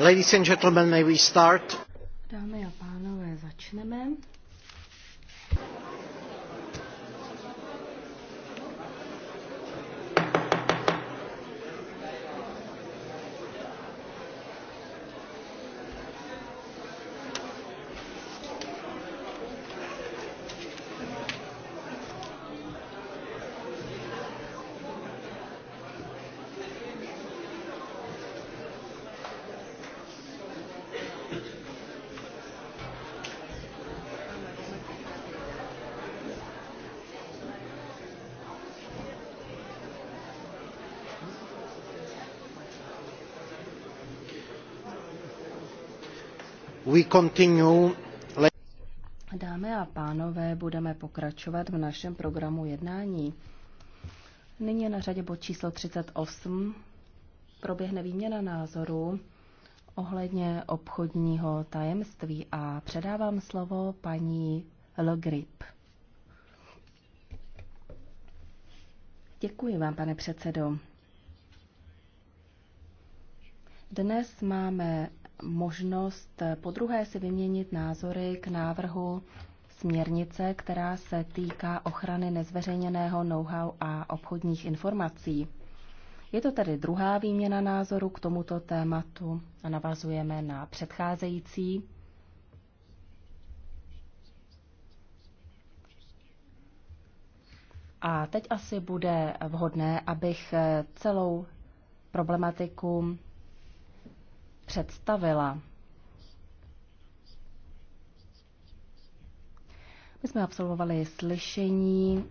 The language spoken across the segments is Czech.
Ladies and gentlemen, may we start? Dámy a pánové, začneme. Dámy a pánové, budeme pokračovat v našem programu jednání. Nyní je na řadě bod číslo 38. Proběhne výměna názorů ohledně obchodního tajemství a předávám slovo paní Le Grip. Děkuji vám, pane předsedo. Dnes máme možnost eh, podruhé si vyměnit názory k návrhu směrnice, která se týká ochrany nezveřejněného know-how a obchodních informací. Je to tedy druhá výměna názoru k tomuto tématu a navazujeme na předcházející. A teď asi bude vhodné, abych eh, celou problematiku představila. My jsme absolvovali slyšení,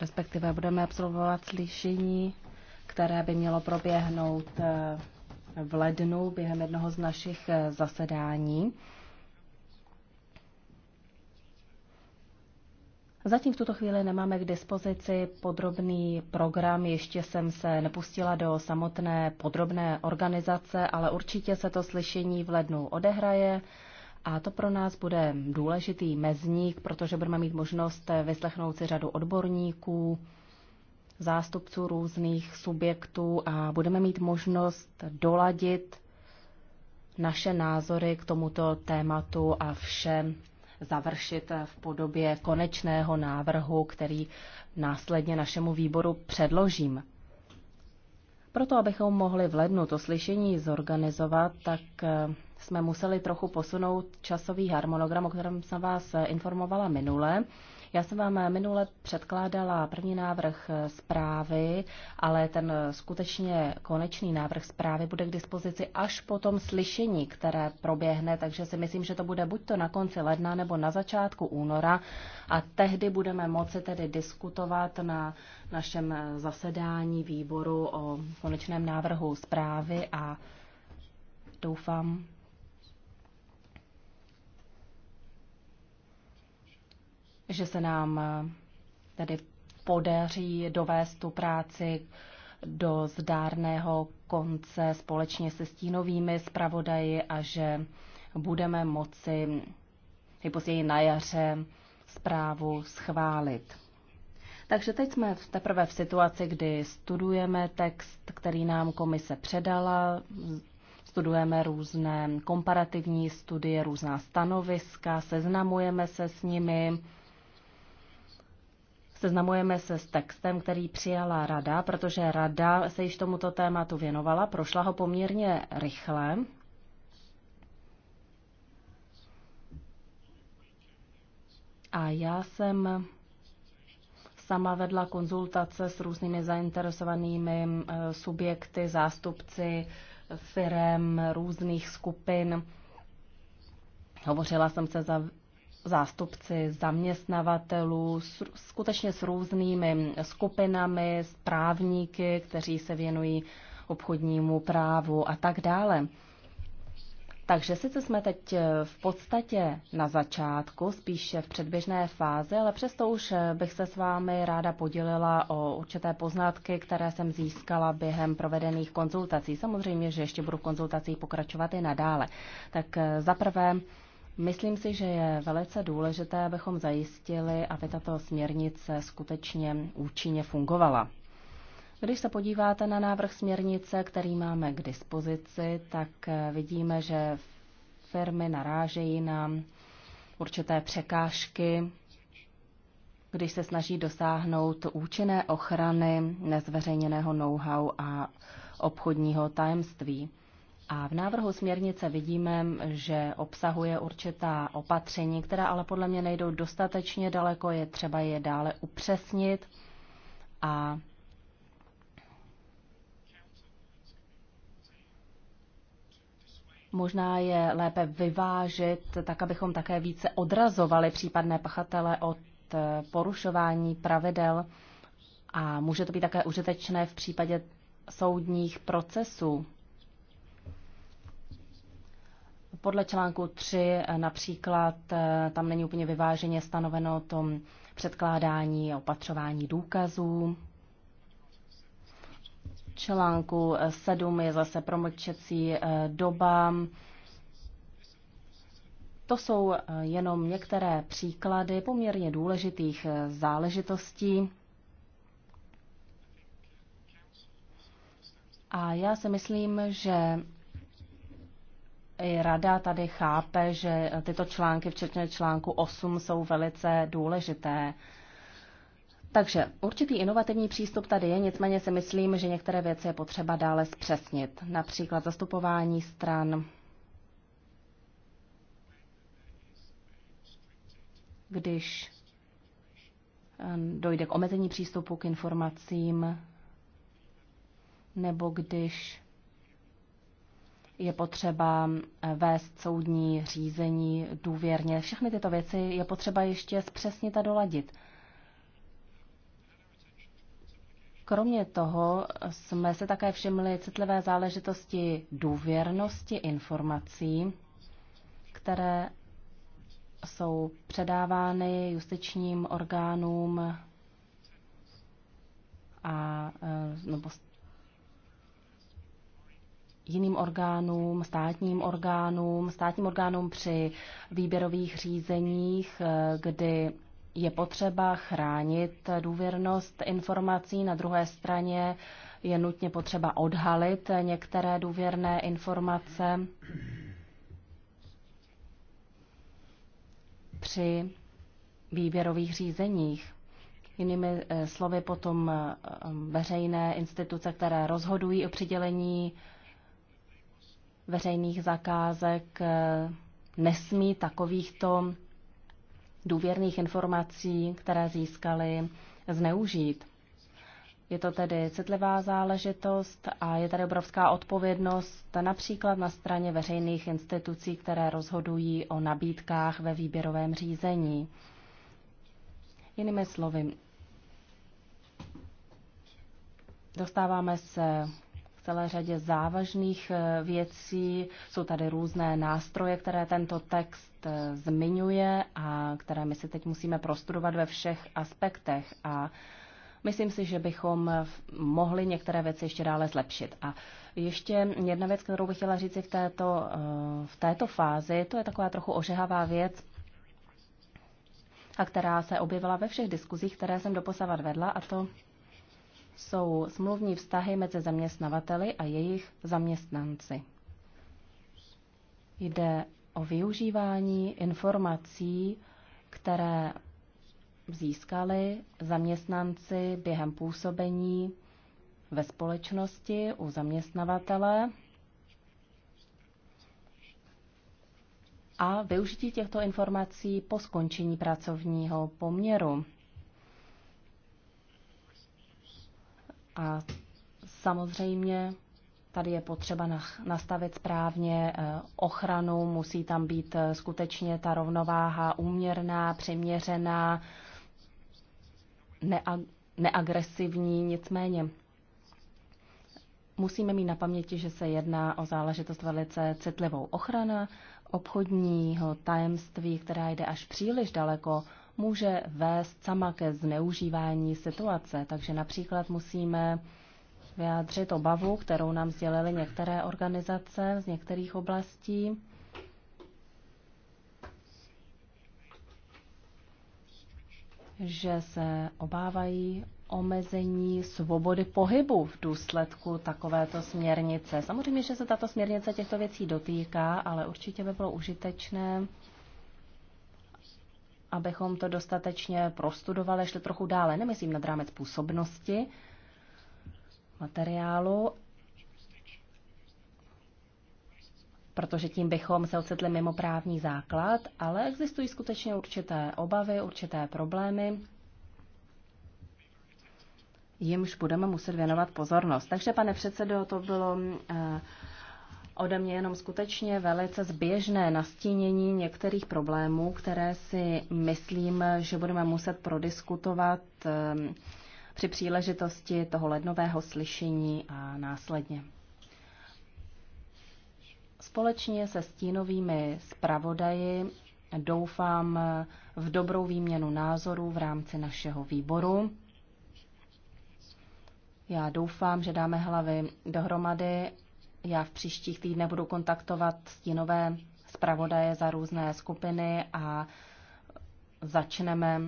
respektive budeme absolvovat slyšení, které by mělo proběhnout eh, v lednu během jednoho z našich eh, zasedání. Zatím v tuto chvíli nemáme k dispozici podrobný program, ještě jsem se nepustila do samotné podrobné organizace, ale určitě se to slyšení v lednu odehraje. A to pro nás bude důležitý mezník, protože budeme mít možnost vyslechnout si řadu odborníků, zástupců různých subjektů a budeme mít možnost doladit naše názory k tomuto tématu a všem završit v podobě konečného návrhu, který následně našemu výboru předložím. Proto, abychom mohli v lednu to slyšení zorganizovat, tak eh, jsme museli trochu posunout časový harmonogram, o kterém jsem vás eh, informovala minule. Já jsem vám minule předkládala první návrh zprávy, ale ten skutečně konečný návrh zprávy bude k dispozici až po tom slyšení, které proběhne, takže si myslím, že to bude buď to na konci ledna nebo na začátku února a tehdy budeme moci tedy diskutovat na našem zasedání výboru o konečném návrhu zprávy a doufám, že se nám eh, tedy podaří dovést tu práci do zdárného konce společně se stínovými zpravodaji a že budeme moci nejpozději na jaře zprávu schválit. Takže teď jsme teprve v situaci, kdy studujeme text, který nám komise předala, studujeme různé komparativní studie, různá stanoviska, seznamujeme se s nimi Seznamujeme se s textem, který přijala rada, protože rada se již tomuto tématu věnovala, prošla ho poměrně rychle. A já jsem sama vedla konzultace s různými zainteresovanými eh, subjekty, zástupci firem, různých skupin. Hovořila jsem se za, zástupci zaměstnavatelů, s, skutečně s různými skupinami, s právníky, kteří se věnují obchodnímu právu a tak dále. Takže sice jsme teď v podstatě na začátku, spíše v předběžné fázi, ale přesto už bych se s vámi ráda podělila o určité poznatky, které jsem získala během provedených konzultací. Samozřejmě, že ještě budu v konzultacích pokračovat i nadále. Tak zaprvé Myslím si, že je velice důležité, abychom zajistili, aby tato směrnice skutečně účinně fungovala. Když se podíváte na návrh směrnice, který máme k dispozici, tak eh, vidíme, že firmy narážejí na určité překážky, když se snaží dosáhnout účinné ochrany nezveřejněného know-how a obchodního tajemství. A v návrhu směrnice vidíme, že obsahuje určitá opatření, která ale podle mě nejdou dostatečně daleko, je třeba je dále upřesnit a možná je lépe vyvážit, tak abychom také více odrazovali případné pachatele od eh, porušování pravidel a může to být také užitečné v případě soudních procesů. Podle článku 3 eh, například eh, tam není úplně vyváženě stanoveno tom předkládání a opatřování důkazů. Článku 7 eh, je zase promlčecí doba. To jsou jenom některé příklady poměrně důležitých záležitostí. A já si myslím, že i rada tady chápe, že tyto články, včetně článku 8, jsou velice důležité. Takže určitý inovativní přístup tady je, nicméně si myslím, že některé věci je potřeba dále zpřesnit. Například zastupování stran, když eh, dojde k omezení přístupu k informacím, nebo když je potřeba eh, vést soudní řízení důvěrně. Všechny tyto věci je potřeba ještě zpřesnit a doladit. Kromě toho jsme se také všimli citlivé záležitosti důvěrnosti informací, které jsou předávány justičním orgánům a eh, nebo jiným orgánům, státním orgánům, státním orgánům při výběrových řízeních, eh, kdy je potřeba chránit důvěrnost informací. Na druhé straně je nutně potřeba odhalit některé důvěrné informace při výběrových řízeních. Jinými eh, slovy potom eh, veřejné instituce, které rozhodují o přidělení veřejných zakázek eh, nesmí takovýchto důvěrných informací, které získali, zneužít. Je to tedy citlivá záležitost a je tady obrovská odpovědnost například na straně veřejných institucí, které rozhodují o nabídkách ve výběrovém řízení. Jinými slovy, dostáváme se v celé řadě závažných eh, věcí. Jsou tady různé nástroje, které tento text eh, zmiňuje a které my si teď musíme prostudovat ve všech aspektech. A myslím si, že bychom mohli některé věci ještě dále zlepšit. A ještě jedna věc, kterou bych chtěla říci v této, eh, v této fázi, to je taková trochu ožehavá věc, a která se objevila ve všech diskuzích, které jsem doposavat vedla, a to jsou smluvní vztahy mezi zaměstnavateli a jejich zaměstnanci. Jde o využívání informací, které získali zaměstnanci během působení ve společnosti u zaměstnavatele a využití těchto informací po skončení pracovního poměru. A samozřejmě tady je potřeba nastavit správně eh, ochranu, musí tam být eh, skutečně ta rovnováha úměrná, přiměřená, neag- neagresivní, nicméně musíme mít na paměti, že se jedná o záležitost velice citlivou. Ochrana obchodního tajemství, která jde až příliš daleko, může vést sama ke zneužívání situace. Takže například musíme vyjádřit obavu, kterou nám sdělili některé organizace z některých oblastí. že se obávají omezení svobody pohybu v důsledku takovéto směrnice. Samozřejmě, že se tato směrnice těchto věcí dotýká, ale určitě by bylo užitečné abychom to dostatečně prostudovali, šli trochu dále, nemyslím nad rámec působnosti materiálu, protože tím bychom se ocitli mimo právní základ, ale existují skutečně určité obavy, určité problémy, jimž budeme muset věnovat pozornost. Takže, pane předsedo, to bylo eh, ode mě jenom skutečně velice zběžné nastínění některých problémů, které si myslím, že budeme muset prodiskutovat ehm, při příležitosti toho lednového slyšení a následně. Společně se stínovými zpravodaji doufám v dobrou výměnu názorů v rámci našeho výboru. Já doufám, že dáme hlavy dohromady já v příštích týdnech budu kontaktovat stínové zpravodaje za různé skupiny a začneme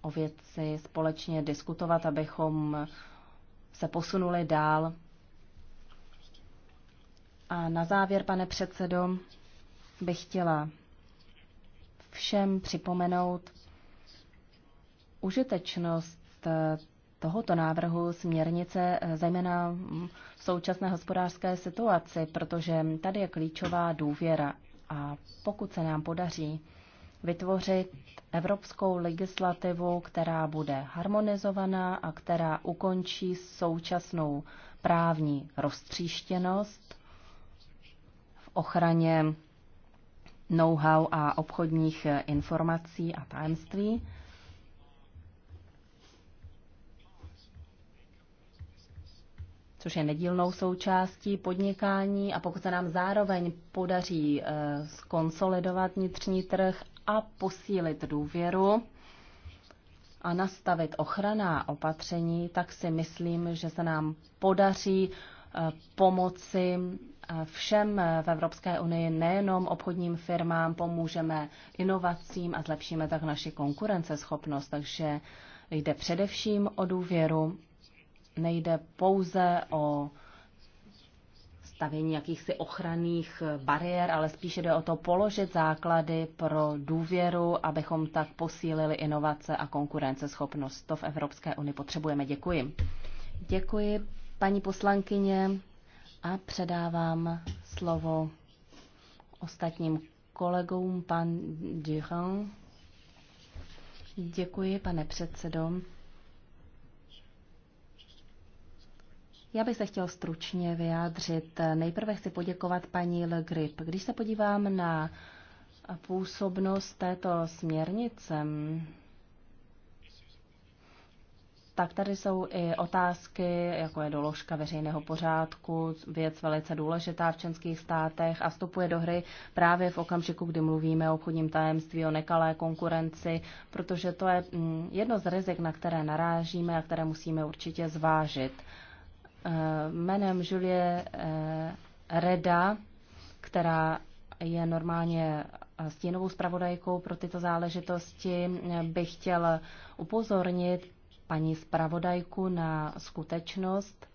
o věci společně diskutovat, abychom se posunuli dál. A na závěr, pane předsedo, bych chtěla všem připomenout užitečnost tohoto návrhu směrnice, eh, zejména v současné hospodářské situaci, protože tady je klíčová důvěra. A pokud se nám podaří vytvořit evropskou legislativu, která bude harmonizovaná a která ukončí současnou právní roztříštěnost v ochraně know-how a obchodních eh, informací a tajemství, což je nedílnou součástí podnikání a pokud se nám zároveň podaří eh, skonsolidovat vnitřní trh a posílit důvěru a nastavit ochranná opatření, tak si myslím, že se nám podaří eh, pomoci eh, všem v Evropské unii, nejenom obchodním firmám, pomůžeme inovacím a zlepšíme tak naši konkurenceschopnost. Takže jde především o důvěru nejde pouze o stavění jakýchsi ochranných bariér, ale spíše jde o to položit základy pro důvěru, abychom tak posílili inovace a konkurenceschopnost. To v Evropské unii potřebujeme. Děkuji. Děkuji, paní poslankyně, a předávám slovo ostatním kolegům, pan Durand. Děkuji, pane předsedo. Já bych se chtěl stručně vyjádřit. Nejprve chci poděkovat paní Le Grip. Když se podívám na působnost této směrnice, tak tady jsou i otázky, jako je doložka veřejného pořádku, věc velice důležitá v členských státech a vstupuje do hry právě v okamžiku, kdy mluvíme o obchodním tajemství, o nekalé konkurenci, protože to je mm, jedno z rizik, na které narážíme a které musíme určitě zvážit. Eh, jménem Julie eh, Reda, která je normálně eh, stínovou zpravodajkou pro tyto záležitosti, bych chtěl upozornit paní zpravodajku na skutečnost,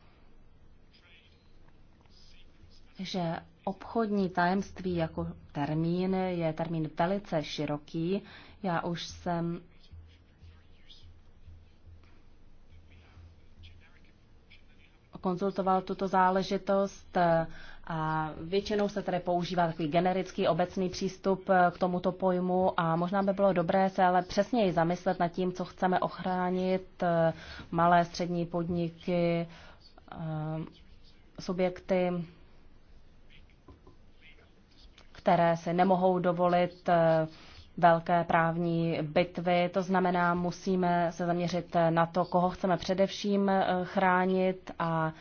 že obchodní tajemství jako termín je termín velice široký. Já už jsem konzultoval tuto záležitost eh, a většinou se tady používá takový generický obecný přístup eh, k tomuto pojmu a možná by bylo dobré se ale přesněji zamyslet nad tím, co chceme ochránit, eh, malé, střední podniky, subjekty, které se nemohou dovolit velké právní bitvy. To znamená, musíme se zaměřit na to, koho chceme především eh, chránit a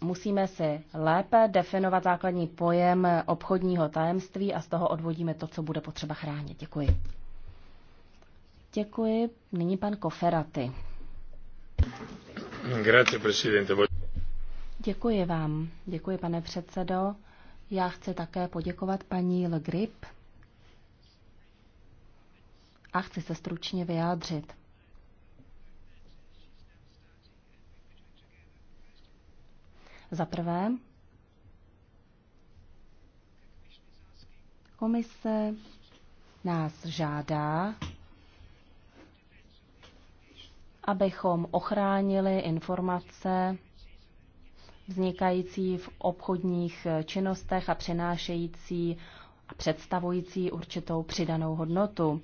musíme si lépe definovat základní pojem obchodního tajemství a z toho odvodíme to, co bude potřeba chránit. Děkuji. Děkuji. Nyní pan Koferaty. Děkuji vám. Děkuji, pane předsedo. Já chci také poděkovat paní Le Grip a chci se stručně vyjádřit. Za prvé, komise nás žádá, abychom ochránili informace vznikající v obchodních eh, činnostech a přinášející a představující určitou přidanou hodnotu.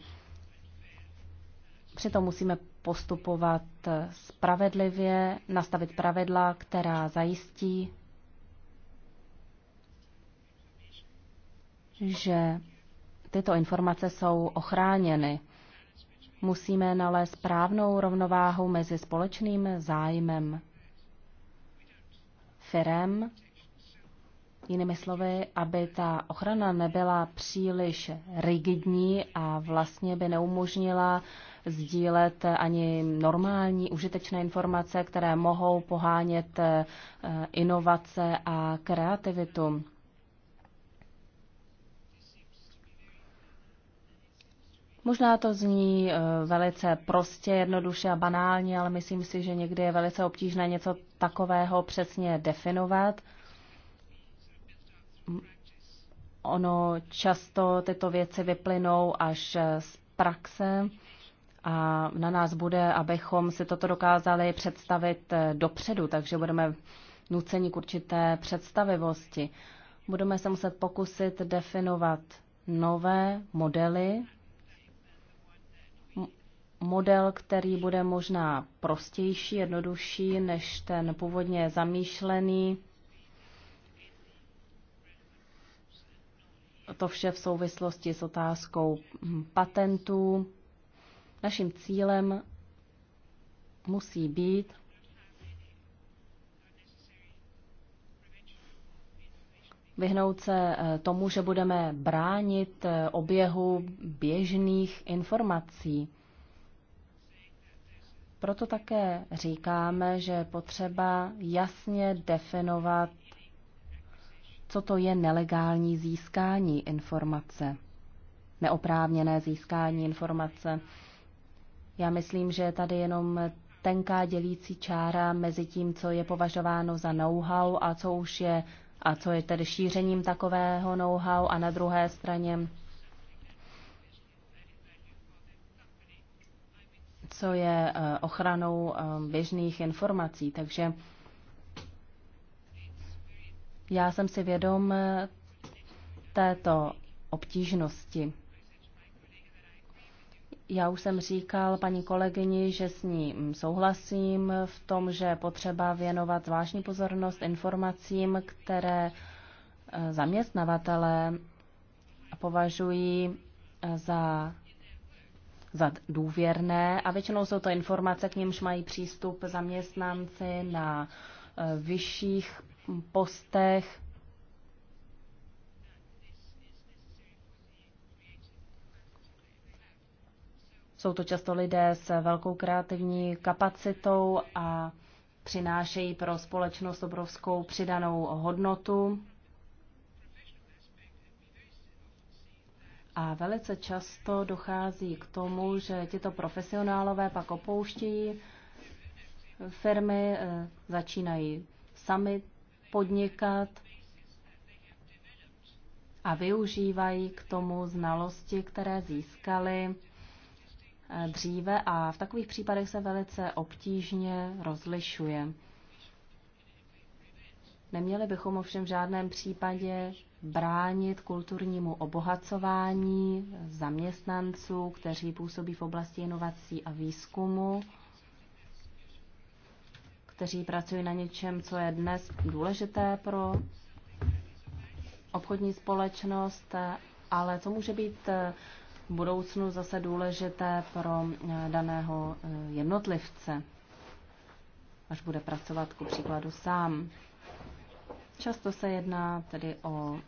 Přitom musíme postupovat eh, spravedlivě, nastavit pravidla, která zajistí, že tyto informace jsou ochráněny. Musíme nalézt správnou rovnováhu mezi společným zájmem firem, jinými slovy, aby ta ochrana nebyla příliš rigidní a vlastně by neumožnila sdílet ani normální užitečné informace, které mohou pohánět eh, inovace a kreativitu. Možná to zní eh, velice prostě, jednoduše a banálně, ale myslím si, že někdy je velice obtížné něco takového přesně definovat. Ono často tyto věci vyplynou až eh, z praxe a na nás bude, abychom si toto dokázali představit eh, dopředu, takže budeme nuceni k určité představivosti. Budeme se muset pokusit definovat nové modely model, který bude možná prostější, jednodušší než ten původně zamýšlený. To vše v souvislosti s otázkou patentů. Naším cílem musí být vyhnout se eh, tomu, že budeme bránit eh, oběhu běžných informací. Proto také říkáme, že je potřeba jasně definovat, co to je nelegální získání informace, neoprávněné získání informace. Já myslím, že je tady jenom tenká dělící čára mezi tím, co je považováno za know-how a co už je a co je tedy šířením takového know-how a na druhé straně co je eh, ochranou eh, běžných informací. Takže já jsem si vědom eh, této obtížnosti. Já už jsem říkal paní kolegyni, že s ní mm, souhlasím v tom, že je potřeba věnovat zvláštní pozornost informacím, které zaměstnavatele považují za za důvěrné a většinou jsou to informace, k nímž mají přístup zaměstnanci na eh, vyšších postech. Jsou to často lidé s velkou kreativní kapacitou a přinášejí pro společnost obrovskou přidanou hodnotu. A velice často dochází k tomu, že tito profesionálové pak opouštějí firmy, e, začínají sami podnikat a využívají k tomu znalosti, které získali e, dříve a v takových případech se velice obtížně rozlišuje. Neměli bychom ovšem v žádném případě bránit kulturnímu obohacování zaměstnanců, kteří působí v oblasti inovací a výzkumu, kteří pracují na něčem, co je dnes důležité pro obchodní společnost, ale co může být v budoucnu zase důležité pro daného jednotlivce, až bude pracovat ku příkladu sám. Často se jedná tedy o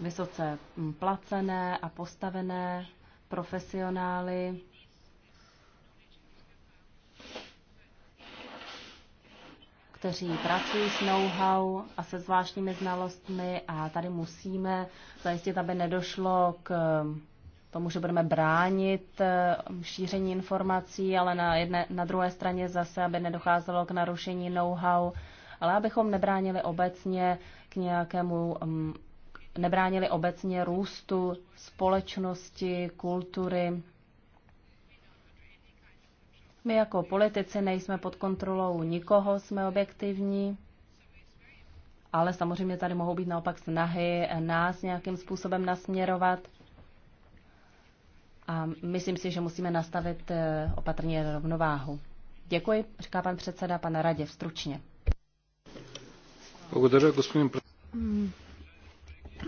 vysoce placené a postavené profesionály. kteří pracují s know-how a se zvláštními znalostmi a tady musíme zajistit, aby nedošlo k tomu, že budeme bránit eh, šíření informací, ale na, jedne, na druhé straně zase, aby nedocházelo k narušení know-how ale abychom nebránili obecně k nějakému mm, nebránili obecně růstu společnosti, kultury. My jako politici nejsme pod kontrolou nikoho, jsme objektivní, ale samozřejmě tady mohou být naopak snahy nás nějakým způsobem nasměrovat. A myslím si, že musíme nastavit eh, opatrně rovnováhu. Děkuji, říká pan předseda, pana radě stručně.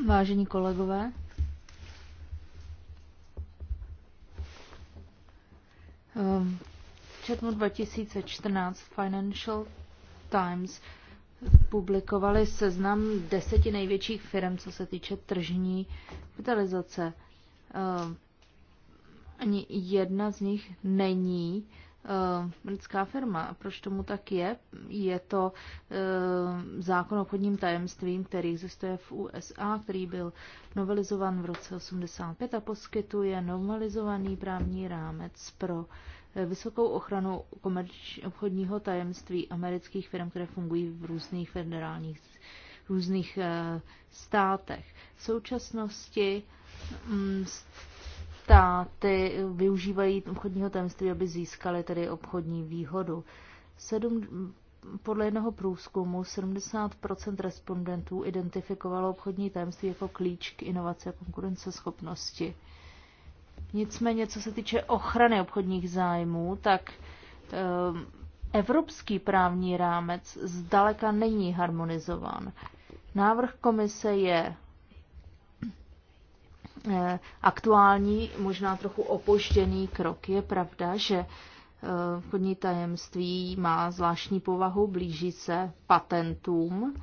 Vážení kolegové, v četnu 2014 Financial Times publikovali seznam deseti největších firm, co se týče tržní kapitalizace. Hm, ani jedna z nich není Eh, britská firma. A proč tomu tak je? Je to eh, zákon o obchodním tajemstvím, který existuje v USA, který byl novelizovan v roce 85 a poskytuje normalizovaný právní rámec pro eh, vysokou ochranu obchodního tajemství amerických firm, které fungují v různých federálních různých státech. V současnosti mm, státy využívají obchodního tajemství, aby získali tedy obchodní výhodu. Sedm, podle jednoho průzkumu 70 respondentů identifikovalo obchodní tajemství jako klíč k inovaci a konkurenceschopnosti. Nicméně, co se týče ochrany obchodních zájmů, tak ehm, evropský právní rámec zdaleka není harmonizován. Návrh komise je Eh, aktuální, možná trochu opožděný krok. Je pravda, že eh, obchodní tajemství má zvláštní povahu, blíží se patentům.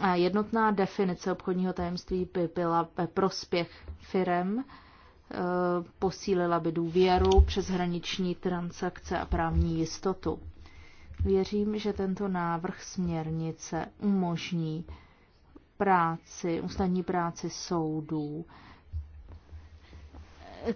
A jednotná definice obchodního tajemství by byla ve prospěch firem, eh, posílila by důvěru přes hraniční transakce a právní jistotu. Věřím, že tento návrh směrnice umožní práci, ústavní práci soudů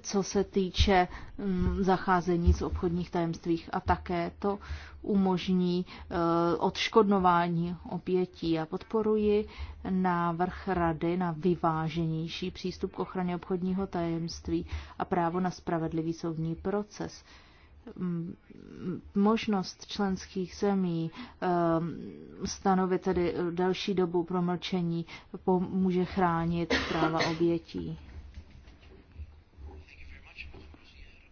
co se týče mm, zacházení s obchodních tajemstvích a také to umožní e, odškodnování obětí. a podporuji návrh rady na vyváženější přístup k ochraně obchodního tajemství a právo na spravedlivý soudní proces mm, možnost členských zemí e, stanovit tedy další dobu promlčení pomůže chránit práva obětí.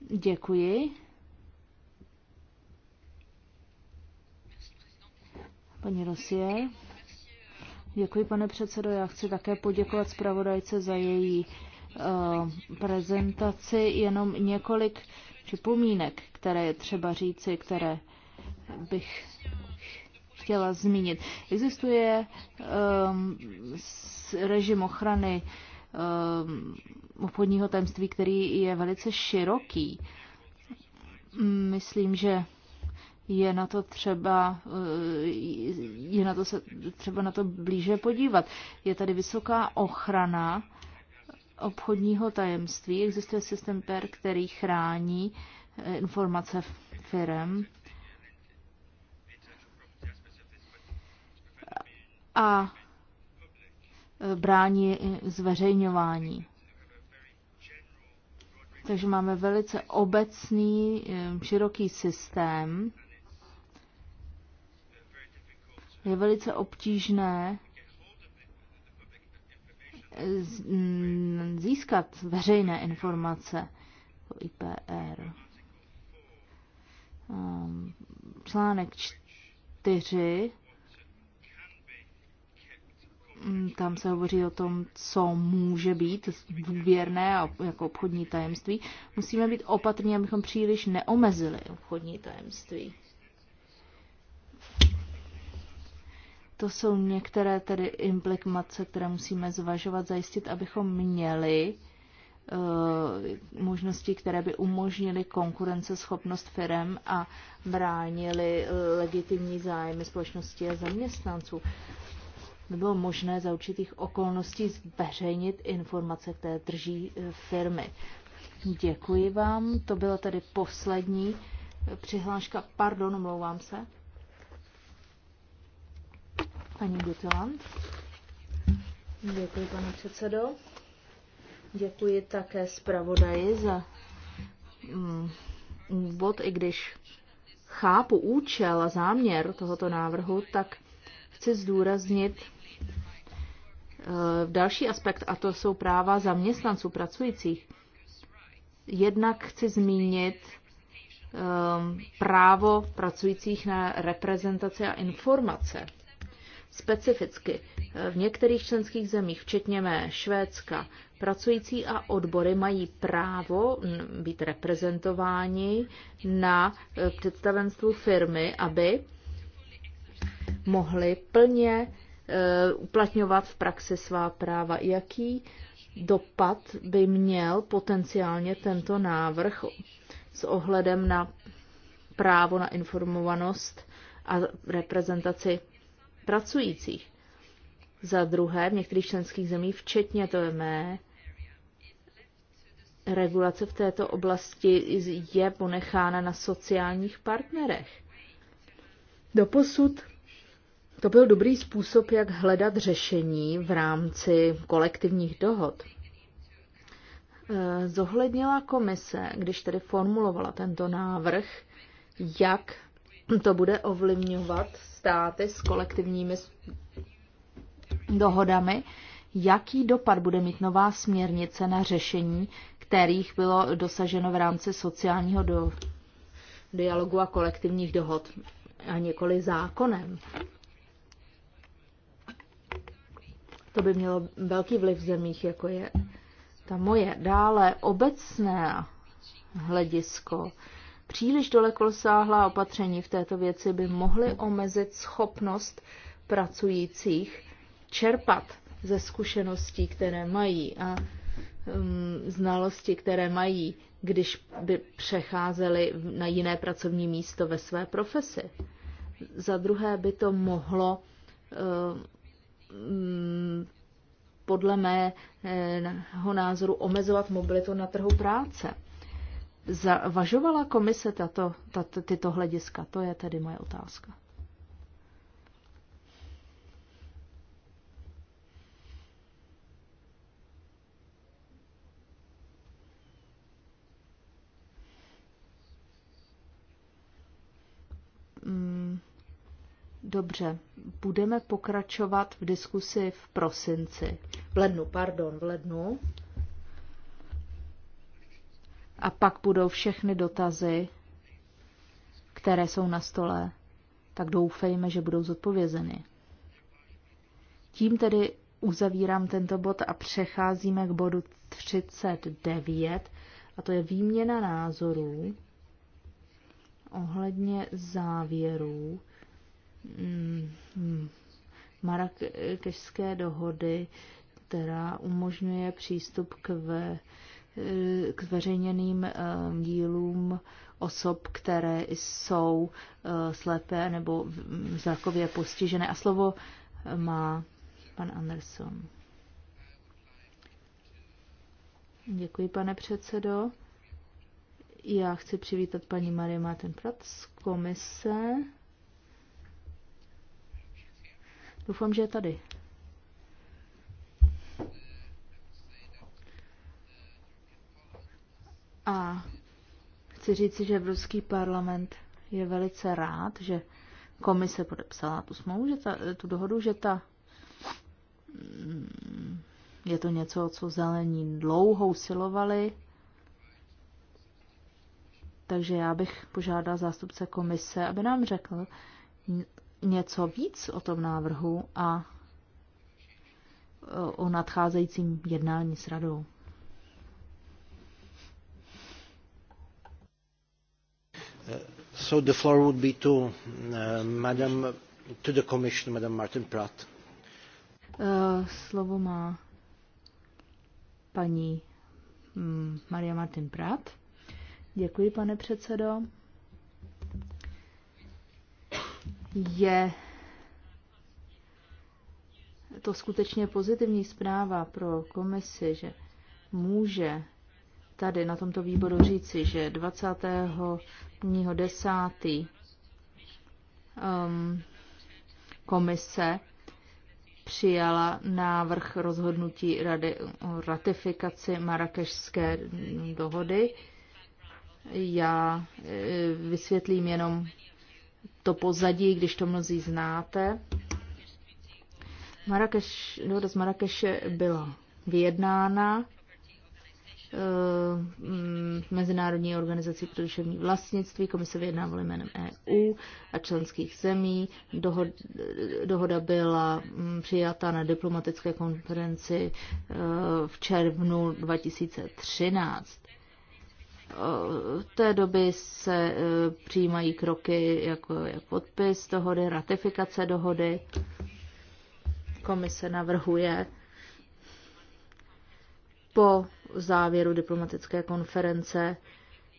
Děkuji. Paní Rosie. Děkuji, pane předsedo. Já chci také poděkovat zpravodajce za její uh, prezentaci. Jenom několik připomínek, které je třeba říci, které bych chtěla zmínit. Existuje um, režim ochrany um, obchodního tajemství, který je velice široký. Myslím, že je na to třeba, eh, je na to se třeba na to blíže podívat. Je tady vysoká ochrana obchodního tajemství. Existuje systém PER, který chrání eh, informace firm. A eh, brání zveřejňování. Takže máme velice obecný, eh, široký systém. Je velice obtížné eh, mm, získat veřejné informace o IPR. Ehm, článek 4 Mm, tam se hovoří o tom, co může být důvěrné a jako obchodní tajemství. Musíme být opatrní, abychom příliš neomezili obchodní tajemství. To jsou některé tedy implikace, které musíme zvažovat, zajistit, abychom měli eh, možnosti, které by umožnily konkurenceschopnost firm a bránili eh, legitimní zájmy společnosti a zaměstnanců bylo možné za určitých okolností zveřejnit informace, které drží e, firmy. Děkuji vám. To byla tady poslední e, přihláška. Pardon, omlouvám se. Paní Gutland. Děkuji, pane předsedo. Děkuji také zpravodaji za mm, i když chápu účel a záměr tohoto návrhu, tak chci zdůraznit Eh, další aspekt, a to jsou práva zaměstnanců pracujících. Jednak chci zmínit eh, právo pracujících na reprezentaci a informace. Specificky eh, v některých členských zemích, včetně mé Švédska, pracující a odbory mají právo být reprezentováni na představenstvu firmy, aby mohli plně Eh, uplatňovat v praxi svá práva. Jaký dopad by měl potenciálně tento návrh s ohledem na právo na informovanost a reprezentaci pracujících? Za druhé, v některých členských zemích, včetně to je mé, regulace v této oblasti je ponechána na sociálních partnerech. Doposud to byl dobrý způsob, jak hledat řešení v rámci kolektivních dohod. Eh, zohlednila komise, když tedy formulovala tento návrh, jak to bude ovlivňovat státy s kolektivními dohodami, jaký dopad bude mít nová směrnice na řešení, kterých bylo dosaženo v rámci sociálního do, dialogu a kolektivních dohod a nikoli zákonem. To by mělo velký vliv v zemích, jako je ta moje. Dále obecné hledisko. Příliš dalekosáhlá opatření v této věci by mohly omezit schopnost pracujících čerpat ze zkušeností, které mají a um, znalosti, které mají, když by přecházeli na jiné pracovní místo ve své profesi. Za druhé by to mohlo Mm, podle mého názoru omezovat mobilitu na trhu práce. Zavažovala komise tato, tato, tyto hlediska? To je tedy moje otázka. Dobře, budeme pokračovat v diskusi v prosinci. V lednu, pardon, v lednu. A pak budou všechny dotazy, které jsou na stole, tak doufejme, že budou zodpovězeny. Tím tedy uzavírám tento bod a přecházíme k bodu 39, a to je výměna názorů ohledně závěrů Mm, mm, marakešské dohody, která umožňuje přístup k, ve, k veřejněným eh, dílům osob, které jsou eh, slepé nebo mm, zrakově postižené. A slovo eh, má pan Anderson. Děkuji, pane předsedo. Já chci přivítat paní Marie martin Prat z komise Doufám, že je tady. A chci říci, že Evropský parlament je velice rád, že komise podepsala tu smlouvu, že ta, tu dohodu, že ta mm, je to něco, co zelení dlouho usilovali. Takže já bych požádal zástupce komise, aby nám řekl, něco víc o tom návrhu a e, o nadcházejícím jednání s radou. So the floor would be to uh, Madam, to the Commission, Madam Martin Pratt. Uh, slovo má paní um, Maria Martin Pratt. Děkuji, pane předsedo. je to skutečně pozitivní zpráva pro komisi, že může tady na tomto výboru říci, že 20.10. Um, komise přijala návrh rozhodnutí Rady o ratifikaci marakešské dohody. Já eh, vysvětlím jenom to pozadí, když to mnozí znáte. Marrakeš, dohoda z Marrakeše byla vyjednána eh, Mezinárodní organizací pro duševní vlastnictví, komise vyjednávala jménem EU a členských zemí. Dohod, dohoda byla mm, přijata na diplomatické konferenci eh, v červnu 2013 v eh, té doby se eh, přijímají kroky jako podpis dohody, ratifikace dohody. Komise navrhuje po závěru diplomatické konference,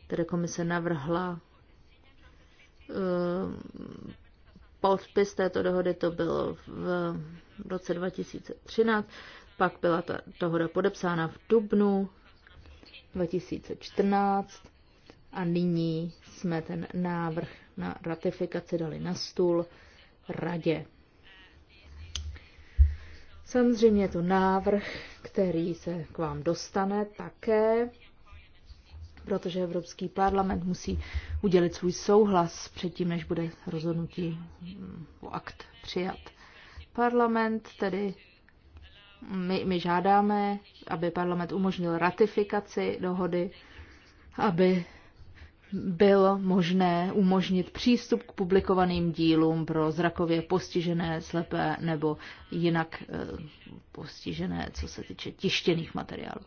které komise navrhla, eh, podpis této dohody to bylo v roce 2013, pak byla ta dohoda podepsána v Dubnu 2014 a nyní jsme ten návrh na ratifikaci dali na stůl radě. Samozřejmě je to návrh, který se k vám dostane také, protože Evropský parlament musí udělit svůj souhlas předtím, než bude rozhodnutí o akt přijat. Parlament tedy my, my žádáme, aby parlament umožnil ratifikaci dohody, aby bylo možné umožnit přístup k publikovaným dílům pro zrakově postižené, slepé nebo jinak eh, postižené, co se týče tištěných materiálů.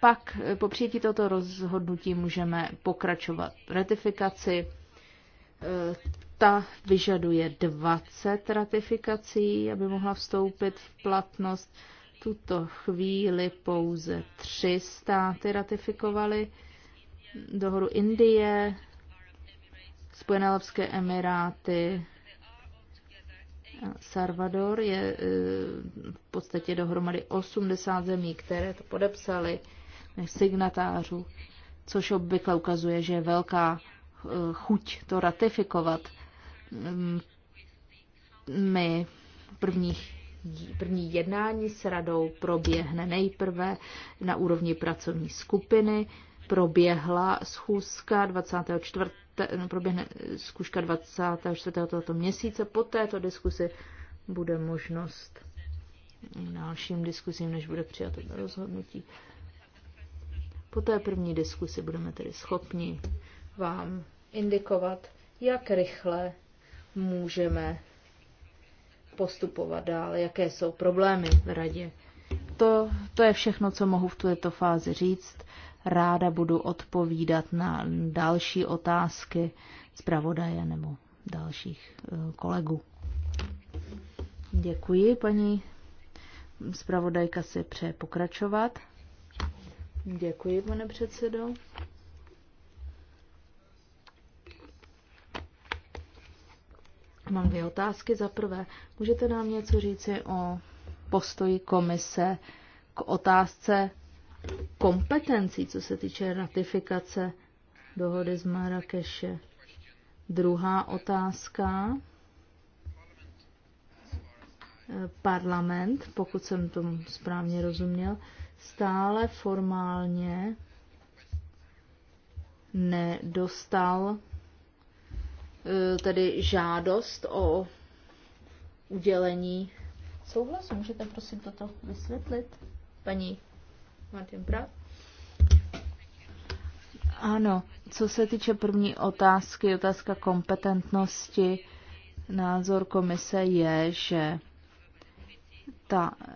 Pak eh, po přijetí tohoto rozhodnutí můžeme pokračovat ratifikaci eh, ta vyžaduje 20 ratifikací, aby mohla vstoupit v platnost. Tuto chvíli pouze tři státy ratifikovaly dohodu Indie, Spojené arabské emiráty, Salvador je e, v podstatě dohromady 80 zemí, které to podepsali, signatářů, což obvykle ukazuje, že je velká e, chuť to ratifikovat. Mm, my prvních První jednání s radou proběhne nejprve na úrovni pracovní skupiny. Proběhla schůzka 24. No, proběhne zkuška 24. tohoto měsíce. Po této diskusi bude možnost dalším diskusím, než bude přijato rozhodnutí. Po té první diskusi budeme tedy schopni vám indikovat, jak rychle můžeme postupovat dál, jaké jsou problémy v radě. To, to je všechno, co mohu v této fázi říct. Ráda budu odpovídat na další otázky zpravodaje nebo dalších eh, kolegů. Děkuji, paní zpravodajka si přeje pokračovat. Děkuji, pane předsedo. Mám dvě otázky. Za prvé, můžete nám něco říci o postoji komise k otázce kompetencí, co se týče ratifikace dohody z Marrakeše? Druhá otázka. Parlament, pokud jsem tomu správně rozuměl, stále formálně nedostal E, tedy žádost o udělení souhlasu. Můžete prosím toto vysvětlit, paní Martin Prat? Ano, co se týče první otázky, otázka kompetentnosti, názor komise je, že ta e,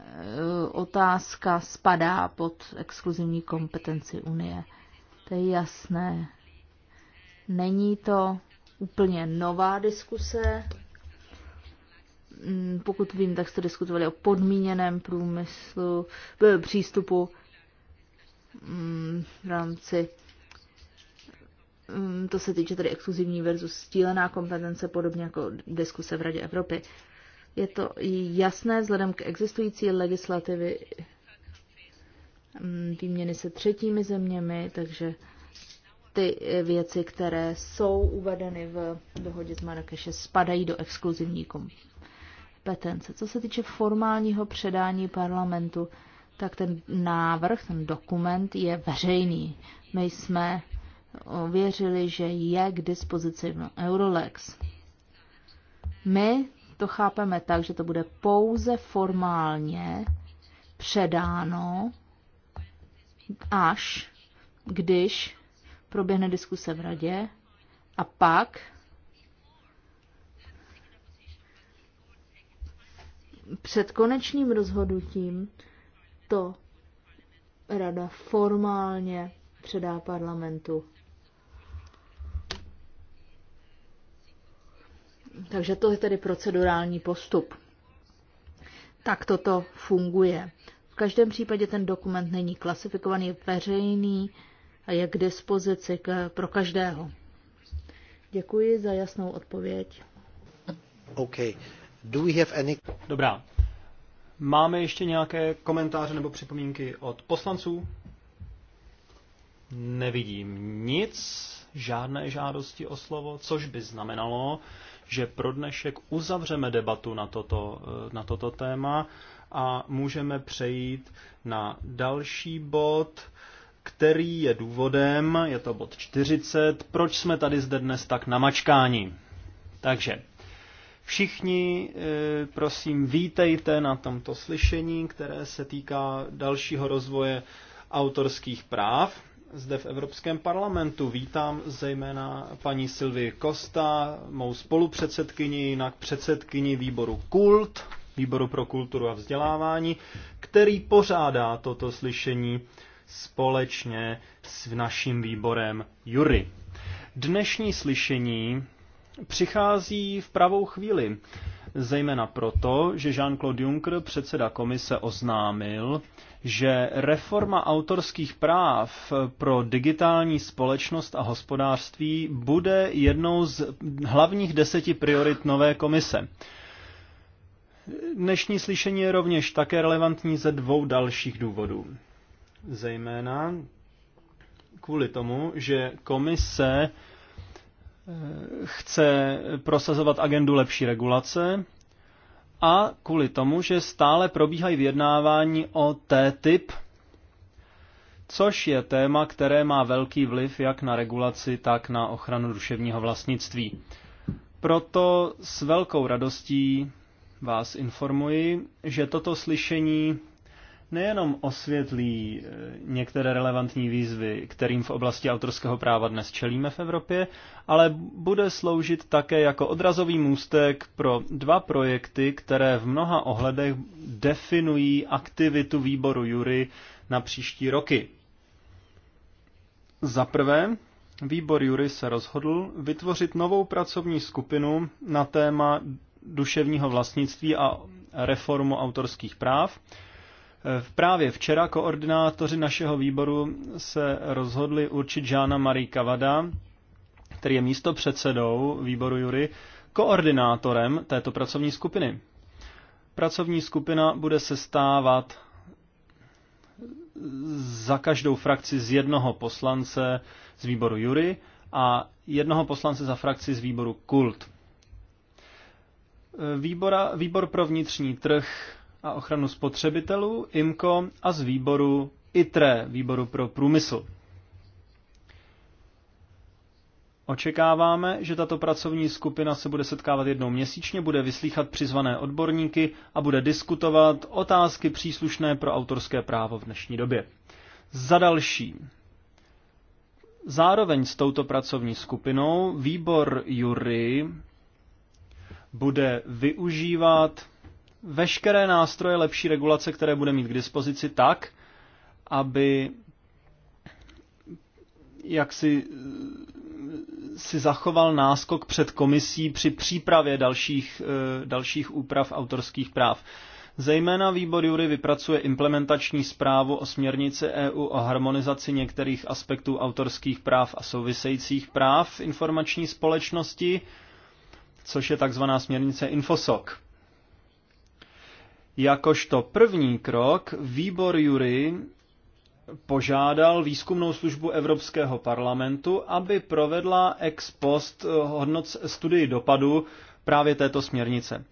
otázka spadá pod exkluzivní kompetenci Unie. To je jasné. Není to úplně nová diskuse. Mm, pokud vím, tak jste diskutovali o podmíněném průmyslu, přístupu mm, v rámci mm, to se týče tady exkluzivní versus stílená kompetence, podobně jako diskuse v Radě Evropy. Je to jasné vzhledem k existující legislativy výměny se třetími zeměmi, takže ty eh, věci, které jsou uvedeny v dohodě z Marrakeše, spadají do exkluzivní kompetence. Co se týče formálního předání parlamentu, tak ten návrh, ten dokument je veřejný. My jsme ověřili, že je k dispozici v Eurolex. My to chápeme tak, že to bude pouze formálně předáno, až když proběhne diskuse v radě a pak před konečným rozhodnutím to rada formálně předá parlamentu. Takže to je tedy procedurální postup. Tak toto funguje. V každém případě ten dokument není klasifikovaný, je veřejný, a je k dispozici k, pro každého. Děkuji za jasnou odpověď. Okay. Do we have any... Dobrá. Máme ještě nějaké komentáře nebo připomínky od poslanců? Nevidím nic, žádné žádosti o slovo, což by znamenalo, že pro dnešek uzavřeme debatu na toto, eh, na toto téma a můžeme přejít na další bod, který je důvodem, je to bod 40, proč jsme tady zde dnes tak namačkáni. Takže všichni, eh, prosím, vítejte na tomto slyšení, které se týká dalšího rozvoje autorských práv zde v Evropském parlamentu. Vítám zejména paní Sylvie Kosta, mou spolupředsedkyni, jinak předsedkyni výboru KULT, výboru pro kulturu a vzdělávání, který pořádá toto slyšení společně s naším výborem Jury. Dnešní slyšení přichází v pravou chvíli, zejména proto, že Jean-Claude Juncker, předseda komise, oznámil, že reforma autorských práv pro digitální společnost a hospodářství bude jednou z hlavních deseti priorit nové komise. Dnešní slyšení je rovněž také relevantní ze dvou dalších důvodů zejména kvůli tomu, že komise eh, chce prosazovat agendu lepší regulace a kvůli tomu, že stále probíhají vyjednávání o T-typ, což je téma, které má velký vliv jak na regulaci, tak na ochranu duševního vlastnictví. Proto s velkou radostí vás informuji, že toto slyšení nejenom osvětlí eh, některé relevantní výzvy, kterým v oblasti autorského práva dnes čelíme v Evropě, ale bude sloužit také jako odrazový můstek pro dva projekty, které v mnoha ohledech definují aktivitu výboru Jury na příští roky. Za prvé, výbor Jury se rozhodl vytvořit novou pracovní skupinu na téma duševního vlastnictví a reformu autorských práv, Eh, právě včera koordinátoři našeho výboru se rozhodli určit Žána Marie Kavada, který je místo předsedou výboru Jury, koordinátorem této pracovní skupiny. Pracovní skupina bude sestávat za každou frakci z jednoho poslance z výboru Jury a jednoho poslance za frakci z výboru Kult. Eh, výbora, výbor pro vnitřní trh a ochranu spotřebitelů, IMCO a z výboru ITRE, výboru pro průmysl. Očekáváme, že tato pracovní skupina se bude setkávat jednou měsíčně, bude vyslýchat přizvané odborníky a bude diskutovat otázky příslušné pro autorské právo v dnešní době. Za další. Zároveň s touto pracovní skupinou výbor jury bude využívat veškeré nástroje lepší regulace, které bude mít k dispozici tak, aby jak si, si zachoval náskok před komisí při přípravě dalších, eh, dalších úprav autorských práv. Zejména výbor Jury vypracuje implementační zprávu o směrnici EU o harmonizaci některých aspektů autorských práv a souvisejících práv informační společnosti, což je tzv. směrnice Infosoc. Jakožto první krok výbor Jury požádal výzkumnou službu Evropského parlamentu, aby provedla ex post eh, hodnoc studii dopadu právě této směrnice.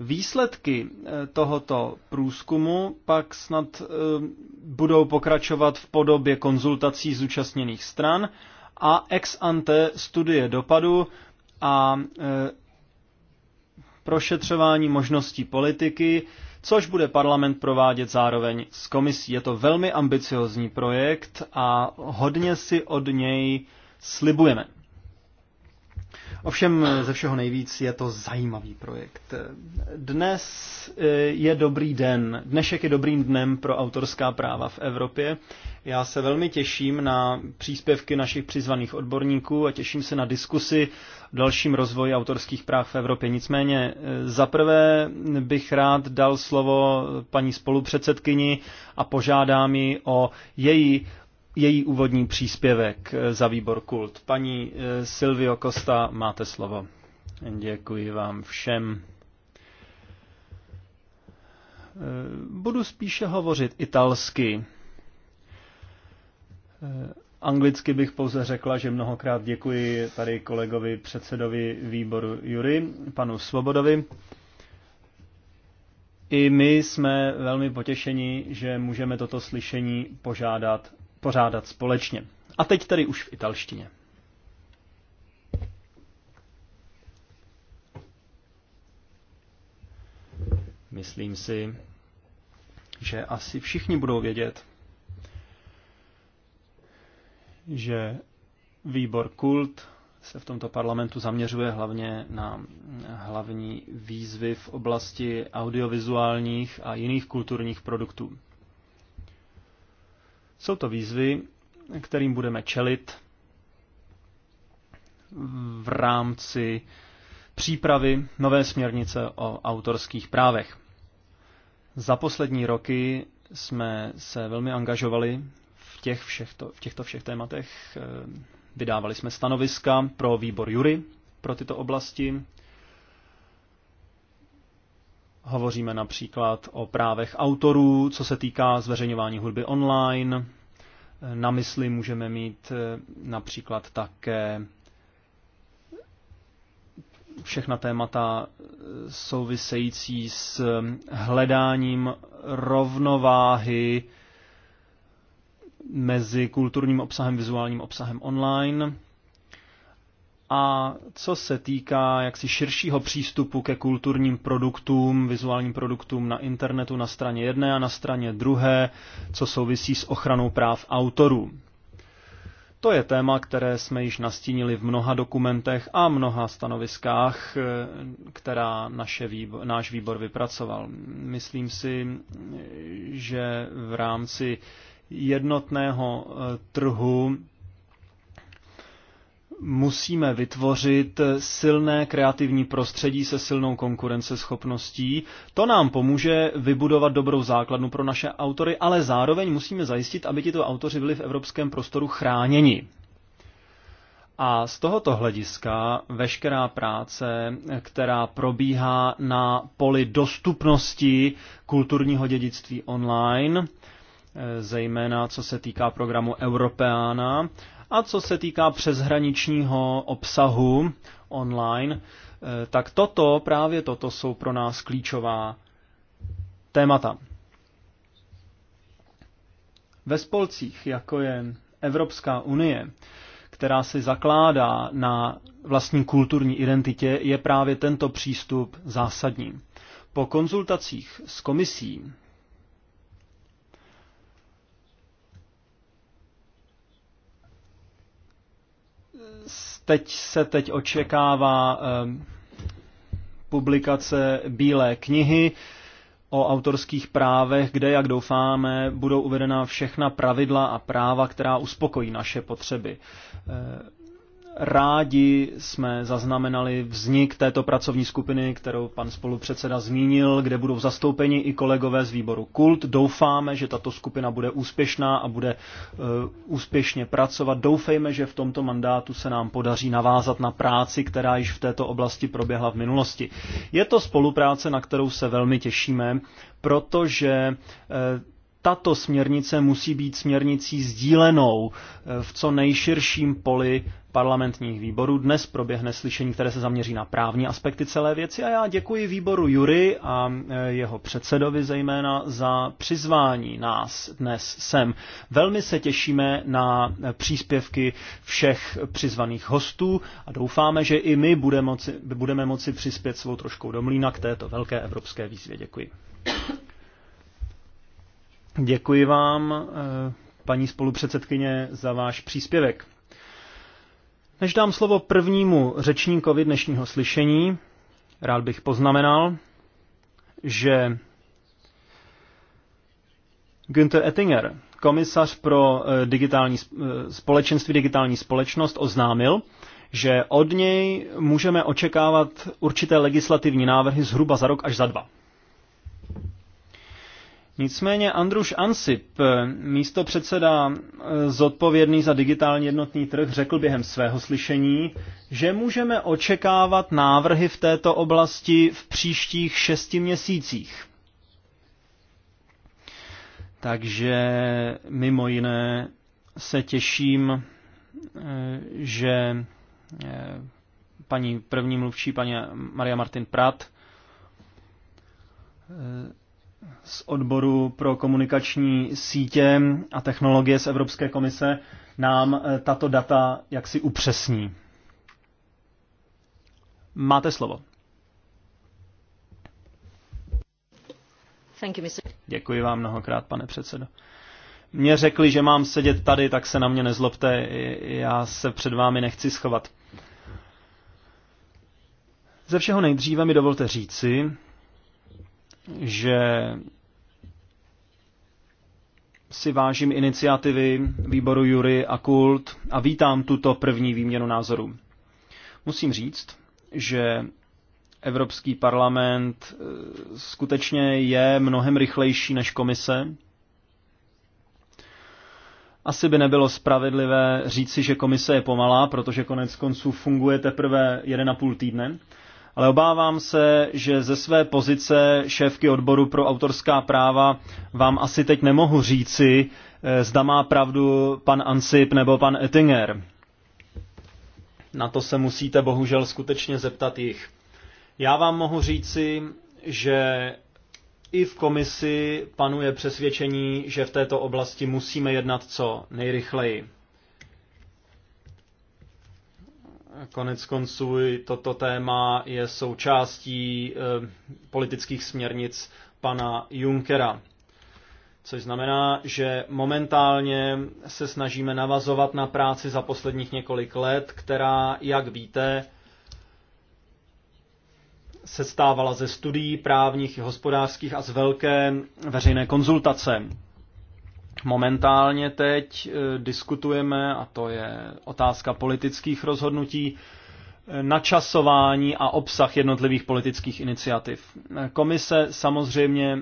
Výsledky eh, tohoto průzkumu pak snad eh, budou pokračovat v podobě konzultací zúčastněných stran a ex ante studie dopadu a prošetřování možností politiky, což bude parlament provádět zároveň s komisí. Je to velmi ambiciozní projekt a hodně si od něj slibujeme. Ovšem ze všeho nejvíc je to zajímavý projekt. Dnes eh, je dobrý den. Dnešek je dobrým dnem pro autorská práva v Evropě. Já se velmi těším na příspěvky našich přizvaných odborníků a těším se na diskusy o dalším rozvoji autorských práv v Evropě. Nicméně eh, zaprvé bych rád dal slovo paní spolupředsedkyni a požádám ji o její její úvodní příspěvek eh, za výbor Kult. Paní eh, Silvio Costa, máte slovo. Děkuji vám všem. Eh, budu spíše hovořit italsky. Anglicky bych pouze řekla, že mnohokrát děkuji tady kolegovi předsedovi výboru Jury, panu Svobodovi. I my jsme velmi potěšeni, že můžeme toto slyšení požádat pořádat společně. A teď tedy už v italštině. Myslím si, že asi všichni budou vědět, že výbor kult se v tomto parlamentu zaměřuje hlavně na hlavní výzvy v oblasti audiovizuálních a jiných kulturních produktů. Jsou to výzvy, kterým budeme čelit v rámci přípravy nové směrnice o autorských právech. Za poslední roky jsme se velmi angažovali v, těch všech to, v těchto všech tématech. Eh, vydávali jsme stanoviska pro výbor jury pro tyto oblasti. Hovoříme například o právech autorů, co se týká zveřejňování hudby online, na mysli můžeme mít eh, například také všechna témata eh, související s eh, hledáním rovnováhy mezi kulturním obsahem, vizuálním obsahem online, a co se týká jaksi širšího přístupu ke kulturním produktům, vizuálním produktům na internetu na straně jedné a na straně druhé, co souvisí s ochranou práv autorů. To je téma, které jsme již nastínili v mnoha dokumentech a mnoha stanoviskách, která naše výbor, náš výbor vypracoval. Myslím si, že v rámci jednotného eh, trhu musíme vytvořit silné kreativní prostředí se silnou konkurenceschopností. To nám pomůže vybudovat dobrou základnu pro naše autory, ale zároveň musíme zajistit, aby tito autoři byli v evropském prostoru chráněni. A z tohoto hlediska veškerá práce, která probíhá na poli dostupnosti kulturního dědictví online, zejména co se týká programu Europeana, a co se týká přeshraničního obsahu online, eh, tak toto, právě toto jsou pro nás klíčová témata. Ve spolcích, jako je Evropská unie, která si zakládá na vlastní kulturní identitě, je právě tento přístup zásadní. Po konzultacích s komisí Teď se teď očekává ehm, publikace Bílé knihy o autorských právech, kde, jak doufáme, budou uvedena všechna pravidla a práva, která uspokojí naše potřeby. Ehm, Rádi jsme zaznamenali vznik této pracovní skupiny, kterou pan spolupředseda zmínil, kde budou zastoupeni i kolegové z výboru Kult. Doufáme, že tato skupina bude úspěšná a bude uh, úspěšně pracovat. Doufejme, že v tomto mandátu se nám podaří navázat na práci, která již v této oblasti proběhla v minulosti. Je to spolupráce, na kterou se velmi těšíme, protože Uh, tato směrnice musí být směrnicí sdílenou e, v co nejširším poli parlamentních výborů. Dnes proběhne slyšení, které se zaměří na právní aspekty celé věci a já děkuji výboru Jury a e, jeho předsedovi zejména za přizvání nás dnes sem. Velmi se těšíme na e, příspěvky všech přizvaných hostů a doufáme, že i my budeme moci, budeme moci přispět svou troškou do mlína k této velké evropské výzvě. Děkuji. Děkuji vám, e, paní spolupředsedkyně, za váš příspěvek. Než dám slovo prvnímu řečníkovi dnešního slyšení, rád bych poznamenal, že Günther Ettinger, komisař pro eh, digitální, eh, společenství digitální společnost, oznámil, že od něj můžeme očekávat určité legislativní návrhy zhruba za rok až za dva. Nicméně Andruš Ansip, eh, místo předseda eh, zodpovědný za digitální jednotný trh, řekl během svého slyšení, že můžeme očekávat návrhy v této oblasti v příštích šesti měsících. Takže mimo jiné se těším, eh, že paní první mluvčí, paní Maria Martin Prat, z odboru pro komunikační sítě a technologie z Evropské komise nám eh, tato data jaksi upřesní. Máte slovo. Děkuji vám mnohokrát, pane předsedo. Mně řekli, že mám sedět tady, tak se na mě nezlobte, já se před vámi nechci schovat. Ze všeho nejdříve mi dovolte říci, že si vážím iniciativy výboru Jury a Kult a vítám tuto první výměnu názorů. Musím říct, že Evropský parlament eh, skutečně je mnohem rychlejší než komise. Asi by nebylo spravedlivé říci, že komise je pomalá, protože konec konců funguje teprve 1,5 týdne, ale obávám se, že ze své pozice šéfky odboru pro autorská práva vám asi teď nemohu říci, eh, zda má pravdu pan Ansip nebo pan Ettinger. Na to se musíte bohužel skutečně zeptat jich. Já vám mohu říci, že i v komisi panuje přesvědčení, že v této oblasti musíme jednat co nejrychleji. Konec konců toto téma je součástí eh, politických směrnic pana Junckera. Což znamená, že momentálně se snažíme navazovat na práci za posledních několik let, která, jak víte, se stávala ze studií právních i hospodářských a z velké veřejné konzultace. Momentálně teď eh, diskutujeme, a to je otázka politických rozhodnutí, eh, načasování a obsah jednotlivých politických iniciativ. Eh, komise samozřejmě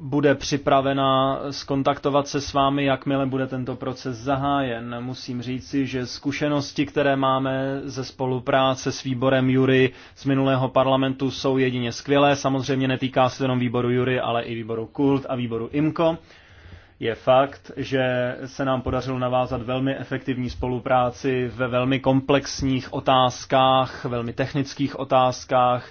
bude připravena skontaktovat se s vámi, jakmile bude tento proces zahájen. Musím říci, že zkušenosti, které máme ze spolupráce s výborem Jury z minulého parlamentu, jsou jedině skvělé. Samozřejmě netýká se jenom výboru Jury, ale i výboru Kult a výboru IMKO je fakt, že se nám podařilo navázat velmi efektivní spolupráci ve velmi komplexních otázkách, velmi technických otázkách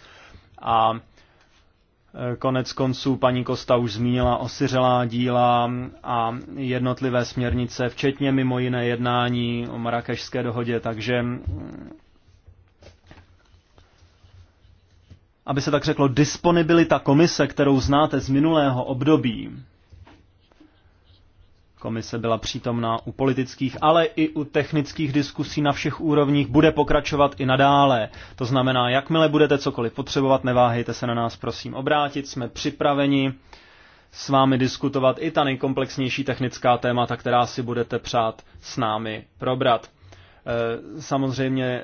a e, Konec konců paní Kosta už zmínila osiřelá díla a jednotlivé směrnice, včetně mimo jiné jednání o marakešské dohodě, takže mm, aby se tak řeklo, disponibilita komise, kterou znáte z minulého období, Komise byla přítomná u politických, ale i u technických diskusí na všech úrovních, bude pokračovat i nadále. To znamená, jakmile budete cokoliv potřebovat, neváhejte se na nás prosím obrátit, jsme připraveni s vámi diskutovat i ta nejkomplexnější technická témata, která si budete přát s námi probrat. Eh, samozřejmě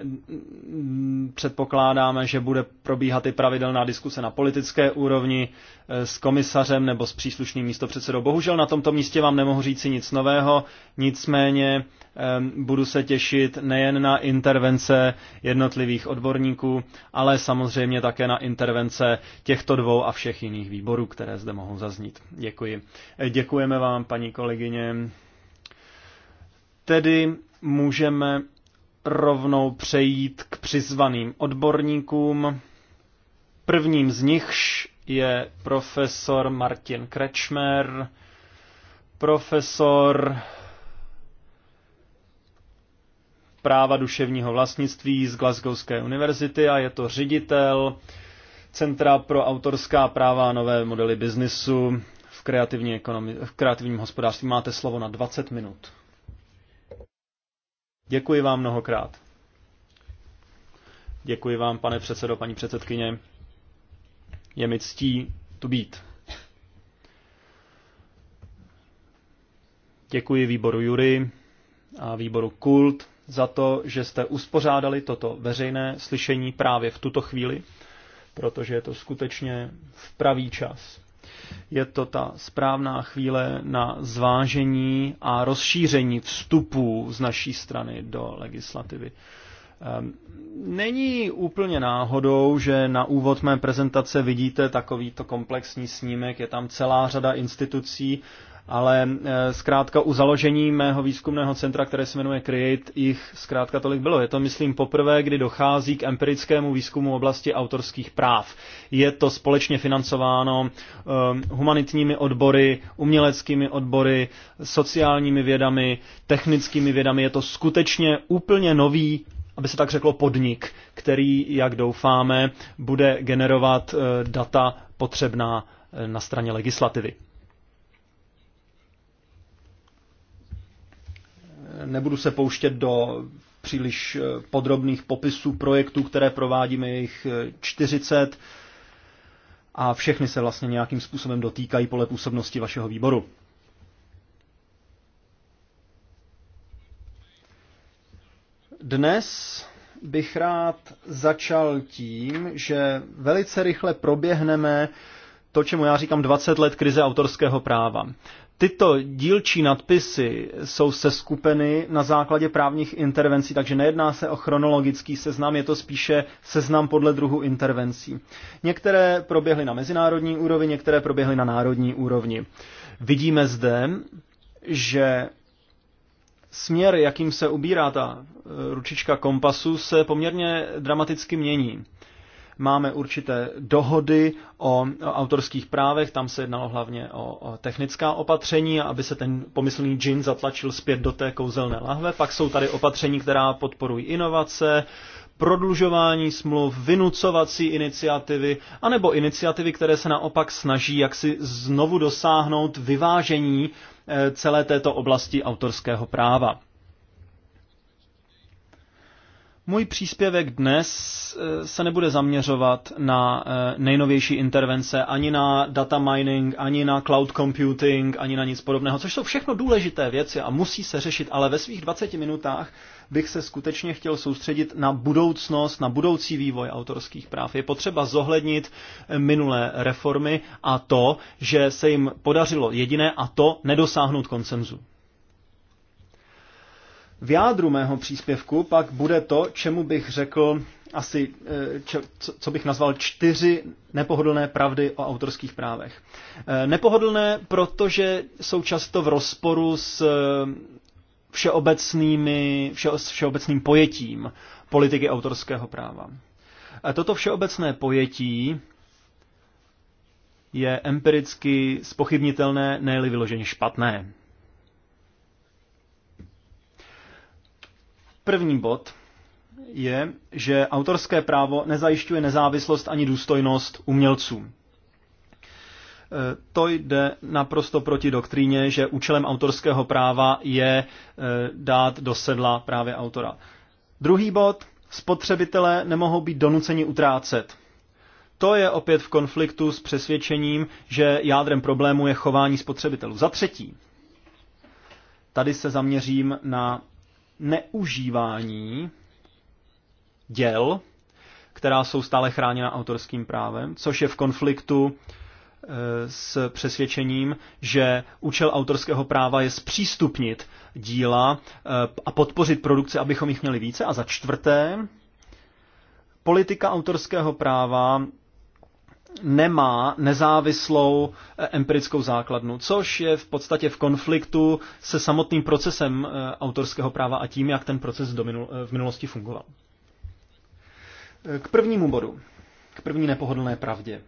předpokládáme, že bude probíhat i pravidelná diskuse na politické úrovni eh, s komisařem nebo s příslušným místopředsedou. Bohužel na tomto místě vám nemohu říci nic nového, nicméně eh, budu se těšit nejen na intervence jednotlivých odborníků, ale samozřejmě také na intervence těchto dvou a všech jiných výborů, které zde mohou zaznít. Děkuji. Děkujeme vám, paní kolegyně. Tedy můžeme rovnou přejít k přizvaným odborníkům. Prvním z nichž je profesor Martin Krečmer, profesor práva duševního vlastnictví z Glasgowské univerzity a je to ředitel Centra pro autorská práva a nové modely biznisu v, kreativní ekonomi- v kreativním hospodářství. Máte slovo na 20 minut. Děkuji vám mnohokrát. Děkuji vám, pane předsedo, paní předsedkyně. Je mi ctí tu být. Děkuji výboru Jury a výboru Kult za to, že jste uspořádali toto veřejné slyšení právě v tuto chvíli, protože je to skutečně v pravý čas je to ta správná chvíle na zvážení a rozšíření vstupů z naší strany do legislativy. Ehm, není úplně náhodou, že na úvod mé prezentace vidíte takovýto komplexní snímek. Je tam celá řada institucí, ale eh, zkrátka u založení mého výzkumného centra, které se jmenuje Create, jich zkrátka tolik bylo. Je to, myslím, poprvé, kdy dochází k empirickému výzkumu oblasti autorských práv. Je to společně financováno eh, humanitními odbory, uměleckými odbory, sociálními vědami, technickými vědami. Je to skutečně úplně nový aby se tak řeklo, podnik, který, jak doufáme, bude generovat eh, data potřebná na straně legislativy. Nebudu se pouštět do příliš eh, podrobných popisů projektů, které provádíme, jejich 40 eh, a všechny se vlastně nějakým způsobem dotýkají pole působnosti vašeho výboru. Dnes bych rád začal tím, že velice rychle proběhneme to, čemu já říkám 20 let krize autorského práva. Tyto dílčí nadpisy jsou seskupeny na základě právních intervencí, takže nejedná se o chronologický seznam, je to spíše seznam podle druhu intervencí. Některé proběhly na mezinárodní úrovni, některé proběhly na národní úrovni. Vidíme zde, že směr, jakým se ubírá ta e, ručička kompasu, se poměrně dramaticky mění. Máme určité dohody o autorských právech, tam se jednalo hlavně o technická opatření, aby se ten pomyslný džin zatlačil zpět do té kouzelné lahve. Pak jsou tady opatření, která podporují inovace, prodlužování smluv, vynucovací iniciativy, anebo iniciativy, které se naopak snaží jaksi znovu dosáhnout vyvážení eh, celé této oblasti autorského práva. Můj příspěvek dnes eh, se nebude zaměřovat na eh, nejnovější intervence, ani na data mining, ani na cloud computing, ani na nic podobného, což jsou všechno důležité věci a musí se řešit, ale ve svých 20 minutách bych se skutečně chtěl soustředit na budoucnost, na budoucí vývoj autorských práv. Je potřeba zohlednit eh, minulé reformy a to, že se jim podařilo jediné a to nedosáhnout koncenzu. V jádru mého příspěvku pak bude to, čemu bych řekl asi, eh, če, co bych nazval čtyři nepohodlné pravdy o autorských právech. Eh, nepohodlné, protože jsou často v rozporu s eh, všeobecnými, vše, s všeobecným pojetím politiky autorského práva. A toto všeobecné pojetí je empiricky spochybnitelné, ne vyloženě špatné. První bod je, že autorské právo nezajišťuje nezávislost ani důstojnost umělců. E, to jde naprosto proti doktríně, že účelem autorského práva je e, dát do sedla právě autora. Druhý bod. Spotřebitelé nemohou být donuceni utrácet. To je opět v konfliktu s přesvědčením, že jádrem problému je chování spotřebitelů. Za třetí, tady se zaměřím na neužívání děl, která jsou stále chráněna autorským právem, což je v konfliktu eh, s přesvědčením, že účel autorského práva je zpřístupnit díla eh, a podpořit produkci, abychom jich měli více. A za čtvrté, politika autorského práva nemá nezávislou eh, empirickou základnu, což je v podstatě v konfliktu se samotným procesem eh, autorského práva a tím, jak ten proces eh, v minulosti fungoval. K prvnímu bodu, k první nepohodlné pravdě.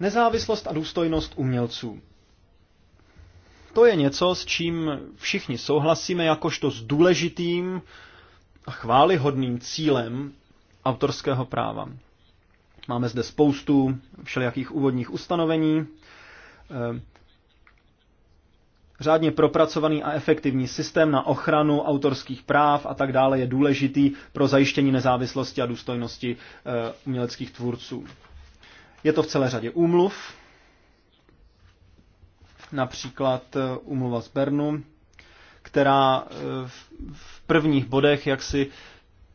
Nezávislost a důstojnost umělců. To je něco, s čím všichni souhlasíme jakožto s důležitým a chválihodným cílem autorského práva. Máme zde spoustu všelijakých úvodních ustanovení. Eh, řádně propracovaný a efektivní systém na ochranu autorských práv a tak dále je důležitý pro zajištění nezávislosti a důstojnosti eh, uměleckých tvůrců. Je to v celé řadě úmluv, například eh, úmluva z Bernu, která v prvních bodech jaksi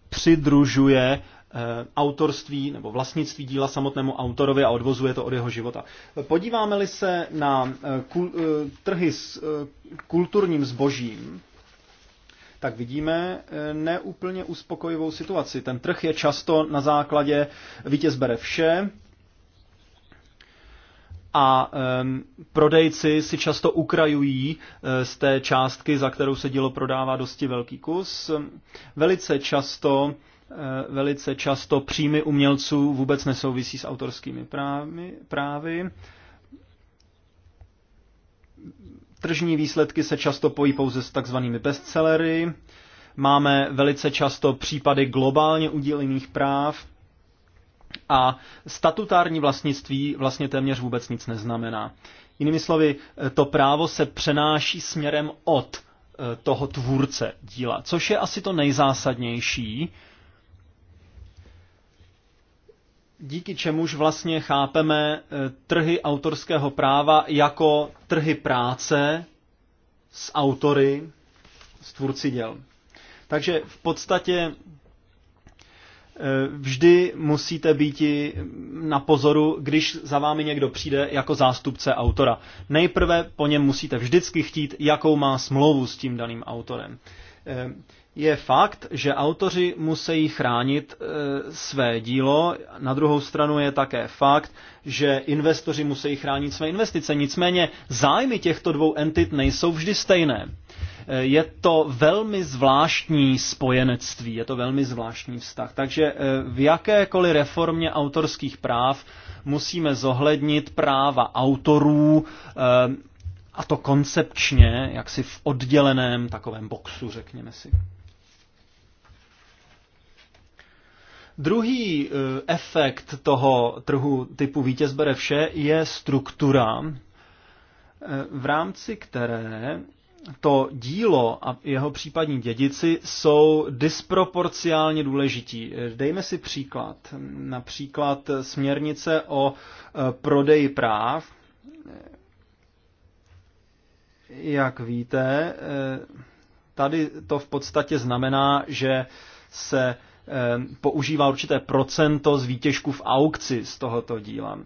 přidružuje Eh, autorství nebo vlastnictví díla samotnému autorovi a odvozuje to od jeho života. Podíváme-li se na eh, eh, trhy s kulturním zbožím, tak vidíme neúplně uspokojivou situaci. Ten trh je často na základě vítěz bere vše, a um, prodejci si často ukrajují z té částky, za kterou se dílo prodává, dosti velký kus. Velice často Eh, velice často příjmy umělců vůbec nesouvisí s autorskými právy. právy. Tržní výsledky se často pojí pouze s takzvanými bestsellery. Máme velice často případy globálně udělených práv a statutární vlastnictví vlastně téměř vůbec nic neznamená. Jinými slovy, eh, to právo se přenáší směrem od eh, toho tvůrce díla, což je asi to nejzásadnější, díky čemuž vlastně chápeme eh, trhy autorského práva jako trhy práce s autory, s tvůrci děl. Takže v podstatě eh, vždy musíte být na pozoru, když za vámi někdo přijde jako zástupce autora. Nejprve po něm musíte vždycky chtít, jakou má smlouvu s tím daným autorem. Eh, je fakt, že autoři musí chránit e, své dílo. Na druhou stranu je také fakt, že investoři musí chránit své investice. Nicméně zájmy těchto dvou entit nejsou vždy stejné. E, je to velmi zvláštní spojenectví, je to velmi zvláštní vztah. Takže e, v jakékoliv reformě autorských práv musíme zohlednit práva autorů, e, a to koncepčně, jaksi v odděleném takovém boxu, řekněme si. Druhý eh, efekt toho trhu typu vítěz bere vše je struktura, eh, v rámci které to dílo a jeho případní dědici jsou disproporciálně důležití. Eh, dejme si příklad. Například směrnice o prodeji práv. Jak víte, tady to v podstatě znamená, že se Eh, používá určité procento z výtěžku v aukci z tohoto díla.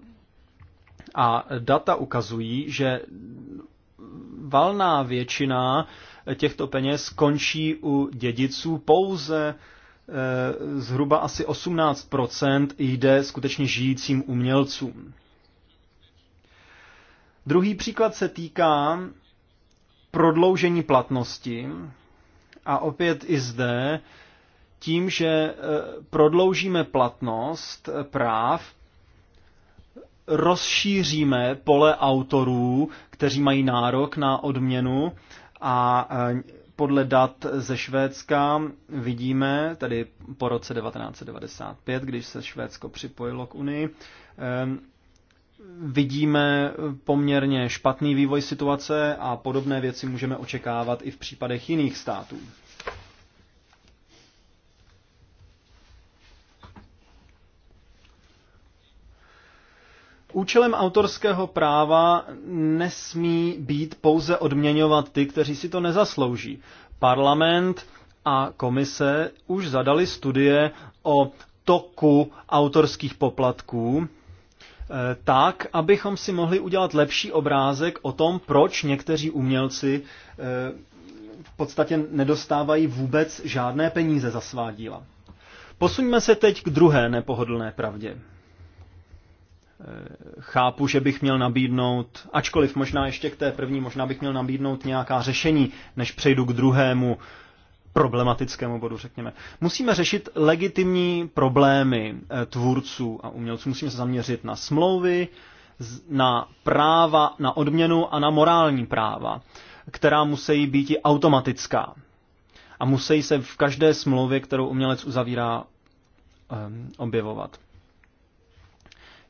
A data ukazují, že valná většina těchto peněz končí u dědiců pouze eh, zhruba asi 18% jde skutečně žijícím umělcům. Druhý příklad se týká prodloužení platnosti a opět i zde tím, že eh, prodloužíme platnost eh, práv, rozšíříme pole autorů, kteří mají nárok na odměnu a eh, podle dat ze Švédska vidíme, tedy po roce 1995, když se Švédsko připojilo k Unii, vidíme poměrně špatný vývoj situace a podobné věci můžeme očekávat i v případech jiných států. Účelem autorského práva nesmí být pouze odměňovat ty, kteří si to nezaslouží. Parlament a komise už zadali studie o toku autorských poplatků, eh, tak, abychom si mohli udělat lepší obrázek o tom, proč někteří umělci eh, v podstatě nedostávají vůbec žádné peníze za svá díla. Posuňme se teď k druhé nepohodlné pravdě chápu, že bych měl nabídnout, ačkoliv možná ještě k té první, možná bych měl nabídnout nějaká řešení, než přejdu k druhému problematickému bodu, řekněme. Musíme řešit legitimní problémy eh, tvůrců a umělců. Musíme se zaměřit na smlouvy, na práva, na odměnu a na morální práva, která musí být i automatická. A musí se v každé smlouvě, kterou umělec uzavírá, eh, objevovat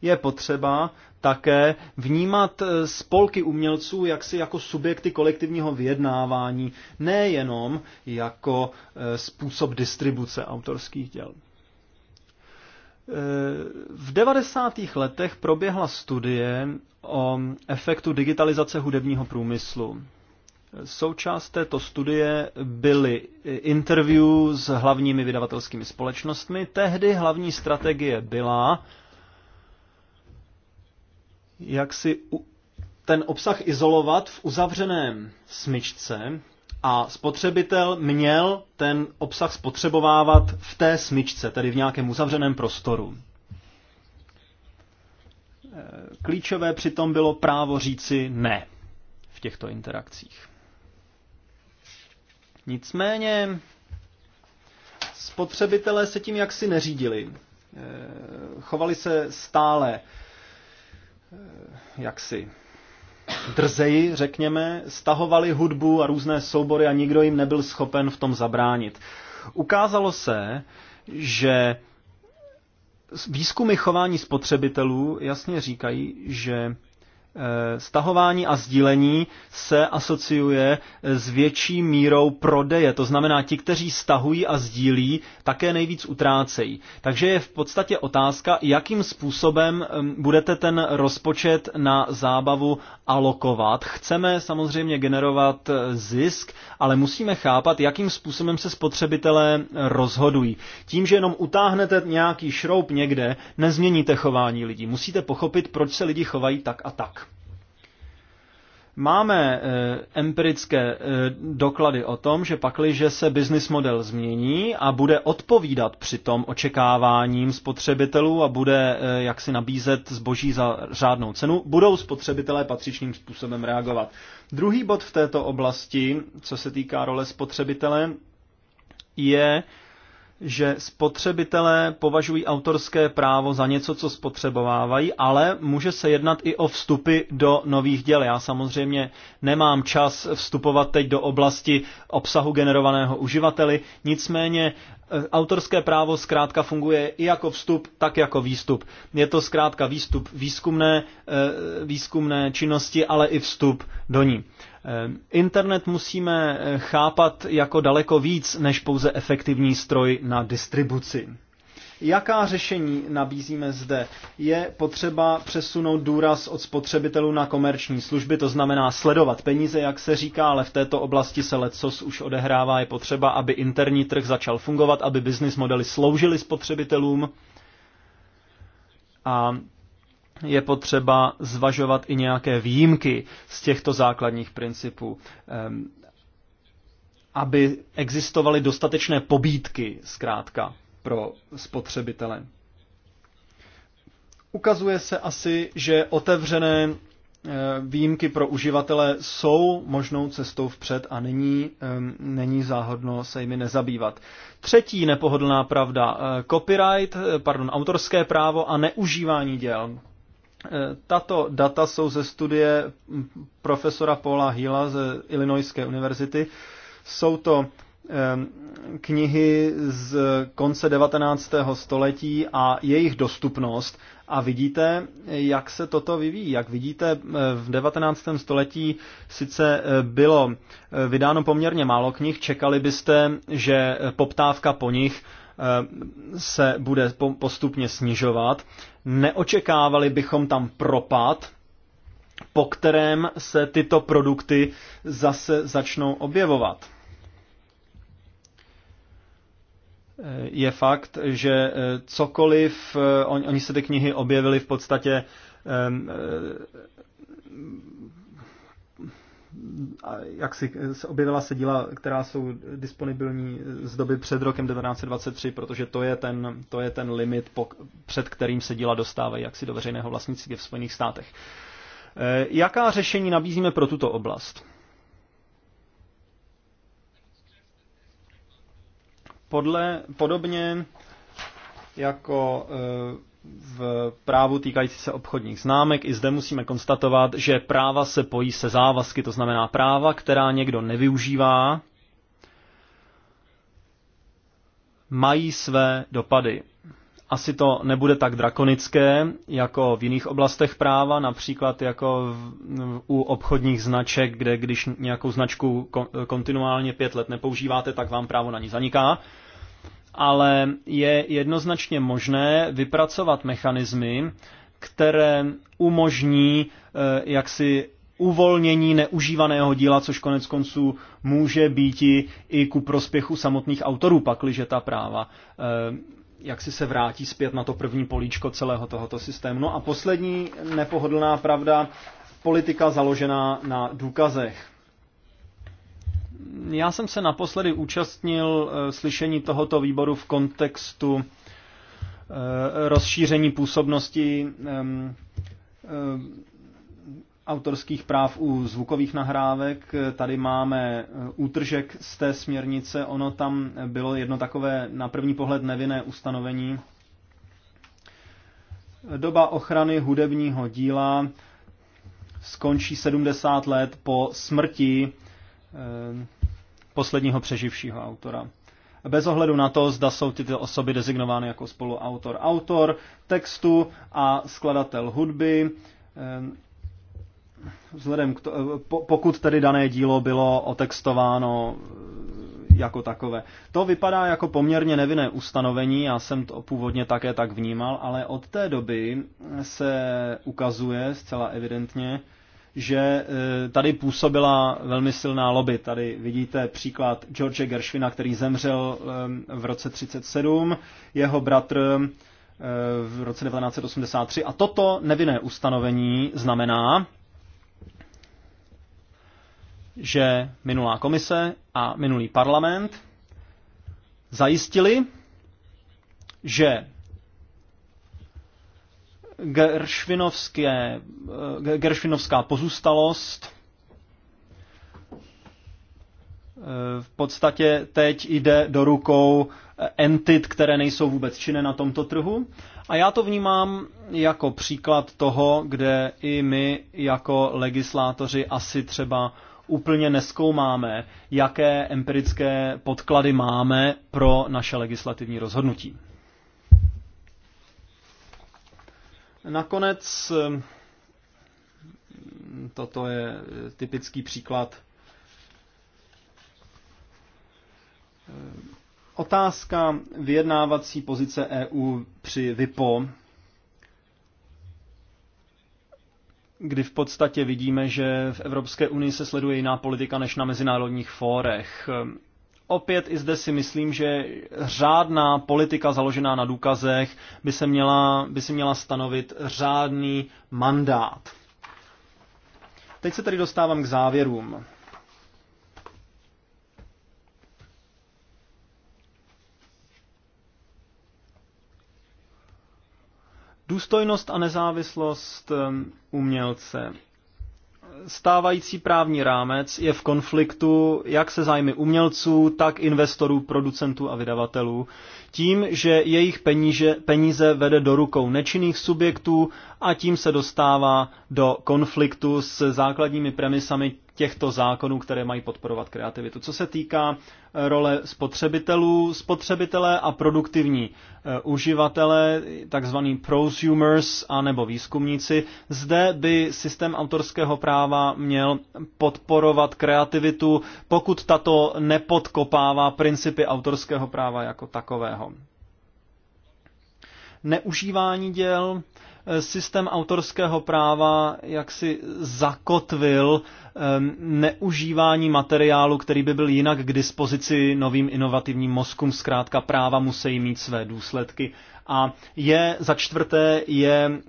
je potřeba také vnímat eh, spolky umělců jaksi jako subjekty kolektivního vyjednávání, nejenom jako eh, způsob distribuce autorských děl. Eh, v 90. letech proběhla studie o efektu digitalizace hudebního průmyslu. Součást této studie byly interview s hlavními vydavatelskými společnostmi. Tehdy hlavní strategie byla jak si ten obsah izolovat v uzavřeném smyčce a spotřebitel měl ten obsah spotřebovávat v té smyčce, tedy v nějakém uzavřeném prostoru. Eh, klíčové přitom bylo právo říci ne v těchto interakcích. Nicméně spotřebitelé se tím jaksi neřídili. Eh, chovali se stále Eh, jaksi drzeji, řekněme, stahovali hudbu a různé soubory a nikdo jim nebyl schopen v tom zabránit. Ukázalo se, že výzkumy chování spotřebitelů jasně říkají, že Eh, stahování a sdílení se asociuje eh, s větší mírou prodeje. To znamená, ti, kteří stahují a sdílí, také nejvíc utrácejí. Takže je v podstatě otázka, jakým způsobem budete ten rozpočet na zábavu alokovat. Chceme samozřejmě generovat eh, zisk, ale musíme chápat, jakým způsobem se spotřebitelé rozhodují. Tím, že jenom utáhnete nějaký šroub někde, nezměníte chování lidí. Musíte pochopit, proč se lidi chovají tak a tak. Máme eh, empirické eh, doklady o tom, že pakliže se business model změní a bude odpovídat přitom očekáváním spotřebitelů a bude eh, jak si nabízet zboží za řádnou cenu, budou spotřebitelé patřičným způsobem reagovat. Druhý bod v této oblasti, co se týká role spotřebitele, je že spotřebitelé považují autorské právo za něco, co spotřebovávají, ale může se jednat i o vstupy do nových děl. Já samozřejmě nemám čas vstupovat teď do oblasti obsahu generovaného uživateli, nicméně eh, autorské právo zkrátka funguje i jako vstup, tak jako výstup. Je to zkrátka výstup výzkumné, eh, výzkumné činnosti, ale i vstup do ní. Ehm, internet musíme eh, chápat jako daleko víc než pouze efektivní stroj na distribuci. Jaká řešení nabízíme zde? Je potřeba přesunout důraz od spotřebitelů na komerční služby, to znamená sledovat peníze, jak se říká, ale v této oblasti se lecos už odehrává. Je potřeba, aby interní trh začal fungovat, aby business modely sloužily spotřebitelům. A je potřeba zvažovat i nějaké výjimky z těchto základních principů, ehm, aby existovaly dostatečné pobídky, zkrátka, pro spotřebitele. Ukazuje se asi, že otevřené ehm, výjimky pro uživatele jsou možnou cestou vpřed a není, ehm, není záhodno se jimi nezabývat. Třetí nepohodlná pravda, copyright, pardon, autorské právo a neužívání děl. Eh, tato data jsou ze studie profesora Paula Hila z Illinoiské univerzity. Jsou to knihy z konce 19. století a jejich dostupnost. A vidíte, jak se toto vyvíjí. Jak vidíte, eh, v 19. století sice eh, bylo vydáno poměrně málo knih, čekali byste, že poptávka po nich Eh, se bude postupně snižovat. Neočekávali bychom tam propad, po kterém se tyto produkty zase začnou objevovat. Eh, je fakt, že eh, cokoliv, oni se ty knihy objevily v podstatě jak si objevila se díla, která jsou disponibilní z doby před rokem 1923, protože to je ten, to je ten limit, před kterým se díla dostávají jaksi do veřejného vlastnictví v Spojených státech. Eh, jaká řešení nabízíme pro tuto oblast? Podle, podobně jako eh, v právu týkající se obchodních známek. I zde musíme konstatovat, že práva se pojí se závazky, to znamená práva, která někdo nevyužívá, mají své dopady. Asi to nebude tak drakonické jako v jiných oblastech práva, například jako v, u obchodních značek, kde když nějakou značku kontinuálně pět let nepoužíváte, tak vám právo na ní zaniká ale je jednoznačně možné vypracovat mechanismy, které umožní eh, jaksi uvolnění neužívaného díla, což konec konců může být i ku prospěchu samotných autorů, pakliže ta práva eh, jak si se vrátí zpět na to první políčko celého tohoto systému. No a poslední nepohodlná pravda, politika založená na důkazech. Já jsem se naposledy účastnil eh, slyšení tohoto výboru v kontextu eh, rozšíření působnosti eh, autorských práv u zvukových nahrávek. Tady máme útržek z té směrnice. Ono tam bylo jedno takové na první pohled nevinné ustanovení. Doba ochrany hudebního díla skončí 70 let po smrti Eh, posledního přeživšího autora. Bez ohledu na to, zda jsou tyto osoby designovány jako spoluautor, autor textu a skladatel hudby, eh, vzhledem k to, eh, pokud tedy dané dílo bylo otextováno jako takové. To vypadá jako poměrně nevinné ustanovení, já jsem to původně také tak vnímal, ale od té doby se ukazuje zcela evidentně, že e, tady působila velmi silná lobby. Tady vidíte příklad George Gershvina, který zemřel e, v roce 37, jeho bratr e, v roce 1983. A toto nevinné ustanovení znamená, že minulá komise a minulý parlament zajistili, že geršvinovské, eh, geršvinovská pozůstalost. Eh, v podstatě teď jde do rukou entit, které nejsou vůbec činné na tomto trhu. A já to vnímám jako příklad toho, kde i my jako legislátoři asi třeba úplně neskoumáme, jaké empirické podklady máme pro naše legislativní rozhodnutí. Nakonec eh, toto je eh, typický příklad. Eh, otázka vyjednávací pozice EU při VIPO, kdy v podstatě vidíme, že v Evropské unii se sleduje jiná politika než na mezinárodních fórech opět i zde si myslím, že řádná politika založená na důkazech by se měla, by se měla stanovit řádný mandát. Teď se tedy dostávám k závěrům. Důstojnost a nezávislost um, umělce stávající právní rámec je v konfliktu jak se zájmy umělců, tak investorů, producentů a vydavatelů, tím, že jejich peníze, peníze vede do rukou nečinných subjektů a tím se dostává do konfliktu s základními premisami těchto zákonů, které mají podporovat kreativitu. Co se týká e, role spotřebitelů, spotřebitelé a produktivní e, uživatelé, takzvaný prosumers a nebo výzkumníci, zde by systém autorského práva měl podporovat kreativitu, pokud tato nepodkopává principy autorského práva jako takového. Neužívání děl, systém autorského práva jaksi zakotvil neužívání materiálu, který by byl jinak k dispozici novým inovativním mozkům. Zkrátka práva musí mít své důsledky. A je za čtvrté je e,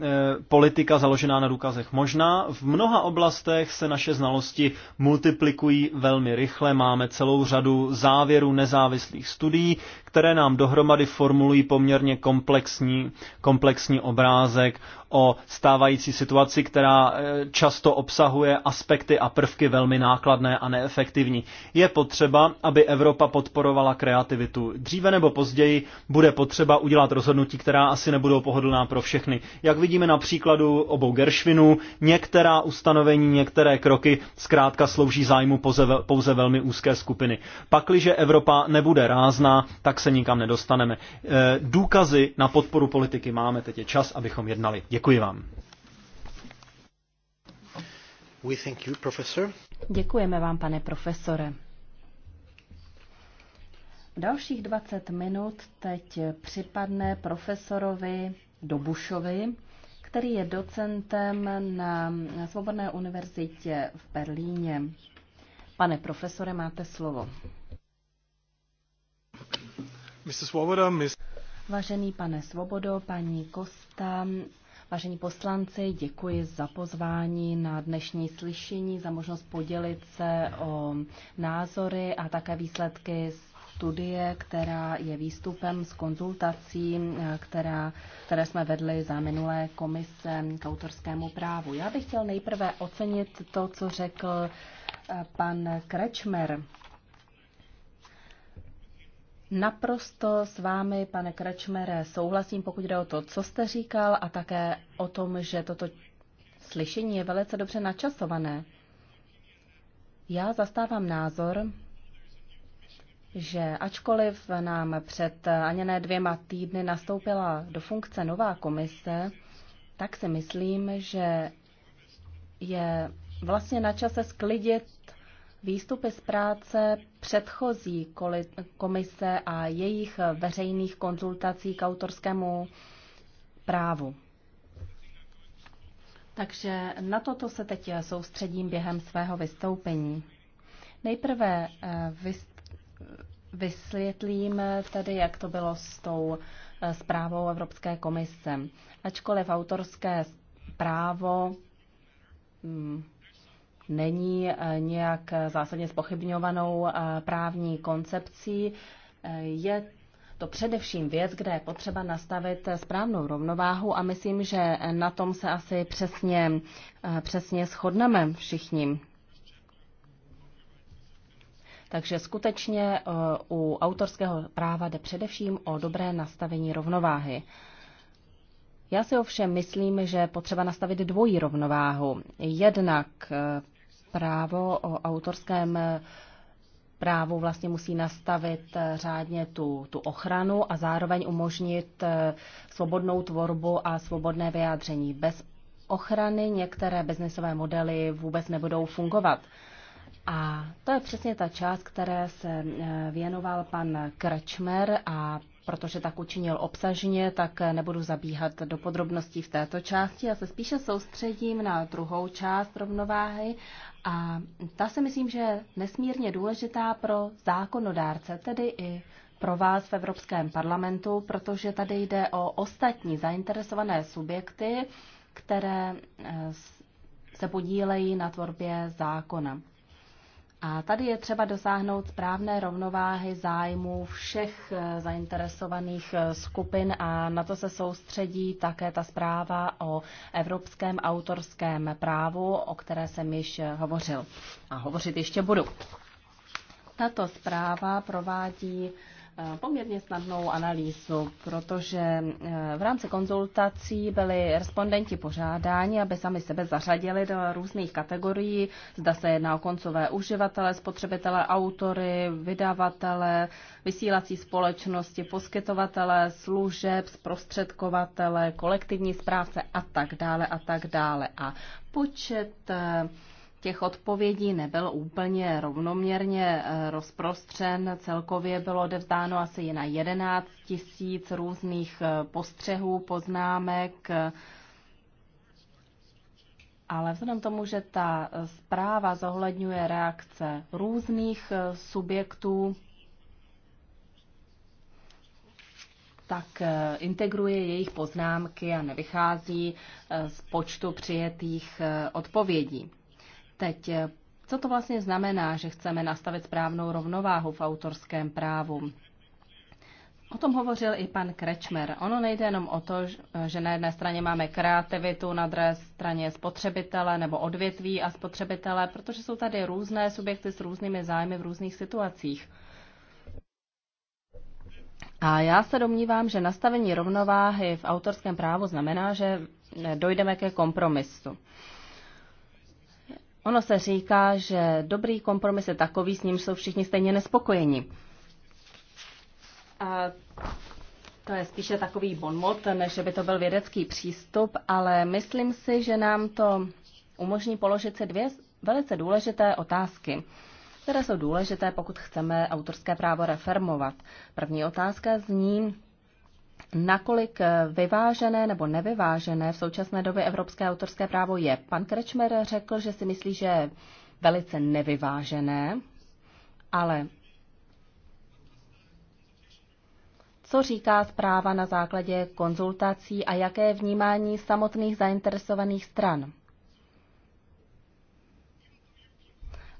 politika založená na důkazech možná. V mnoha oblastech se naše znalosti multiplikují velmi rychle. Máme celou řadu závěrů nezávislých studií, které nám dohromady formulují poměrně komplexní, komplexní obrázek o stávající situaci, která eh, často obsahuje aspekty a prvky velmi nákladné a neefektivní. Je potřeba, aby Evropa podporovala kreativitu. Dříve nebo později bude potřeba udělat rozhodnutí, která asi nebudou pohodlná pro všechny. Jak vidíme na příkladu obou Gershvinů, některá ustanovení, některé kroky zkrátka slouží zájmu pouze, velmi úzké skupiny. Pakliže Evropa nebude rázná, tak tak se nikam nedostaneme. E, důkazy na podporu politiky máme, teď je čas, abychom jednali. Děkuji vám. We thank you, professor. Děkujeme vám, pane profesore. Dalších 20 minut teď připadne profesorovi Dobušovi, který je docentem na Svobodné univerzitě v Berlíně. Pane profesore, máte slovo. Vážený pane Svobodo, paní Kosta, vážení poslanci, děkuji za pozvání na dnešní slyšení, za možnost podělit se o názory a také výsledky studie, která je výstupem z konzultací, která, které jsme vedli za minulé komise k autorskému právu. Já bych chtěl nejprve ocenit to, co řekl eh, pan Krečmer Naprosto s vámi, pane Krečmere, souhlasím, pokud jde o to, co jste říkal a také o tom, že toto slyšení je velice dobře načasované. Já zastávám názor, že ačkoliv nám před ani ne dvěma týdny nastoupila do funkce nová komise, tak si myslím, že je vlastně na čase sklidit výstupy z práce předchozí komise a jejich veřejných konzultací k autorskému právu. Takže na toto se teď soustředím během svého vystoupení. Nejprve eh, vysvětlím tedy, jak to bylo s tou eh, zprávou Evropské komise. Ačkoliv autorské právo mm, není eh, nějak eh, zásadně spochybňovanou eh, právní koncepcí. Je to především věc, kde je potřeba nastavit správnou rovnováhu a myslím, že na tom se asi přesně, přesně shodneme všichni. Takže skutečně u autorského práva jde především o dobré nastavení rovnováhy. Já si ovšem myslím, že potřeba nastavit dvojí rovnováhu. Jednak právo o autorském eh, právu vlastně musí nastavit eh, řádně tu, tu ochranu a zároveň umožnit eh, svobodnou tvorbu a svobodné vyjádření. Bez ochrany některé biznesové modely vůbec nebudou fungovat. A to je přesně ta část, které se věnoval pan Krečmer a protože tak učinil obsažně, tak nebudu zabíhat do podrobností v této části. Já se spíše soustředím na druhou část rovnováhy a ta si myslím, že je nesmírně důležitá pro zákonodárce, tedy i pro vás v Evropském parlamentu, protože tady jde o ostatní zainteresované subjekty, které eh, se podílejí na tvorbě zákona. A tady je třeba dosáhnout správné rovnováhy zájmů všech eh, zainteresovaných eh, skupin a na to se soustředí také ta zpráva o evropském autorském právu, o které jsem již eh, hovořil a hovořit ještě budu. Tato zpráva provádí Eh, poměrně snadnou analýzu, protože eh, v rámci konzultací byli respondenti požádáni, aby sami sebe zařadili do různých kategorií, zda se jedná o koncové uživatele, spotřebitele, autory, vydavatele, vysílací společnosti, poskytovatele, služeb, zprostředkovatele, kolektivní správce a tak dále a tak dále. A počet eh, těch odpovědí nebyl úplně rovnoměrně eh, rozprostřen. Celkově bylo odevzdáno asi na 11 tisíc různých eh, postřehů, poznámek, ale vzhledem tomu, že ta eh, zpráva zohledňuje reakce různých subjektů, tak integruje jejich poznámky a nevychází z počtu přijetých odpovědí. Teď, co to vlastně znamená, že chceme nastavit správnou rovnováhu v autorském právu? O tom hovořil i pan Krečmer. Ono nejde jenom o to, že na jedné straně máme kreativitu, na druhé straně spotřebitele nebo odvětví a spotřebitele, protože jsou tady různé subjekty s různými zájmy v různých situacích. A já se domnívám, že nastavení rovnováhy v autorském právu znamená, že dojdeme ke kompromisu. Ono se říká, že dobrý kompromis je takový, s ním jsou všichni stejně nespokojeni. A to je spíše takový bonmot, než by to byl vědecký přístup, ale myslím si, že nám to umožní položit si dvě velice důležité otázky, které jsou důležité, pokud chceme autorské právo reformovat. První otázka zní, nakolik eh, vyvážené nebo nevyvážené v současné době evropské autorské právo je. Pan Krečmer řekl, že si myslí, že je velice nevyvážené, ale co říká zpráva na základě konzultací a jaké je vnímání samotných zainteresovaných stran.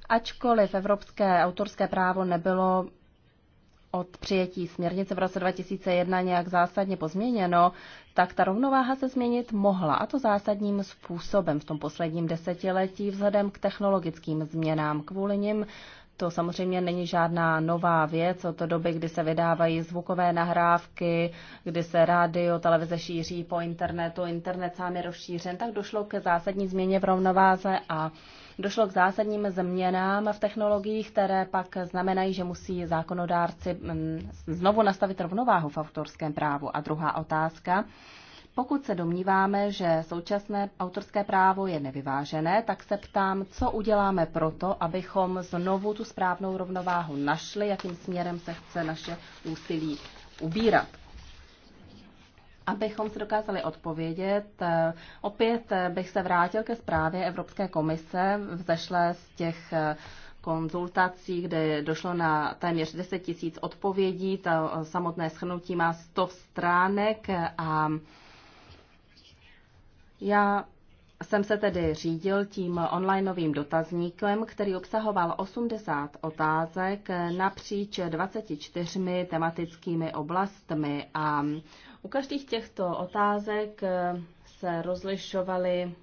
Ačkoliv evropské autorské právo nebylo od přijetí směrnice v roce 2001 nějak zásadně pozměněno, tak ta rovnováha se změnit mohla, a to zásadním způsobem v tom posledním desetiletí vzhledem k technologickým změnám. Kvůli nim to samozřejmě není žádná nová věc od doby, kdy se vydávají zvukové nahrávky, kdy se rádio, televize šíří po internetu, internet sám je rozšířen, tak došlo k zásadní změně v rovnováze a došlo k zásadním změnám v technologiích, které pak znamenají, že musí zákonodárci mm, znovu nastavit rovnováhu v autorském právu. A druhá otázka. Pokud se domníváme, že současné autorské právo je nevyvážené, tak se ptám, co uděláme proto, abychom znovu tu správnou rovnováhu našli, jakým směrem se chce naše úsilí ubírat. Abychom se dokázali odpovědět, eh, opět eh, bych se vrátil ke zprávě Evropské komise Vzešle z těch eh, konzultací, kde došlo na téměř 10 tisíc odpovědí. To samotné schrnutí má 100 stránek a já jsem se tedy řídil tím onlineovým dotazníkem, který obsahoval 80 otázek napříč 24 tematickými oblastmi a u každých těchto otázek eh, se rozlišovaly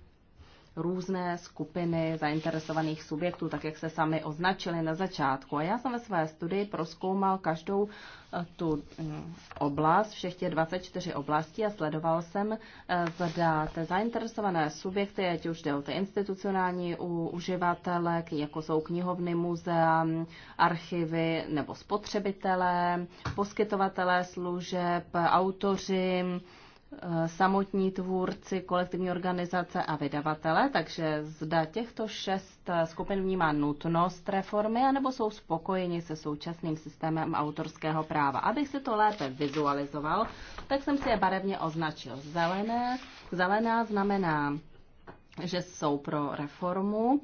různé skupiny zainteresovaných subjektů, tak jak se sami označili na začátku. A já jsem ve své studii proskoumal každou eh, tu mm, oblast, všech těch 24 oblastí a sledoval jsem, eh, zda ty zainteresované subjekty, ať už jde o ty institucionální uživatele, jako jsou knihovny, muzea, archivy nebo spotřebitelé, poskytovatelé služeb, autoři, Eh, samotní tvůrci, kolektivní organizace a vydavatele, takže zda těchto šest eh, skupin vnímá nutnost reformy, anebo jsou spokojeni se současným systémem autorského práva. Abych si to lépe vizualizoval, tak jsem si je barevně označil. Zelené, zelená znamená, že jsou pro reformu,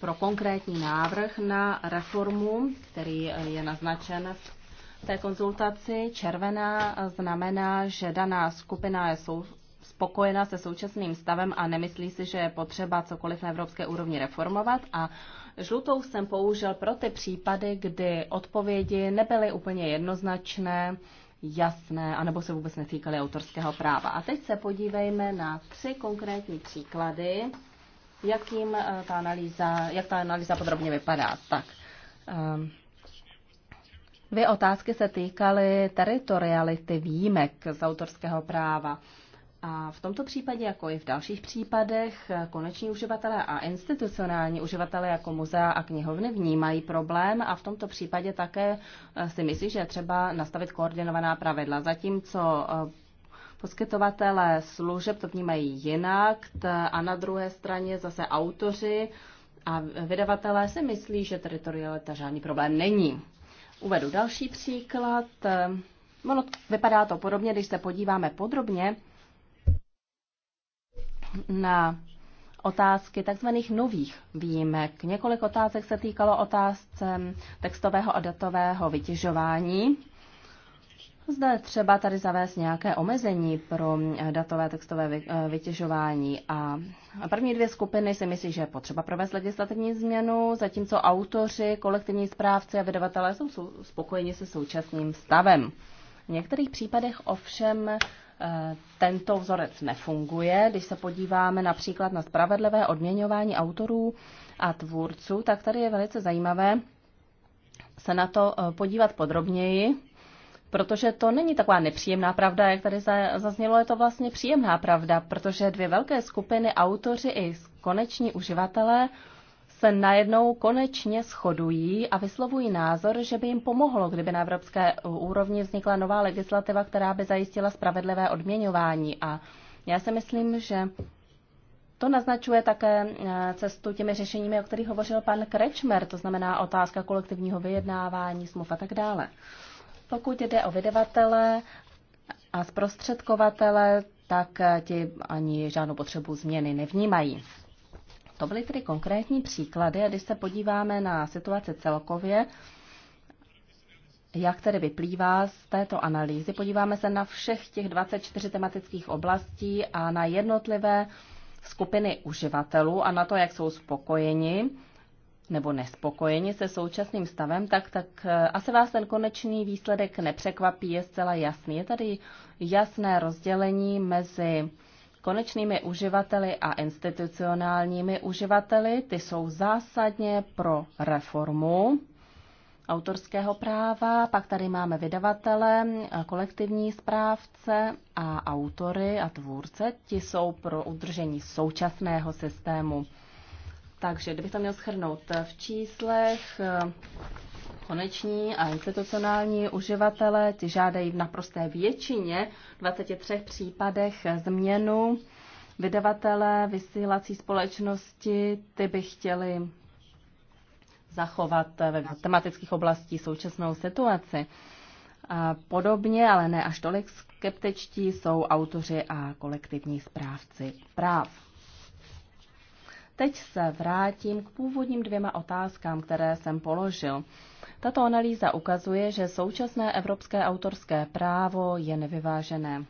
pro konkrétní návrh na reformu, který je naznačen v té konzultaci. Červená znamená, že daná skupina je sou spokojena se současným stavem a nemyslí si, že je potřeba cokoliv na evropské úrovni reformovat. A žlutou jsem použil pro ty případy, kdy odpovědi nebyly úplně jednoznačné, jasné, anebo se vůbec netýkaly autorského práva. A teď se podívejme na tři konkrétní příklady, jakým eh, ta analýza, jak ta analýza podrobně vypadá. Tak, um, Dvě otázky se týkaly teritoriality výjimek z autorského práva. A v tomto případě, jako i v dalších případech, koneční uživatelé a institucionální uživatelé jako muzea a knihovny vnímají problém a v tomto případě také eh, si myslí, že je třeba nastavit koordinovaná pravidla. Zatímco eh, poskytovatelé služeb to vnímají jinak a na druhé straně zase autoři a vydavatelé si myslí, že teritorialita žádný problém není. Uvedu další příklad. Ehm, ono vypadá to podobně, když se podíváme podrobně na otázky tzv. nových výjimek. Několik otázek se týkalo otázce textového a datového vytěžování. Zda třeba tady zavést nějaké omezení pro eh, datové textové eh, vytěžování. A první dvě skupiny si myslí, že je potřeba provést legislativní změnu, zatímco autoři, kolektivní správci a vydavatelé jsou spokojeni se současným stavem. V některých případech ovšem eh, tento vzorec nefunguje. Když se podíváme například na spravedlivé odměňování autorů a tvůrců, tak tady je velice zajímavé se na to podívat podrobněji Protože to není taková nepříjemná pravda, jak tady zaznělo, je to vlastně příjemná pravda, protože dvě velké skupiny autoři i koneční uživatelé se najednou konečně shodují a vyslovují názor, že by jim pomohlo, kdyby na evropské úrovni vznikla nová legislativa, která by zajistila spravedlivé odměňování. A já si myslím, že to naznačuje také eh, cestu těmi řešeními, o kterých hovořil pan Krečmer, to znamená otázka kolektivního vyjednávání, smluv a tak dále. Pokud jde o vydavatele a zprostředkovatele, tak eh, ti ani žádnou potřebu změny nevnímají. To byly tedy konkrétní příklady a když se podíváme na situaci celkově, jak tedy vyplývá z této analýzy, podíváme se na všech těch 24 tematických oblastí a na jednotlivé skupiny uživatelů a na to, jak jsou spokojeni nebo nespokojeni se současným stavem, tak, tak eh, asi vás ten konečný výsledek nepřekvapí, je zcela jasný. Je tady jasné rozdělení mezi konečnými uživateli a institucionálními uživateli. Ty jsou zásadně pro reformu autorského práva, pak tady máme vydavatele, eh, kolektivní správce a autory a tvůrce. Ti jsou pro udržení současného systému. Takže kdybych to měl schrnout eh, v číslech, eh, koneční a institucionální uživatelé ti žádají v naprosté většině 23 případech eh, změnu. Vydavatelé vysílací společnosti ty by chtěli zachovat ve tematických oblastí současnou situaci. A podobně, ale ne až tolik skeptičtí, jsou autoři a kolektivní správci práv. Teď se vrátím k původním dvěma otázkám, které jsem položil. Tato analýza ukazuje, že současné evropské autorské právo je nevyvážené.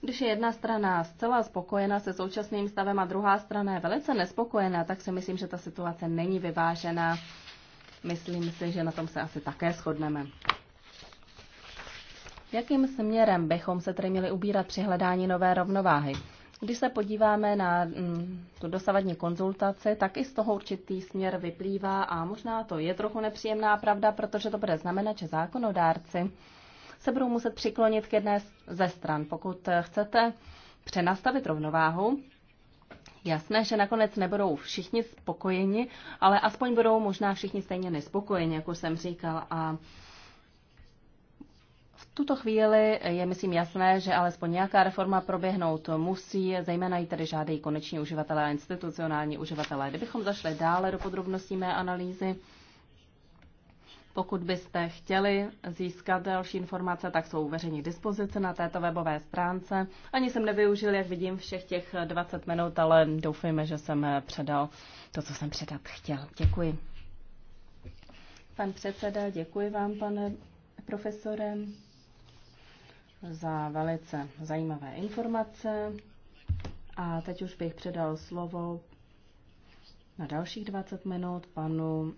Když je jedna strana zcela spokojena se současným stavem a druhá strana je velice nespokojená, tak si myslím, že ta situace není vyvážená. Myslím si, že na tom se asi také shodneme. Jakým směrem bychom se tedy měli ubírat při hledání nové rovnováhy? Když se podíváme na mm, tu dosavadní konzultaci, tak i z toho určitý směr vyplývá a možná to je trochu nepříjemná pravda, protože to bude znamenat, že zákonodárci se budou muset přiklonit k jedné ze stran. Pokud chcete přenastavit rovnováhu, Jasné, že nakonec nebudou všichni spokojeni, ale aspoň budou možná všichni stejně nespokojeni, jako jsem říkal. A tuto chvíli je, myslím, jasné, že alespoň nějaká reforma proběhnout musí, zejména i tedy žádají koneční uživatelé a institucionální uživatelé. Kdybychom zašli dále do podrobností mé analýzy, pokud byste chtěli získat další informace, tak jsou veřejně dispozice na této webové stránce. Ani jsem nevyužil, jak vidím, všech těch 20 minut, ale doufejme, že jsem předal to, co jsem předat chtěl. Děkuji. Pan předseda, děkuji vám, pane profesorem za velice zajímavé informace. A teď už bych předal slovo na dalších 20 minut panu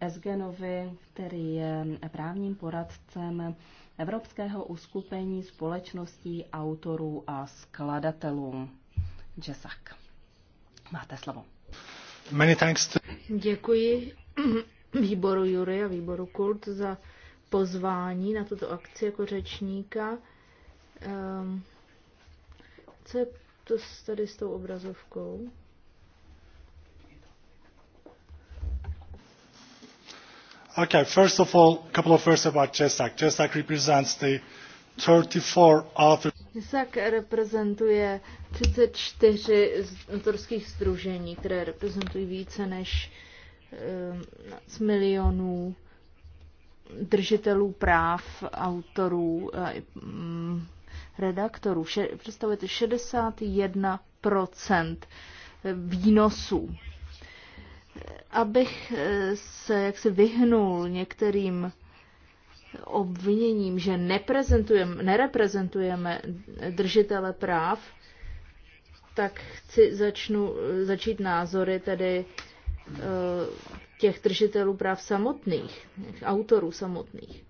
Esgenovi, který je právním poradcem Evropského uskupení společností autorů a skladatelů. Jesak. Máte slovo. Many thanks to... Děkuji výboru Jury a výboru Kult za pozvání na tuto akci jako řečníka. Ehm, co je to tady s tou obrazovkou? Okay, first of all, a couple of words about Česak. Česak represents the 34 author... reprezentuje 34 autorských združení, které reprezentují více než um, milionů držitelů práv, autorů, eh, mm, redaktorů. Představujete 61 eh, výnosů. Abych eh, se jaksi vyhnul některým obviněním, že neprezentujeme, nereprezentujeme držitele práv, tak chci začnu, začít názory tedy těch držitelů práv samotných, těch autorů samotných.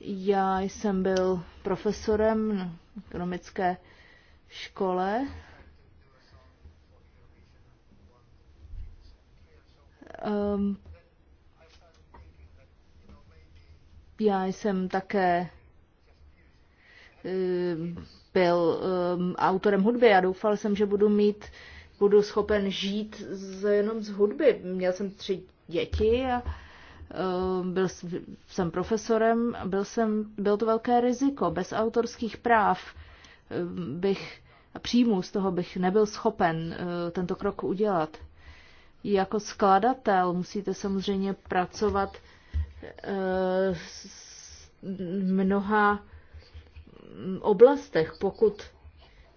Já jsem byl profesorem na ekonomické škole. Um, já jsem také Eh, byl autorem hudby a doufal jsem, že budu mít, budu schopen žít z, jenom z hudby. Měl jsem tři děti a byl jsem profesorem, byl jsem, byl to velké riziko. Bez autorských práv bych a příjmu z toho bych nebyl schopen eh, tento krok udělat. Jako skladatel musíte samozřejmě pracovat eh, s mnoha oblastech, pokud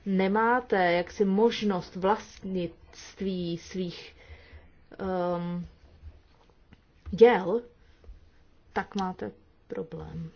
nemáte jaksi možnost vlastnictví svých um, děl, tak máte problém.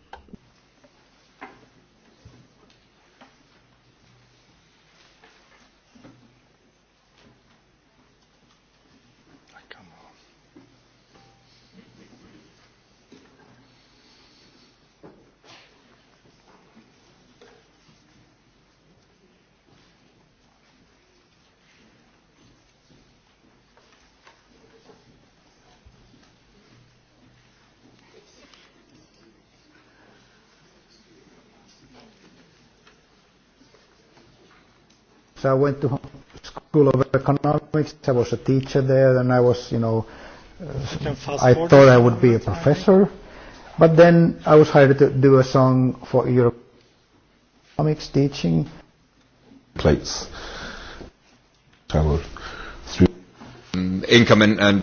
So I went to School of Economics. I was a teacher there, and I was, you know, uh, I thought I would be a professor. But then I was hired to do a song for Europe economics teaching. Plates. Travel through um, income and, and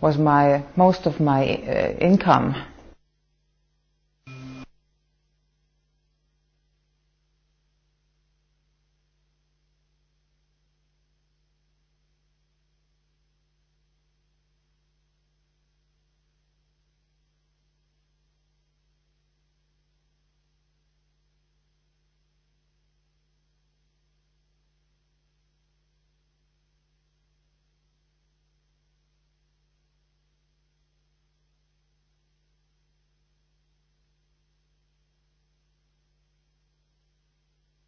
was my most of my uh, income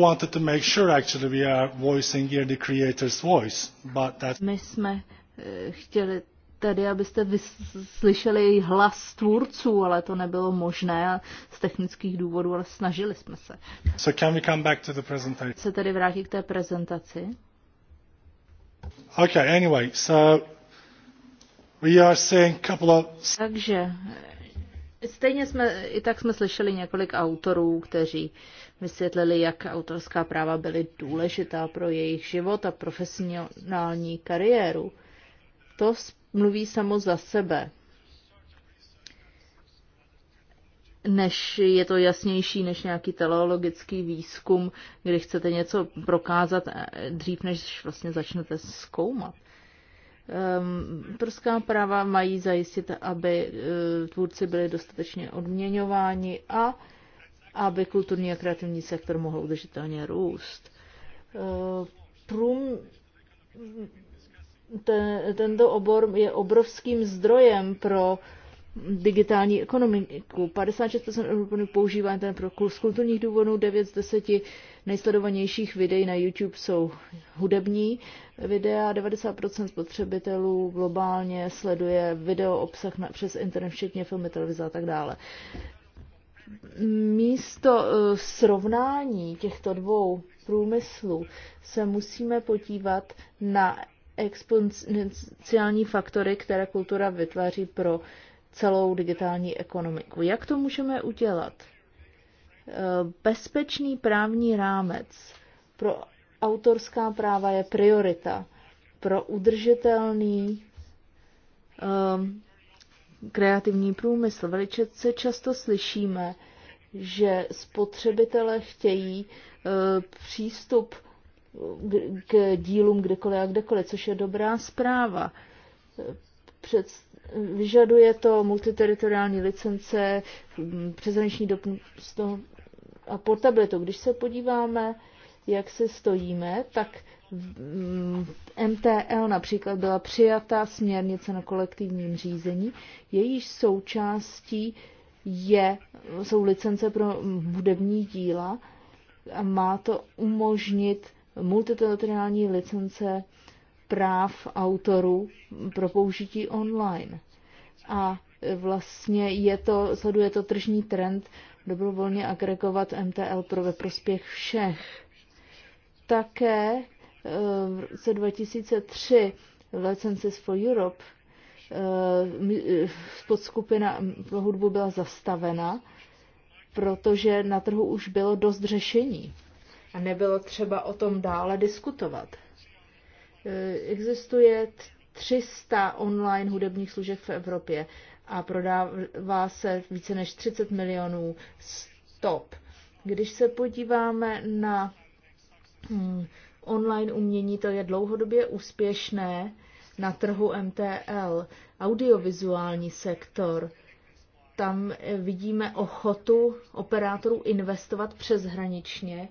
wanted to make sure actually we are voicing here the creator's voice, but that... My jsme eh, chtěli tady, abyste slyšeli hlas tvůrců, ale to nebylo možné z technických důvodů, ale snažili jsme se. So can we come back to the presentation? Se tady vrátí k té prezentaci. Okay, anyway, so we are saying couple of... Takže Stejně jsme, i tak jsme slyšeli několik autorů, kteří vysvětlili, jak autorská práva byly důležitá pro jejich život a profesionální kariéru. To mluví samo za sebe. Než je to jasnější než nějaký teleologický výzkum, kdy chcete něco prokázat eh, dřív, než vlastně začnete zkoumat. Ehm, Prská práva mají zajistit, aby eh, tvůrci byli dostatečně odměňováni a aby kulturní a kreativní sektor mohl udržitelně růst. Eh, Prům, ten, tento obor je obrovským zdrojem pro digitální ekonomiku. 56% Evropanů používá ten pro z kulturních důvodů, 9 z 10 nejsledovanějších videí na YouTube jsou hudební videa, 90% spotřebitelů globálně sleduje video obsah na, přes internet, včetně filmy, televize a tak dále. Místo uh, srovnání těchto dvou průmyslů se musíme podívat na exponenciální faktory, které kultura vytváří pro uh, celou digitální ekonomiku. Jak to můžeme udělat? E, bezpečný právní rámec pro autorská práva je priorita pro udržitelný um, kreativní průmysl. Velice často slyšíme, že spotřebitelé chtějí uh, přístup e, k, k dílům kdekoliv a kdekoliv, což je dobrá zpráva. Před, vyžaduje to multiteritoriální licence, mm, přezraniční dopust a portabilitu. Když se podíváme, jak se stojíme, tak MTL mm, například byla přijatá směrnice na kolektivním řízení, jejíž součástí je, jsou licence pro hudební díla a má to umožnit multiteritoriální licence práv autorů pro použití online. A vlastně je to, sleduje to tržní trend dobrovolně agregovat MTL pro ve prospěch všech. Také eh, v roce 2003 Licenses for Europe eh, eh, podskupina pro hudbu byla zastavena, protože na trhu už bylo dost řešení a nebylo třeba o tom dále diskutovat. Eh, existuje 300 online hudebních služeb v Evropě a prodává se více než 30 milionů stop. Když se podíváme na hm, online umění, to je dlouhodobě úspěšné na trhu MTL, audiovizuální sektor. Tam eh, vidíme ochotu operátorů investovat přeshraničně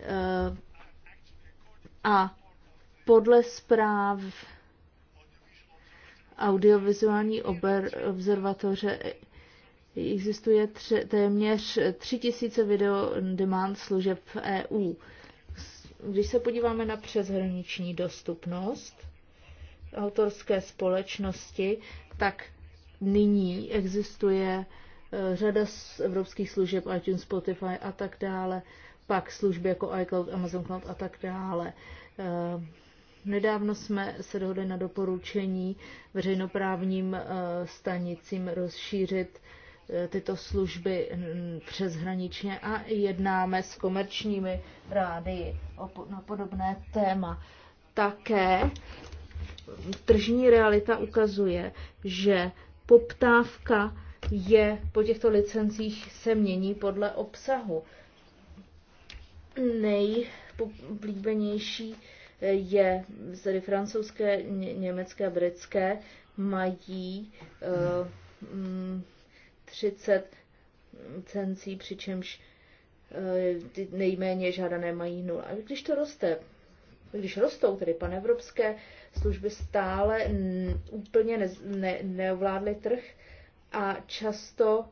eh, a podle zpráv audiovizuální ober, observatoře existuje tři, téměř 3000 video demand služeb v EU. Když se podíváme na přeshraniční dostupnost autorské společnosti, tak nyní existuje e, řada z evropských služeb, iTunes, Spotify a tak dále, pak služby jako iCloud, Amazon Cloud a tak dále. E, Nedávno jsme se dohodli na doporučení veřejnoprávním eh, stanicím rozšířit eh, tyto služby přeshraničně a jednáme s komerčními rádii na podobné téma. Také tržní realita ukazuje, že poptávka je po těchto licencích se mění podle obsahu. Nejpoblíbenější je tedy francouzské, německé, britské, mají uh, eh, 30 mm, cencí, přičemž uh, ty nejméně žádané mají nula. A když to roste, když rostou tedy panevropské služby, stále úplně ne, ne, neovládly trh a často uh,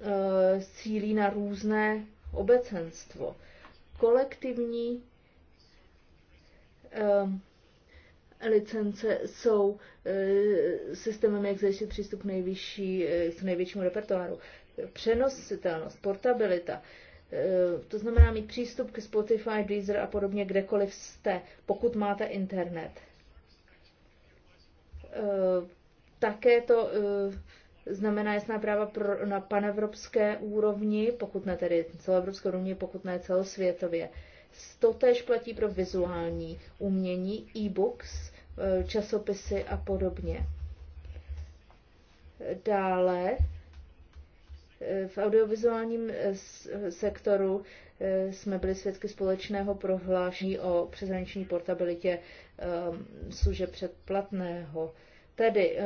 eh, cílí na různé obecenstvo. Kolektivní Ehm, licence jsou eh, systémem, jak zajistit přístup k, nejvyšší, eh, k největšímu repertoáru. Přenositelnost, portabilita, eh, to znamená mít přístup k Spotify, Deezer a podobně kdekoliv jste, pokud máte internet. Také to znamená jasná práva pro, na panevropské úrovni, pokud ne tedy celoevropské úrovni, pokud ne celosvětově. Uh, Totež platí pro vizuální umění, e-books, eh, časopisy a podobně. Dále eh, v audiovizuálním eh, sektoru jsme byli svědky společného prohlášení o přeshraniční portabilitě ehm, služeb předplatného. Tedy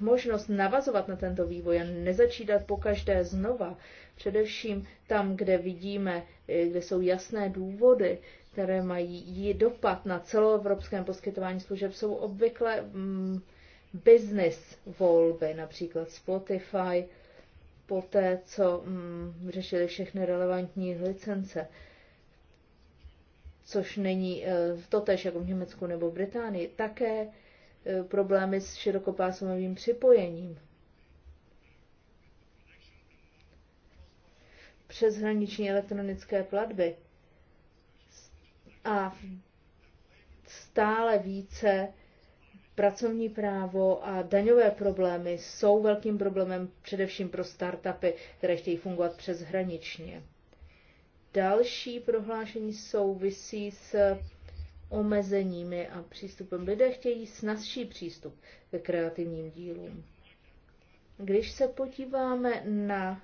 možnost navazovat na tento vývoj a nezačítat po každé znova Především tam, kde vidíme, eh, kde jsou jasné důvody, které mají dopad na celoevropské poskytování služeb, jsou obvykle mm, business volby, například Spotify, poté, co mm, řešili všechny relevantní licence, což není e, eh, totež jako v Německu nebo v Británii, také e, problémy s širokopásmovým připojením. přeshraniční elektronické platby a stále více pracovní právo a daňové problémy jsou velkým problémem především pro startupy, které chtějí fungovat přeshraničně. Další prohlášení souvisí s omezeními a přístupem. Lidé chtějí snazší přístup ke kreativním dílům. Když se podíváme na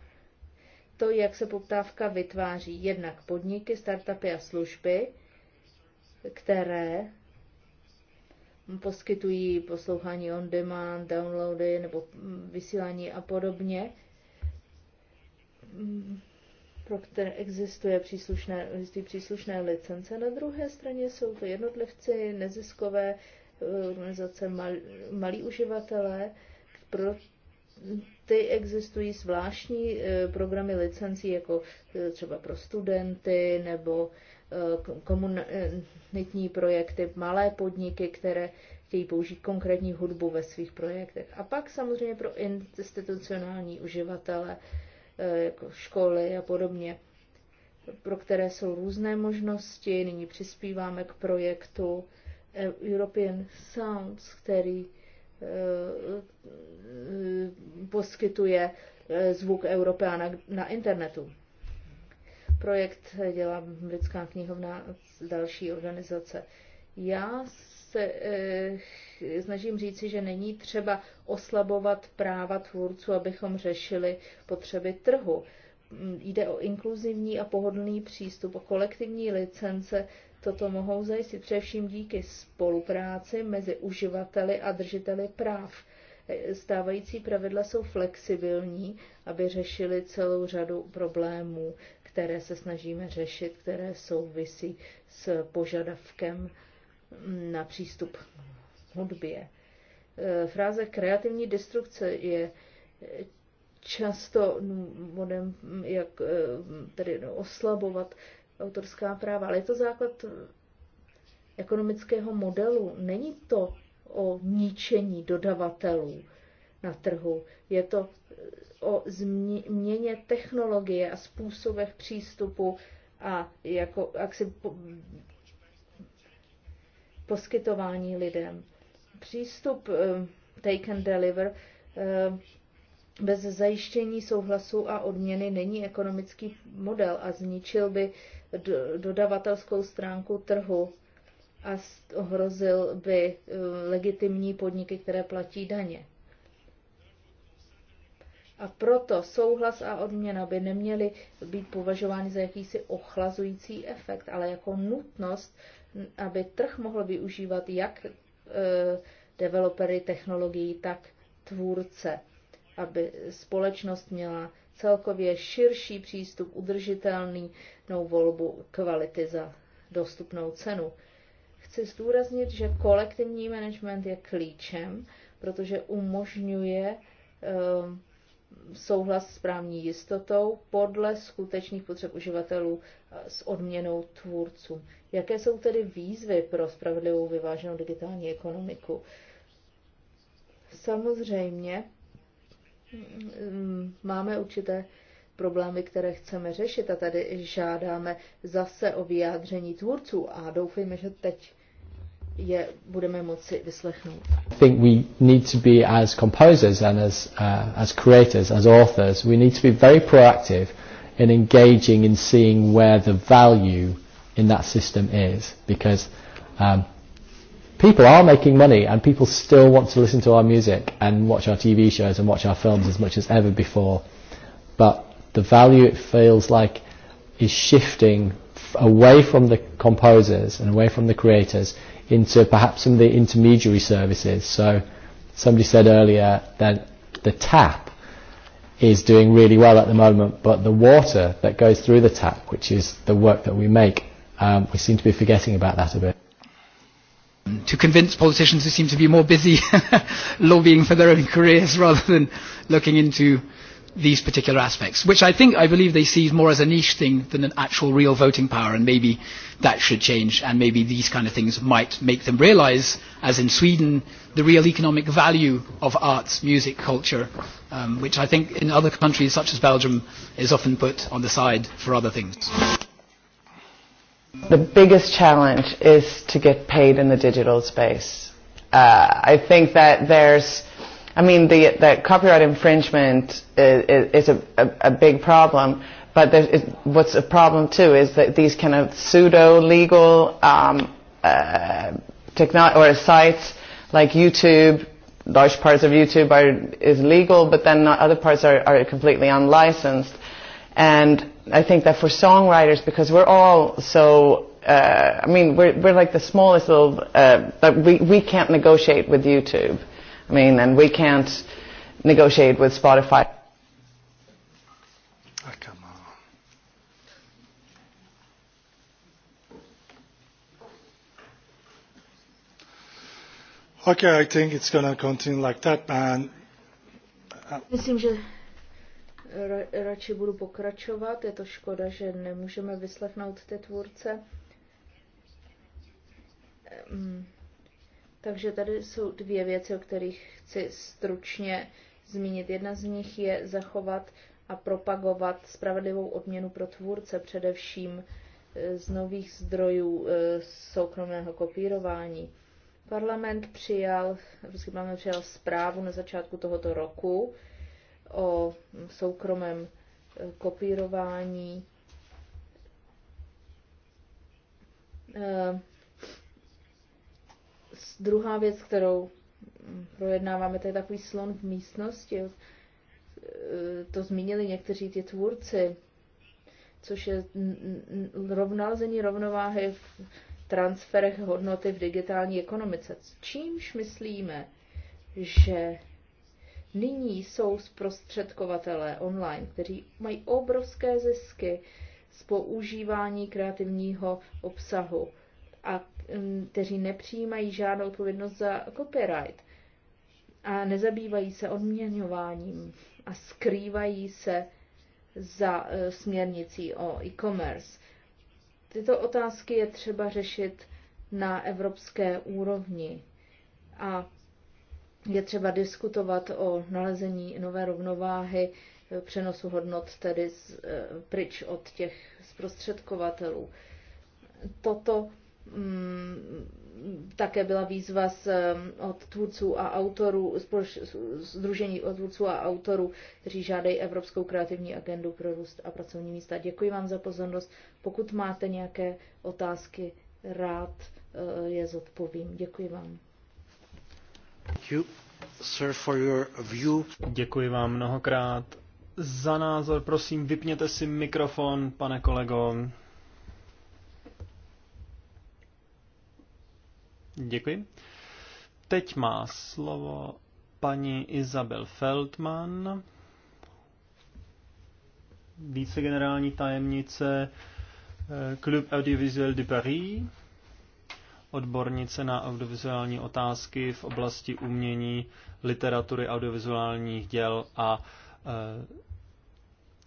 to, jak se poptávka vytváří. Jednak podniky, startupy a služby, které poskytují poslouchání on demand, downloady nebo vysílání a podobně, pro které existuje příslušné, existují příslušné licence. Na druhé straně jsou to jednotlivci, neziskové eh, organizace, mal, malí uživatelé, pro ty existují zvláštní eh, programy licencí, jako eh, třeba pro studenty nebo eh, komunitní projekty, malé podniky, které chtějí použít konkrétní hudbu ve svých projektech. A pak samozřejmě pro institucionální uživatele, jako školy a podobně, pro které jsou různé možnosti. Nyní přispíváme k projektu European Sounds, který Eh, poskytuje eh, zvuk Europeana na internetu. Projekt dělá Britská knihovna a další organizace. Já se e, snažím říci, že není třeba oslabovat práva tvůrců, abychom řešili potřeby trhu. Jde o inkluzivní a pohodlný přístup, o kolektivní licence Toto mohou zajistit především díky spolupráci mezi uživateli a držiteli práv. E, stávající pravidla jsou flexibilní, aby řešili celou řadu problémů, které se snažíme řešit, které souvisí s požadavkem mm, na přístup k hudbě. E, fráze kreativní destrukce je často bodem, jak e, tedy oslabovat autorská práva, ale je to základ eh, ekonomického modelu. Není to o ničení dodavatelů na trhu, je to eh, o změně technologie a způsobech přístupu a jako, jak si po, poskytování lidem. Přístup uh, take and deliver uh, bez zajištění souhlasu a odměny není ekonomický model a zničil by dodavatelskou stránku trhu a ohrozil by e, legitimní podniky, které platí daně. A proto souhlas a odměna by neměly být považovány za jakýsi ochlazující efekt, ale jako nutnost, aby trh mohl využívat jak e, developery technologií, tak tvůrce aby společnost měla celkově širší přístup, udržitelný volbu kvality za dostupnou cenu. Chci zdůraznit, že kolektivní management je klíčem, protože umožňuje ehm, souhlas s právní jistotou podle skutečných potřeb uživatelů eh, s odměnou tvůrců. Jaké jsou tedy výzvy pro spravedlivou vyváženou digitální ekonomiku? Samozřejmě Mm, máme určité problémy, které chceme řešit a tady žádáme zase o vyjádření tvůrců a doufejme, že teď je budeme moci vyslechnout. I think we need to be as composers and as, uh, as creators, as authors, we need to be very proactive in engaging in seeing where the value in that system is because um, people are making money and people still want to listen to our music and watch our TV shows and watch our films as much as ever before. But the value it feels like is shifting f- away from the composers and away from the creators into perhaps some of the intermediary services. So somebody said earlier that the tap is doing really well at the moment, but the water that goes through the tap, which is the work that we make, um, we seem to be forgetting about that a bit to convince politicians who seem to be more busy lobbying for their own careers rather than looking into these particular aspects, which I think, I believe they see more as a niche thing than an actual real voting power, and maybe that should change, and maybe these kind of things might make them realise, as in Sweden, the real economic value of arts, music, culture, um, which I think in other countries such as Belgium is often put on the side for other things. The biggest challenge is to get paid in the digital space. Uh, I think that there's, I mean, the, that copyright infringement is, is a, a, a big problem, but there is, what's a problem too is that these kind of pseudo-legal um, uh, technology or sites like YouTube, large parts of YouTube are, is legal, but then not, other parts are, are completely unlicensed And I think that for songwriters, because we're all so, uh, I mean, we're, we're like the smallest little, uh, but we, we can't negotiate with YouTube. I mean, and we can't negotiate with Spotify. Ah, okay, I think it's gonna continue like that, man. Uh, Myslím, že radši budu pokračovat. Je to škoda, že nemůžeme vyslechnout ty tvůrce. Ehm, takže tady jsou dvě věci, o kterých chci stručně zmínit. Jedna z nich je zachovat a propagovat spravedlivou odměnu pro tvůrce, především e, z nových zdrojů e, soukromého kopírování. Parlament přijal, máme parlament přijal zprávu na začátku tohoto roku, o soukromém eh, kopírování. Eh, druhá věc, kterou mm, projednáváme, to je takový slon v místnosti. Eh, to zmínili někteří ti tvůrci, což je nalezení rovnováhy v transferech hodnoty v digitální ekonomice. Čímž myslíme, že Nyní jsou zprostředkovatelé online, kteří mají obrovské zisky z používání kreativního obsahu a mm, kteří nepřijímají žádnou odpovědnost za copyright a nezabývají se odměňováním a skrývají se za e, směrnicí o e-commerce. Tyto otázky je třeba řešit na evropské úrovni a je třeba diskutovat o nalezení nové rovnováhy eh, přenosu hodnot tedy z, eh, pryč od těch zprostředkovatelů. Toto mm, také byla výzva z, eh, od tvůrců a autorů, Združení od tvůrců a autorů, kteří žádají Evropskou kreativní agendu pro růst a pracovní místa. Děkuji vám za pozornost. Pokud máte nějaké otázky, rád je zodpovím. Děkuji vám. Děkuji vám mnohokrát za názor. Prosím, vypněte si mikrofon, pane kolego. Děkuji. Teď má slovo paní Isabel Feldman, vicegenerální tajemnice eh, Club Audiovisuel de Paris odbornice na audiovizuální otázky v oblasti umění, literatury, audiovizuálních děl a e,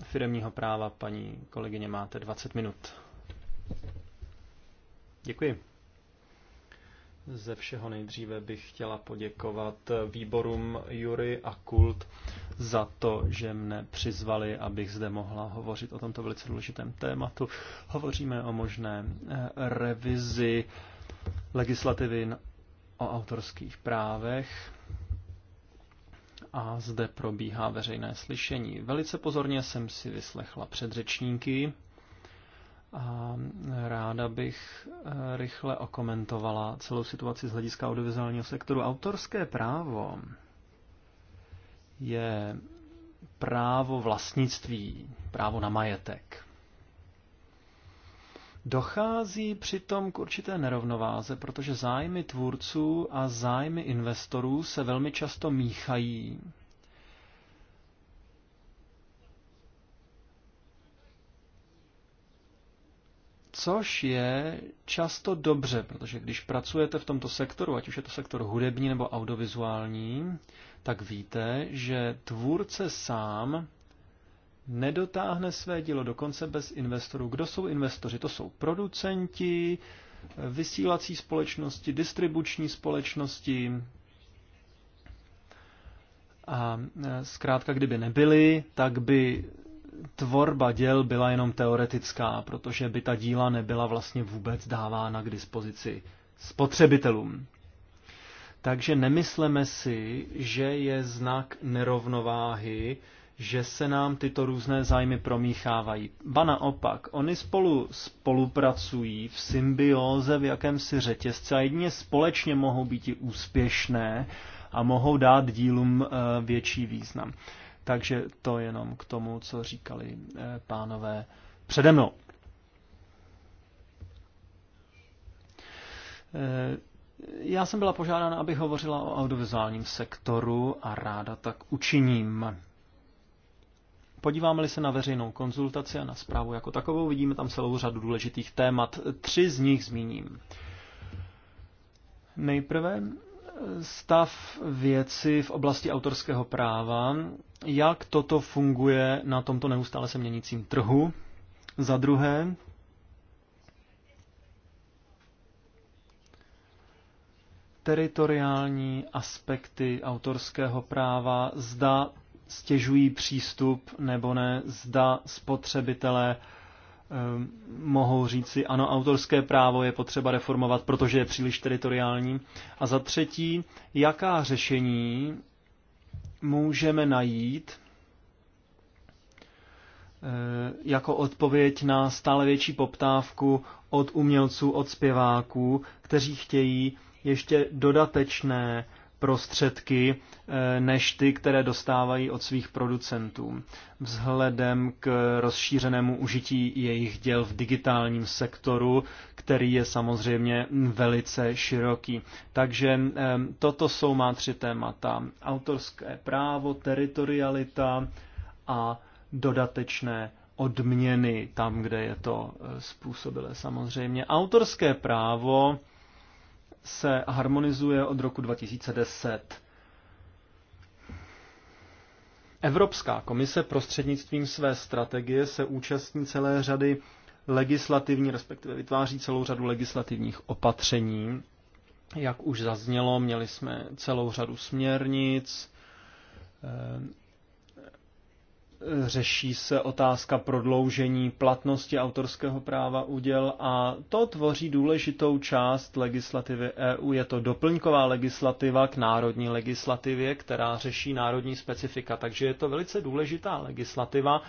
firemního práva. Paní kolegyně, máte 20 minut. Děkuji. Ze všeho nejdříve bych chtěla poděkovat výborům Jury a Kult za to, že mne přizvali, abych zde mohla hovořit o tomto velice důležitém tématu. Hovoříme o možné eh, revizi legislativy o autorských právech a zde probíhá veřejné slyšení. Velice pozorně jsem si vyslechla předřečníky a ráda bych eh, rychle okomentovala celou situaci z hlediska audiovizuálního sektoru. Autorské právo je právo vlastnictví, právo na majetek. Dochází přitom k určité nerovnováze, protože zájmy tvůrců a zájmy investorů se velmi často míchají. Což je často dobře, protože když pracujete v tomto sektoru, ať už je to sektor hudební nebo audiovizuální, tak víte, že tvůrce sám nedotáhne své dílo do konce bez investorů. Kdo jsou investoři? To jsou producenti, vysílací společnosti, distribuční společnosti. A e, zkrátka, kdyby nebyly, tak by tvorba děl byla jenom teoretická, protože by ta díla nebyla vlastně vůbec dávána k dispozici spotřebitelům. Takže nemysleme si, že je znak nerovnováhy, že se nám tyto různé zájmy promíchávají. Ba naopak, oni spolu spolupracují v symbióze v jakémsi řetězce a jedině společně mohou být i úspěšné a mohou dát dílům eh, větší význam. Takže to jenom k tomu, co říkali eh, pánové přede mnou. Eh, já jsem byla požádána, abych hovořila o audiovizuálním sektoru a ráda tak učiním. Podíváme-li se na veřejnou konzultaci a na zprávu jako takovou, vidíme tam celou řadu důležitých témat. Tři z nich zmíním. Nejprve stav věci v oblasti autorského práva, jak toto funguje na tomto neustále se měnícím trhu. Za druhé, teritoriální aspekty autorského práva, zda stěžují přístup nebo ne, zda spotřebitelé eh, mohou říci, ano, autorské právo je potřeba reformovat, protože je příliš teritoriální. A za třetí, jaká řešení můžeme najít eh, jako odpověď na stále větší poptávku od umělců, od zpěváků, kteří chtějí ještě dodatečné prostředky eh, než ty, které dostávají od svých producentů, vzhledem k rozšířenému užití jejich děl v digitálním sektoru, který je samozřejmě velice široký. Takže eh, toto jsou má tři témata. Autorské právo, teritorialita a dodatečné odměny tam, kde je to eh, způsobilé samozřejmě. Autorské právo se harmonizuje od roku 2010. Evropská komise prostřednictvím své strategie se účastní celé řady legislativní, respektive vytváří celou řadu legislativních opatření. Jak už zaznělo, měli jsme celou řadu směrnic, řeší se otázka prodloužení platnosti autorského práva uděl a to tvoří důležitou část legislativy EU. Je to doplňková legislativa k národní legislativě, která řeší národní specifika, takže je to velice důležitá legislativa.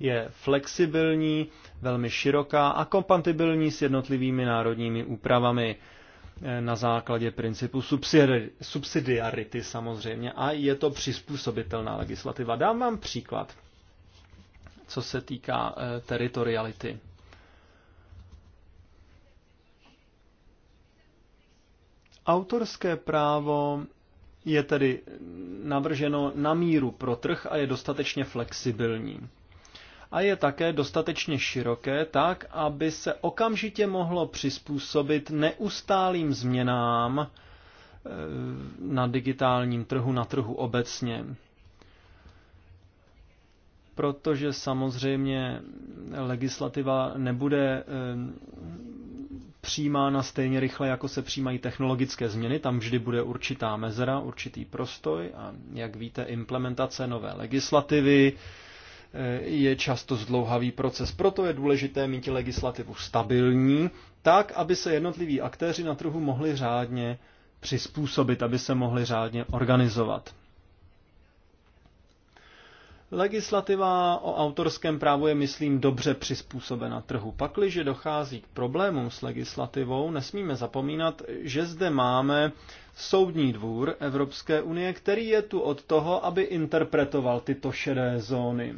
Je flexibilní, velmi široká a kompatibilní s jednotlivými národními úpravami eh, na základě principu subsidiarity samozřejmě a je to přizpůsobitelná legislativa. Dám vám příklad co se týká eh, teritoriality. Autorské právo je tedy navrženo na míru pro trh a je dostatečně flexibilní. A je také dostatečně široké tak, aby se okamžitě mohlo přizpůsobit neustálým změnám eh, na digitálním trhu, na trhu obecně protože samozřejmě legislativa nebude eh, přijímána stejně rychle, jako se přijímají technologické změny. Tam vždy bude určitá mezera, určitý prostoj a jak víte, implementace nové legislativy eh, je často zdlouhavý proces. Proto je důležité mít legislativu stabilní, tak, aby se jednotliví aktéři na trhu mohli řádně přizpůsobit, aby se mohli řádně organizovat. Legislativa o autorském právu je, myslím, dobře přizpůsobena trhu. Pakliže dochází k problémům s legislativou, nesmíme zapomínat, že zde máme Soudní dvůr Evropské unie, který je tu od toho, aby interpretoval tyto šedé zóny.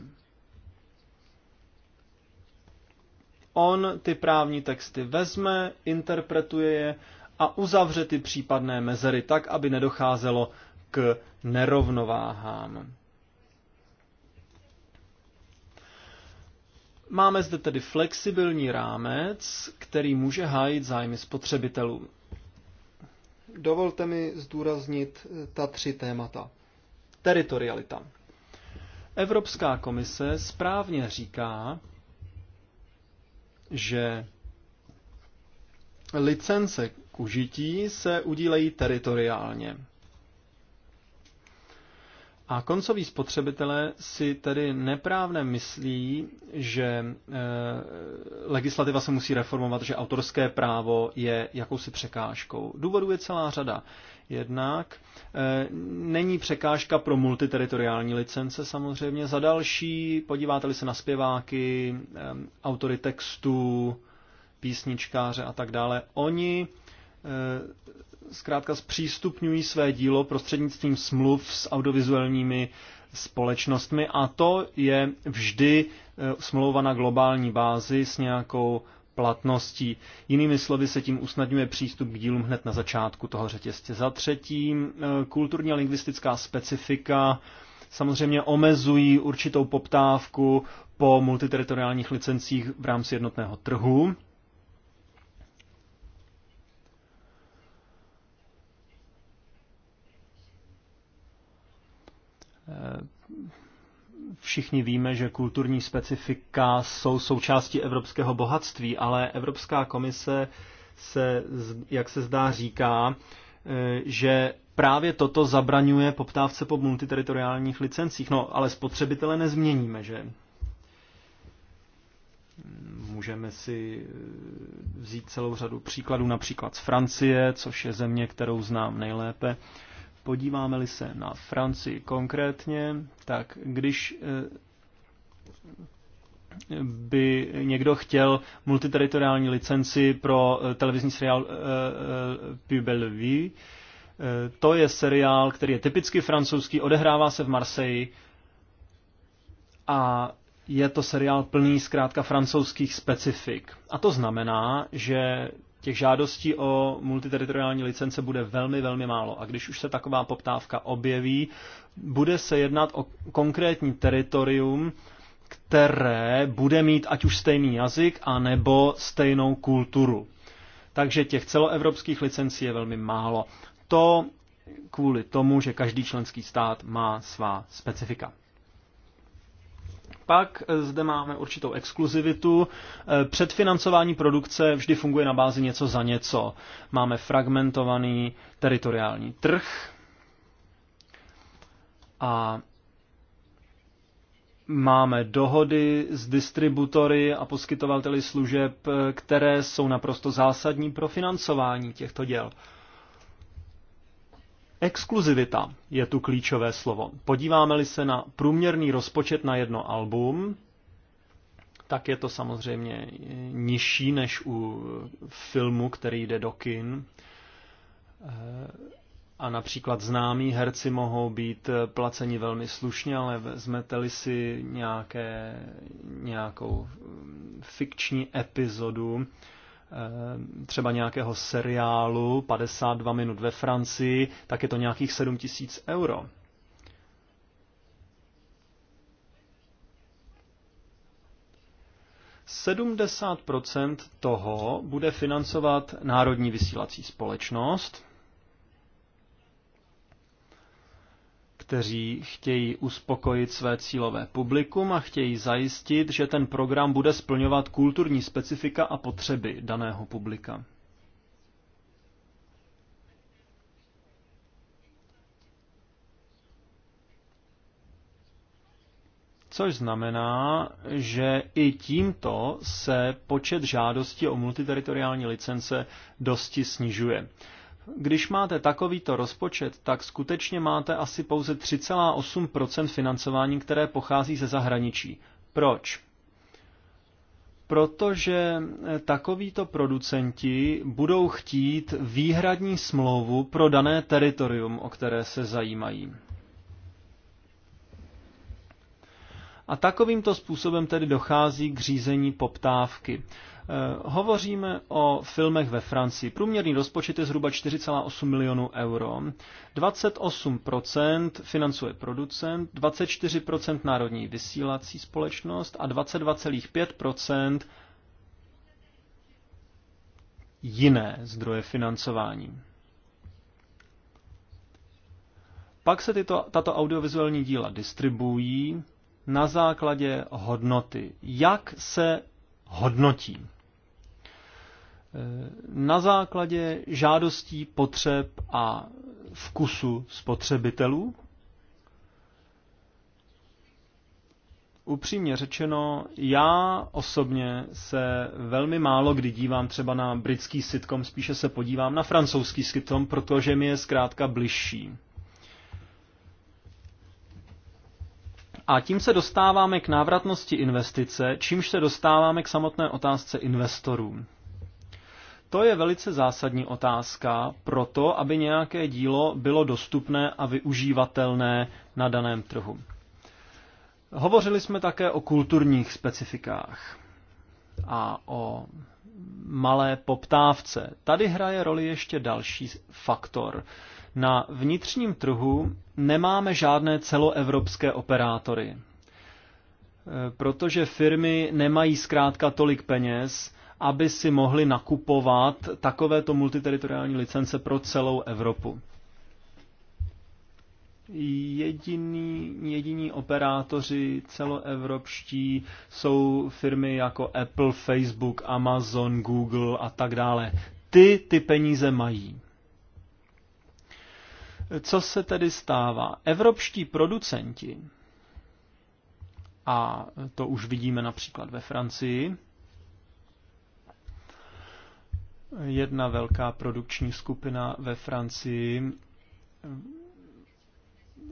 On ty právní texty vezme, interpretuje je a uzavře ty případné mezery tak, aby nedocházelo k nerovnováhám. Máme zde tedy flexibilní rámec, který může hájit zájmy spotřebitelů. Dovolte mi zdůraznit eh, ta tři témata. Teritorialita. Evropská komise správně říká, že licence k užití se udílejí teritoriálně. A koncoví spotřebitelé si tedy neprávně myslí, že e, legislativa se musí reformovat, že autorské právo je jakousi překážkou. Důvodů je celá řada. Jednak e, není překážka pro multiteritoriální licence samozřejmě. Za další, podíváte-li se na zpěváky, e, autory textů, písničkáře a tak dále, oni zkrátka zpřístupňují své dílo prostřednictvím smluv s audiovizuálními společnostmi a to je vždy eh, smlouva na globální bázi s nějakou platností. Jinými slovy se tím usnadňuje přístup k dílům hned na začátku toho řetězce. Za třetí, eh, kulturní a lingvistická specifika samozřejmě omezují určitou poptávku po multiteritoriálních licencích v rámci jednotného trhu, Všichni víme, že kulturní specifika jsou součástí evropského bohatství, ale Evropská komise se, jak se zdá, říká, e, že právě toto zabraňuje poptávce po multiteritoriálních licencích. No, ale spotřebitele nezměníme, že? Můžeme si e, vzít celou řadu příkladů, například z Francie, což je země, kterou znám nejlépe. Podíváme-li se na Francii konkrétně, tak když eh, by někdo chtěl multiteritoriální licenci pro eh, televizní seriál eh, Pubelle Vie, to je seriál, který je typicky francouzský, odehrává se v Marseji a je to seriál plný zkrátka francouzských specifik. A to znamená, že těch žádostí o multiteritoriální licence bude velmi, velmi málo. A když už se taková poptávka objeví, bude se jednat o konkrétní teritorium, které bude mít ať už stejný jazyk, anebo stejnou kulturu. Takže těch celoevropských licencí je velmi málo. To kvůli tomu, že každý členský stát má svá specifika. Pak eh, zde máme určitou exkluzivitu. Eh, předfinancování produkce vždy funguje na bázi něco za něco. Máme fragmentovaný teritoriální trh a máme dohody s distributory a poskytovateli služeb, eh, které jsou naprosto zásadní pro financování těchto děl. Exkluzivita je tu klíčové slovo. Podíváme-li se na průměrný rozpočet na jedno album, tak je to samozřejmě nižší než u filmu, který jde do kin. Eh, a například známí herci mohou být placeni velmi slušně, ale vezmete-li si nějaké, nějakou fikční epizodu, Eh, třeba nějakého seriálu 52 minut ve Francii, tak je to nějakých 7 tisíc euro. Sedmdesát procent toho bude financovat národní vysílací společnost, kteří chtějí uspokojit své cílové publikum a chtějí zajistit, že ten program bude splňovat kulturní specifika a potřeby daného publika. což znamená, že i tímto se počet žádostí o multiteritoriální licence dosti snižuje. Když máte takovýto rozpočet, tak skutečně máte asi pouze 3,8 financování, které pochází ze zahraničí. Proč? Protože takovýto producenti budou chtít výhradní smlouvu pro dané teritorium, o které se zajímají. A takovýmto způsobem tedy dochází k řízení poptávky. Eh, hovoříme o filmech ve Francii. Průměrný rozpočet je zhruba 4,8 milionů euro. 28% financuje producent, 24% národní vysílací společnost a 22,5% jiné zdroje financování. Pak se tyto, tato audiovizuální díla distribuují na základě hodnoty. Jak se hodnotí? Eh, na základě žádostí, potřeb a vkusu spotřebitelů. Upřímně řečeno, já osobně se velmi málo kdy dívám třeba na britský sitcom, spíše se podívám na francouzský sitcom, protože mi je zkrátka bližší. A tím se dostáváme k návratnosti investice, čímž se dostáváme k samotné otázce investorů. To je velice zásadní otázka pro to, aby nějaké dílo bylo dostupné a využívatelné na daném trhu. Hovořili jsme také o kulturních specifikách a o malé poptávce. Tady hraje roli ještě další faktor. Na vnitřním trhu nemáme žádné celoevropské operátory, e, protože firmy nemají zkrátka tolik peněz, aby si mohli nakupovat takovéto multiteritoriální licence pro celou Evropu. Jediný, jediní operátoři celoevropští jsou firmy jako Apple, Facebook, Amazon, Google a tak dále. Ty ty peníze mají. Co se tedy stává? Evropští producenti, a to už vidíme například ve Francii, jedna velká produkční skupina ve Francii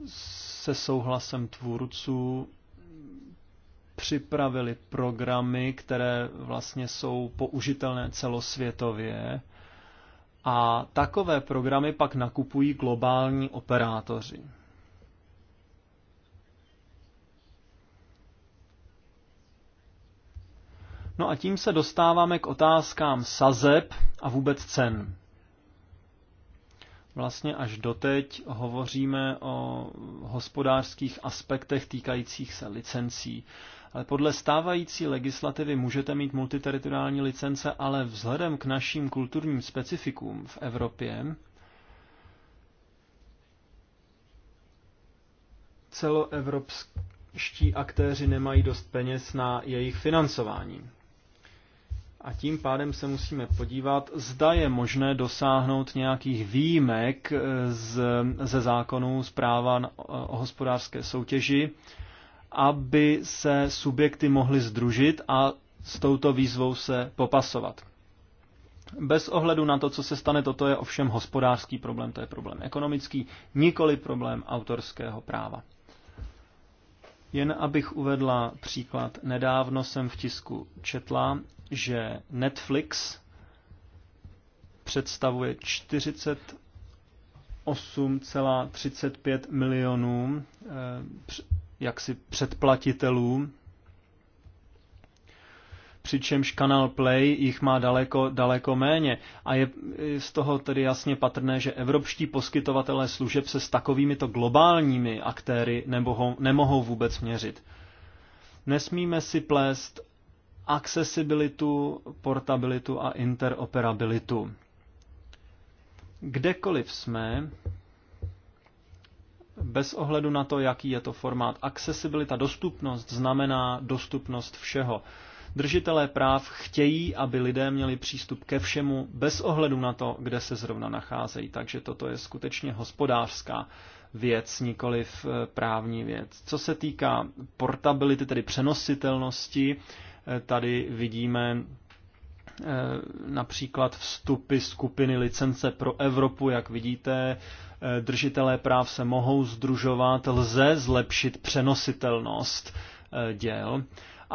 se souhlasem tvůrců připravili programy, které vlastně jsou použitelné celosvětově. A takové programy pak nakupují globální operátoři. No a tím se dostáváme k otázkám sazeb a vůbec cen. Vlastně až doteď hovoříme o hospodářských aspektech týkajících se licencí. Ale podle stávající legislativy můžete mít multiteritoriální licence, ale vzhledem k našim kulturním specifikům v Evropě, celoevropský ští aktéři nemají dost peněz na jejich financování. A tím pádem se musíme podívat, zda je možné dosáhnout nějakých výjimek eh, z, ze zákonů zpráva o hospodářské soutěži, aby se subjekty mohly združit a s touto výzvou se popasovat. Bez ohledu na to, co se stane, toto je ovšem hospodářský problém, to je problém ekonomický, nikoli problém autorského práva. Jen abych uvedla příklad, nedávno jsem v tisku četla, že Netflix představuje 48,35 milionů eh, jaksi předplatitelů přičemž kanál Play jich má daleko, daleko méně. A je z toho tedy jasně patrné, že evropští poskytovatelé služeb se s takovýmito globálními aktéry nemohou, nemohou vůbec měřit. Nesmíme si plést accessibility, portabilitu a interoperabilitu. Kdekoliv jsme, bez ohledu na to, jaký je to formát. accessibility, dostupnost, znamená dostupnost všeho. Držitelé práv chtějí, aby lidé měli přístup ke všemu bez ohledu na to, kde se zrovna nacházejí. Takže toto je skutečně hospodářská věc, nikoli eh, právní věc. Co se týká portability, tedy přenositelnosti, eh, tady vidíme eh, například vstupy skupiny licence pro Evropu, jak vidíte, držitelé práv se mohou združovat, lze zlepšit přenositelnost děl.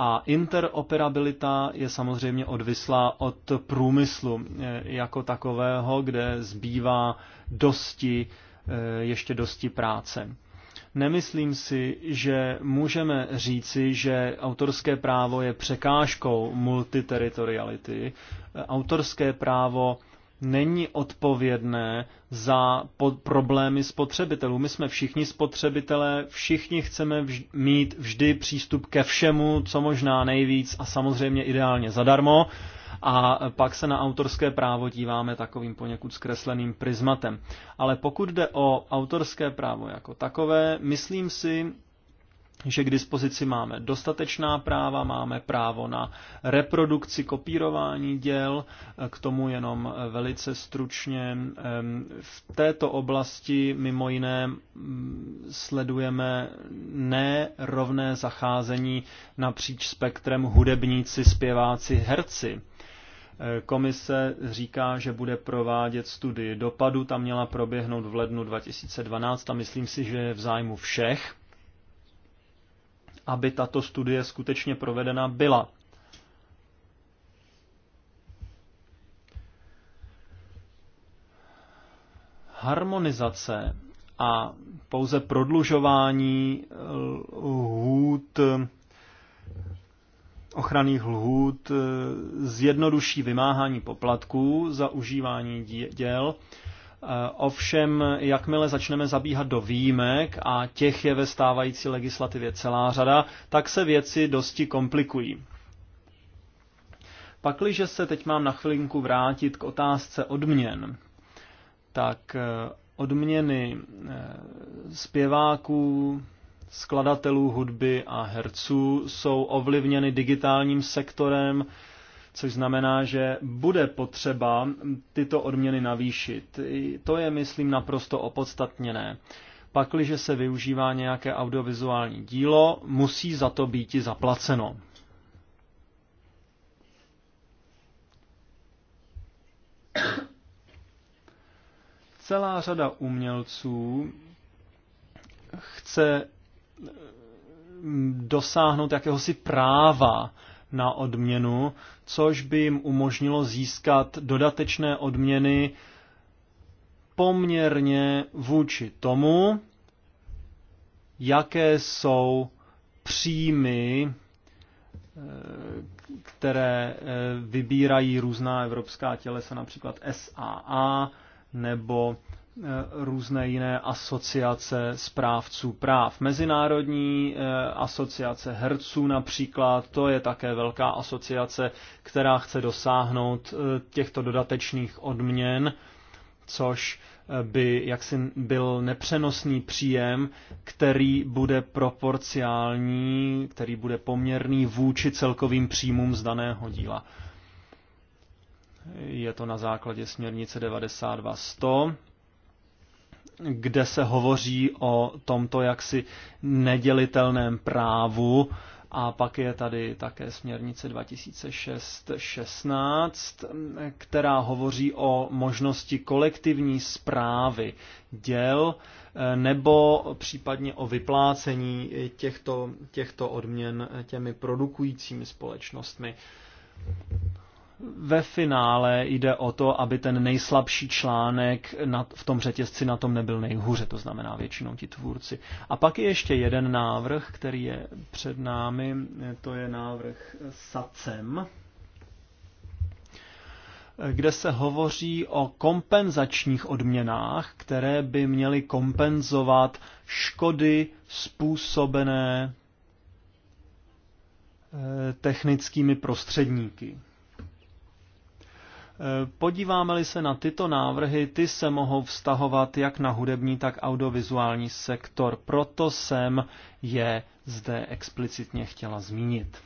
A interoperabilita je samozřejmě odvislá od průmyslu eh, jako takového, kde zbývá dosti, eh, ještě dosti práce. Nemyslím si, že můžeme říci, že autorské právo je překážkou multiteritoriality. Autorské právo není odpovědné za problémy spotřebitelů. My jsme všichni spotřebitelé, všichni chceme vž- mít vždy přístup ke všemu, co možná nejvíc a samozřejmě ideálně zadarmo. A pak se na autorské právo díváme takovým poněkud zkresleným prismatem. Ale pokud jde o autorské právo jako takové, myslím si, že k dispozici máme dostatečná práva, máme právo na reprodukci, kopírování děl, k tomu jenom velice stručně. V této oblasti mimo jiné sledujeme nerovné zacházení napříč spektrem hudebníci, zpěváci, herci. E, komise říká, že bude provádět studii dopadu, ta měla proběhnout v lednu 2012 a myslím si, že je v zájmu všech, aby tato studie skutečně provedena byla. Harmonizace a pouze prodlužování lhůt, ochranných lhůt zjednoduší vymáhání poplatků za užívání děl Eh, ovšem, jakmile začneme zabíhat do výjimek, a těch je ve stávající legislativě celá řada, tak se věci dosti komplikují. Pakliže se teď mám na chvilinku vrátit k otázce odměn, tak eh, odměny eh, zpěváků, skladatelů hudby a herců jsou ovlivněny digitálním sektorem, což znamená, že bude potřeba tyto odměny navýšit. To je, myslím, naprosto opodstatněné. Pakliže se využívá nějaké audiovizuální dílo, musí za to být i zaplaceno. Celá řada umělců chce dosáhnout jakéhosi práva na odměnu, což by jim umožnilo získat dodatečné odměny poměrně vůči tomu, jaké jsou příjmy, eh, které eh, vybírají různá evropská tělesa, například SAA nebo Eh, různé jiné asociace správců práv. Mezinárodní eh, asociace herců například, to je také velká asociace, která chce dosáhnout eh, těchto dodatečných odměn, což by jaksi byl nepřenosný příjem, který bude proporciální, který bude poměrný vůči celkovým příjmům z daného díla. Je to na základě směrnice 92.100 kde se hovoří o tomto jaksi nedělitelném právu. A pak je tady také směrnice 2006-16, která hovoří o možnosti kolektivní zprávy děl eh, nebo případně o vyplácení těchto, těchto odměn těmi produkujícími společnostmi ve finále jde o to, aby ten nejslabší článek v tom řetězci na tom nebyl nejhůře, to znamená většinou ti tvůrci. A pak je ještě jeden návrh, který je před námi, to je návrh SACEM, kde se hovoří o kompenzačních odměnách, které by měly kompenzovat škody způsobené eh, technickými prostředníky. Podíváme-li se na tyto návrhy, ty se mohou vztahovat jak na hudební, tak audiovizuální sektor. Proto jsem je zde explicitně chtěla zmínit.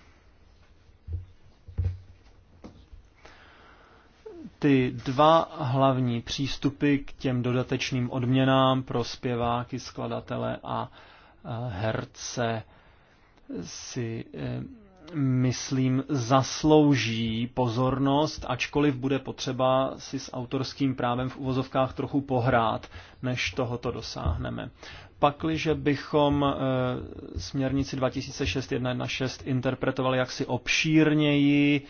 Ty dva hlavní přístupy k těm dodatečným odměnám pro zpěváky, skladatele a eh, herce si eh, myslím, zaslouží pozornost, ačkoliv bude potřeba si s autorským právem v uvozovkách trochu pohrát, než tohoto dosáhneme. Pakliže bychom e, směrnici 2006 interpretovali jaksi obšírněji,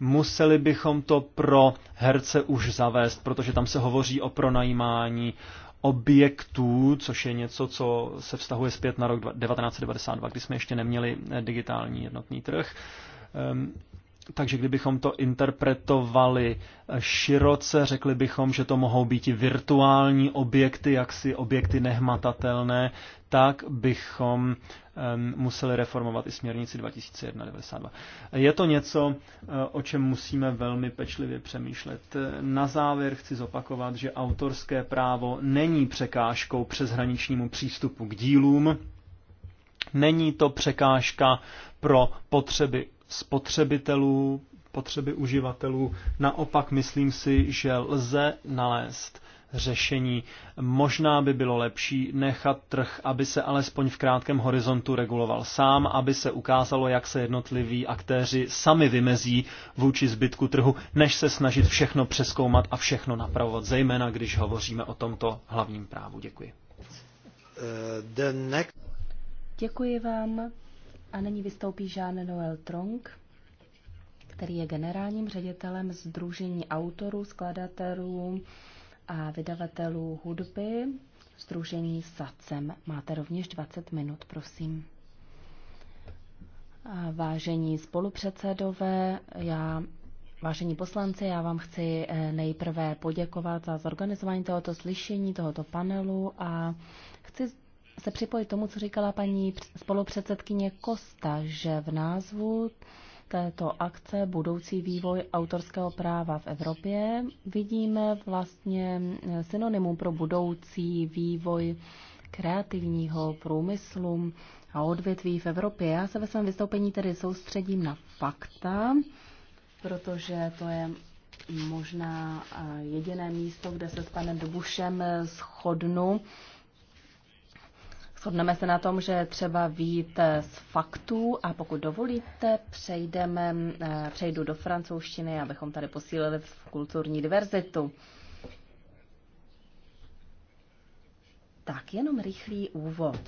museli bychom to pro herce už zavést, protože tam se hovoří o pronajímání, objektů, což je něco, co se vztahuje zpět na rok 1992, kdy jsme ještě neměli eh, digitální jednotný trh. Ehm, takže kdybychom to interpretovali široce, řekli bychom, že to mohou být i virtuální objekty, jaksi objekty nehmatatelné, tak bychom um, museli reformovat i směrnici 2001-92. Je to něco, eh, o čem musíme velmi pečlivě přemýšlet. Na závěr chci zopakovat, že autorské právo není překážkou přeshraničnímu přístupu k dílům, není to překážka pro potřeby spotřebitelů, potřeby uživatelů. Naopak myslím si, že lze nalézt řešení. Možná by bylo lepší nechat trh, aby se alespoň v krátkém horizontu reguloval sám, aby se ukázalo, jak se jednotliví aktéři sami vymezí vůči zbytku trhu, než se snažit všechno přeskoumat a všechno napravovat, zejména když hovoříme o tomto hlavním právu. Děkuji. Uh, the next... Děkuji vám. A nyní vystoupí Jean-Noël Tronk, který je generálním ředitelem Združení autorů, skladatelů a vydavatelů hudby, Združení SACEM. Máte rovněž 20 minut, prosím. Vážení spolupředsedové, já Vážení poslanci, já vám chci eh, nejprve poděkovat za zorganizování tohoto slyšení, tohoto panelu a chci se připojit tomu, co říkala paní spolupředsedkyně Kosta, že v názvu této akce Budoucí vývoj autorského práva v Evropě vidíme vlastně synonymum pro budoucí vývoj kreativního průmyslu a odvětví v Evropě. Já se ve svém vystoupení tedy soustředím na fakta, protože to je možná eh, jediné místo, kde se s panem Dubušem shodnu Shodneme se na tom, že třeba vít eh, z faktů a pokud dovolíte, přejdeme, eh, přejdu do francouzštiny, abychom tady posílili v kulturní diverzitu. Tak, jenom rychlý úvod.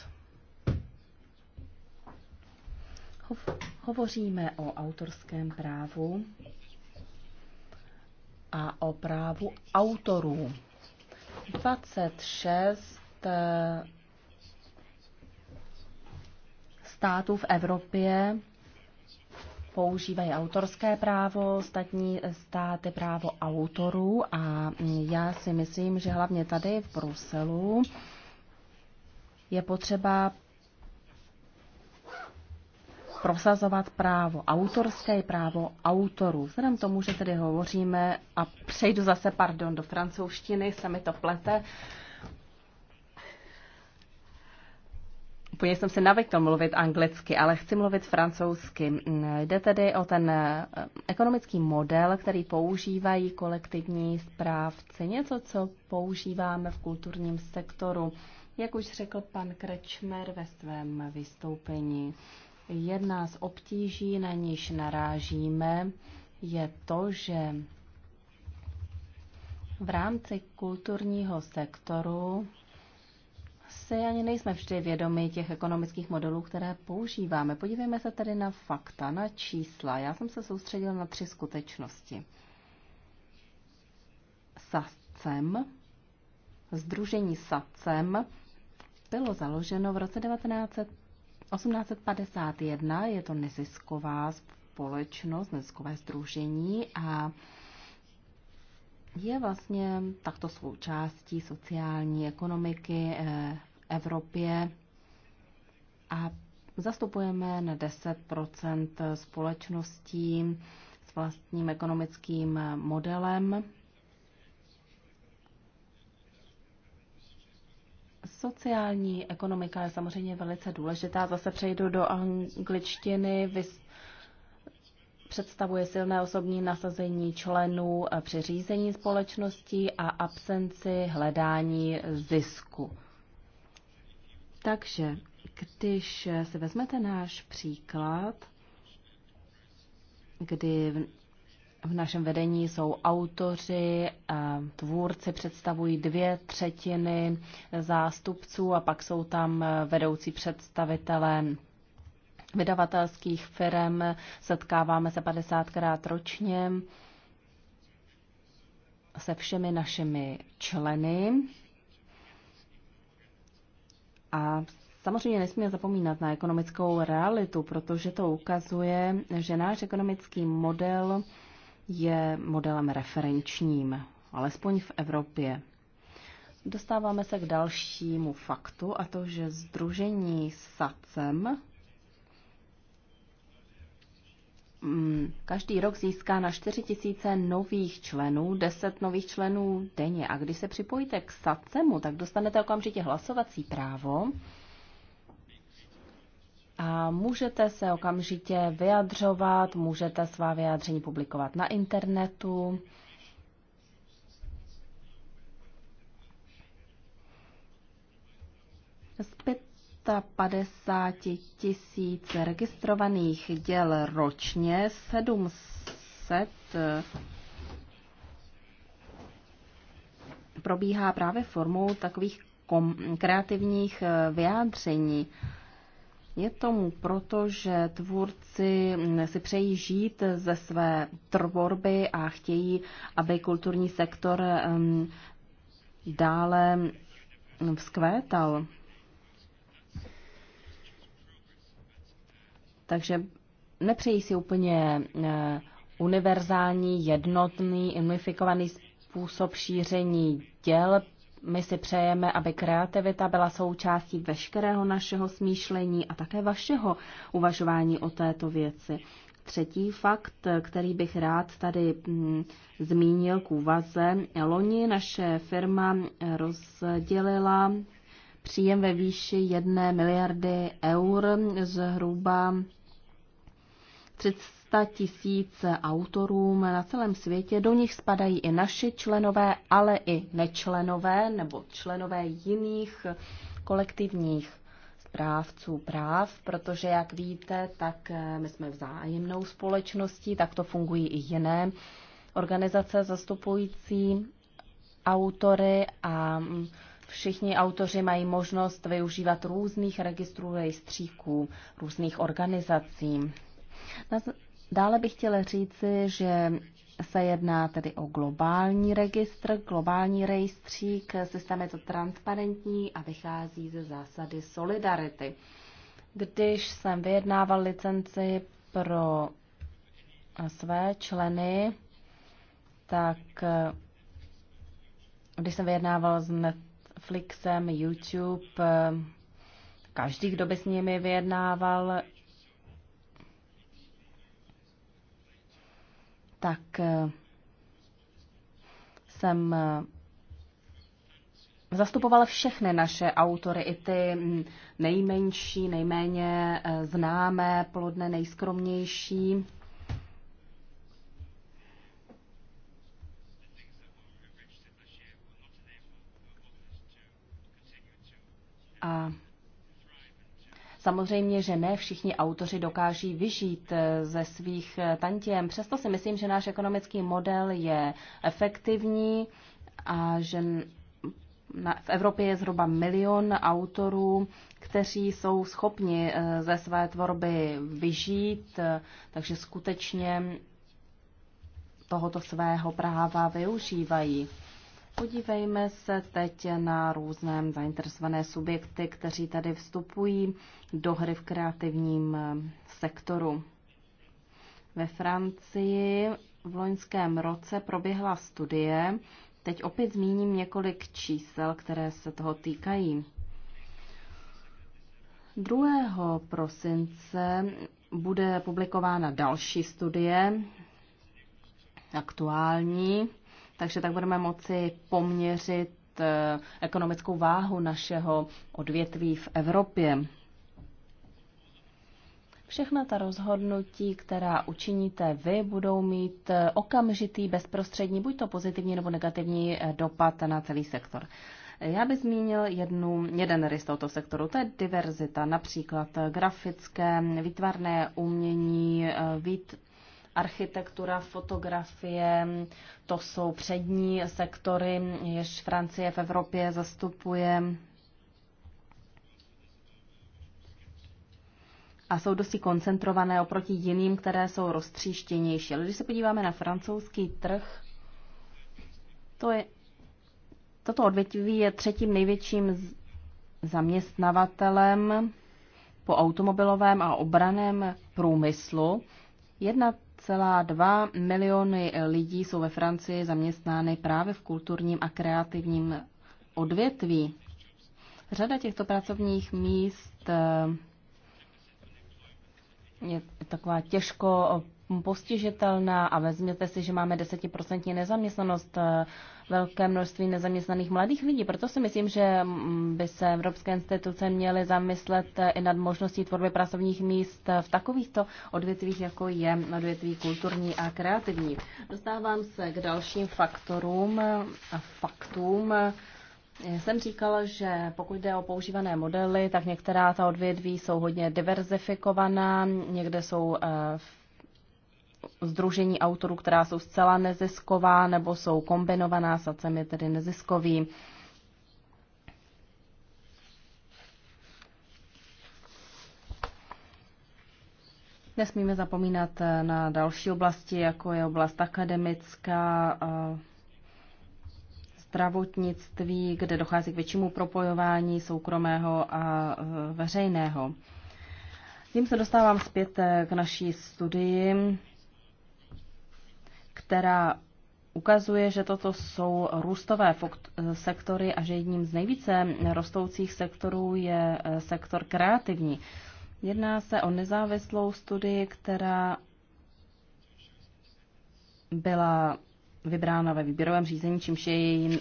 Hovoříme o autorském právu a o právu autorů. 26 států v Evropě používají autorské právo, ostatní státy právo autorů a já si myslím, že hlavně tady v Bruselu je potřeba prosazovat právo autorské, právo autorů. Vzhledem tomu, že tedy hovoříme, a přejdu zase, pardon, do francouzštiny, se mi to plete, úplně jsem se navykl mluvit anglicky, ale chci mluvit francouzsky. Mm, jde tedy o ten eh, ekonomický model, který používají kolektivní správci. Něco, co používáme v kulturním sektoru. Jak už řekl pan Krečmer ve svém vystoupení, jedna z obtíží, na níž narážíme, je to, že v rámci kulturního sektoru si ani nejsme vždy vědomi těch ekonomických modelů, které používáme. Podívejme se tedy na fakta, na čísla. Já jsem se soustředil na tři skutečnosti. SACEM, Združení SACEM, bylo založeno v roce 1851. Je to nezisková společnost, neziskové združení a je vlastně takto součástí sociální ekonomiky eh, Evropě a zastupujeme na 10 společností s vlastním ekonomickým modelem. Sociální ekonomika je samozřejmě velice důležitá. Zase přejdu do angličtiny. Vys- představuje silné osobní nasazení členů při řízení společnosti a absenci hledání zisku. Takže když si vezmete náš příklad, kdy v našem vedení jsou autoři, tvůrci představují dvě třetiny zástupců a pak jsou tam vedoucí představitelé vydavatelských firm. Setkáváme se 50krát ročně se všemi našimi členy a samozřejmě nesmíme zapomínat na ekonomickou realitu, protože to ukazuje, že náš ekonomický model je modelem referenčním, alespoň v Evropě. Dostáváme se k dalšímu faktu, a to, že Združení SACEM Mm, každý rok získá na 4 tisíce nových členů, 10 nových členů denně. A když se připojíte k SACEMu, tak dostanete okamžitě hlasovací právo a můžete se okamžitě vyjadřovat, můžete svá vyjádření publikovat na internetu. Zpět 350 tisíc registrovaných děl ročně, 700 probíhá právě formou takových kreativních eh, vyjádření. Je tomu proto, že tvůrci hm, si přejí žít ze své tvorby a chtějí, aby kulturní sektor hm, dále hm, vzkvétal. Takže nepřejí si úplně eh, univerzální, jednotný, unifikovaný způsob šíření děl. My si přejeme, aby kreativita byla součástí veškerého našeho smýšlení a také vašeho uvažování o této věci. Třetí fakt, který bych rád tady mm, zmínil k úvaze. Loni naše firma rozdělila příjem ve výši jedné miliardy eur zhruba 300 tisíc autorům na celém světě. Do nich spadají i naši členové, ale i nečlenové nebo členové jiných kolektivních správců práv, protože jak víte, tak eh, my jsme vzájemnou společností, tak to fungují i jiné organizace zastupující autory a mm, všichni autoři mají možnost využívat různých registrů rejstříků, různých organizací. Dále bych chtěla říci, že se jedná tedy o globální registr, globální rejstřík, systém je to transparentní a vychází ze zásady solidarity. Když jsem vyjednával licenci pro své členy, tak když jsem vyjednával s Netflixem, YouTube, každý, kdo by s nimi vyjednával, tak eh, jsem eh, zastupovala všechny naše autory, i ty mm, nejmenší, nejméně eh, známé, plodné, nejskromnější. A Samozřejmě, že ne všichni autoři dokáží vyžít eh, ze svých eh, tantiem. Přesto si myslím, že náš ekonomický model je efektivní a že na, v Evropě je zhruba milion autorů, kteří jsou schopni eh, ze své tvorby vyžít, takže skutečně tohoto svého práva využívají. Podívejme se teď na různé zainteresované subjekty, kteří tady vstupují do hry v kreativním eh, sektoru. Ve Francii v loňském roce proběhla studie. Teď opět zmíním několik čísel, které se toho týkají. 2. prosince bude publikována další studie, aktuální, takže tak budeme moci poměřit eh, ekonomickou váhu našeho odvětví v Evropě. Všechna ta rozhodnutí, která učiníte vy, budou mít eh, okamžitý, bezprostřední, buď to pozitivní nebo negativní eh, dopad na celý sektor. Já bych zmínil jednu, jeden rys tohoto sektoru, to je diverzita, například grafické, výtvarné umění, vít, architektura, fotografie, to jsou přední sektory, jež Francie v Evropě zastupuje. A jsou dosti koncentrované oproti jiným, které jsou roztříštěnější. Ale když se podíváme na francouzský trh, to je, toto odvětví je třetím největším zaměstnavatelem po automobilovém a obraném průmyslu. Jedna 2,2 miliony lidí jsou ve Francii zaměstnány právě v kulturním a kreativním odvětví. Řada těchto pracovních míst eh, je taková těžko postižitelná a vezměte si, že máme desetiprocentní nezaměstnanost, eh, velké množství nezaměstnaných mladých lidí. Proto si myslím, že mm, by se evropské instituce měly zamyslet eh, i nad možností tvorby pracovních míst eh, v takovýchto odvětvích, jako je odvětví kulturní a kreativní. Dostávám se k dalším faktorům a faktům. Já jsem říkala, že pokud jde o používané modely, tak některá ta odvětví jsou hodně diverzifikovaná, někde jsou združení autorů, která jsou zcela nezisková nebo jsou kombinovaná s acemi, tedy neziskový. Nesmíme zapomínat na další oblasti, jako je oblast akademická, zdravotnictví, kde dochází k většímu propojování soukromého a e, veřejného. Tím se dostávám zpět e, k naší studii která ukazuje, že toto jsou růstové sektory a že jedním z nejvíce rostoucích sektorů je eh, sektor kreativní. Jedná se o nezávislou studii, která byla vybrána ve výběrovém řízení, čímž je její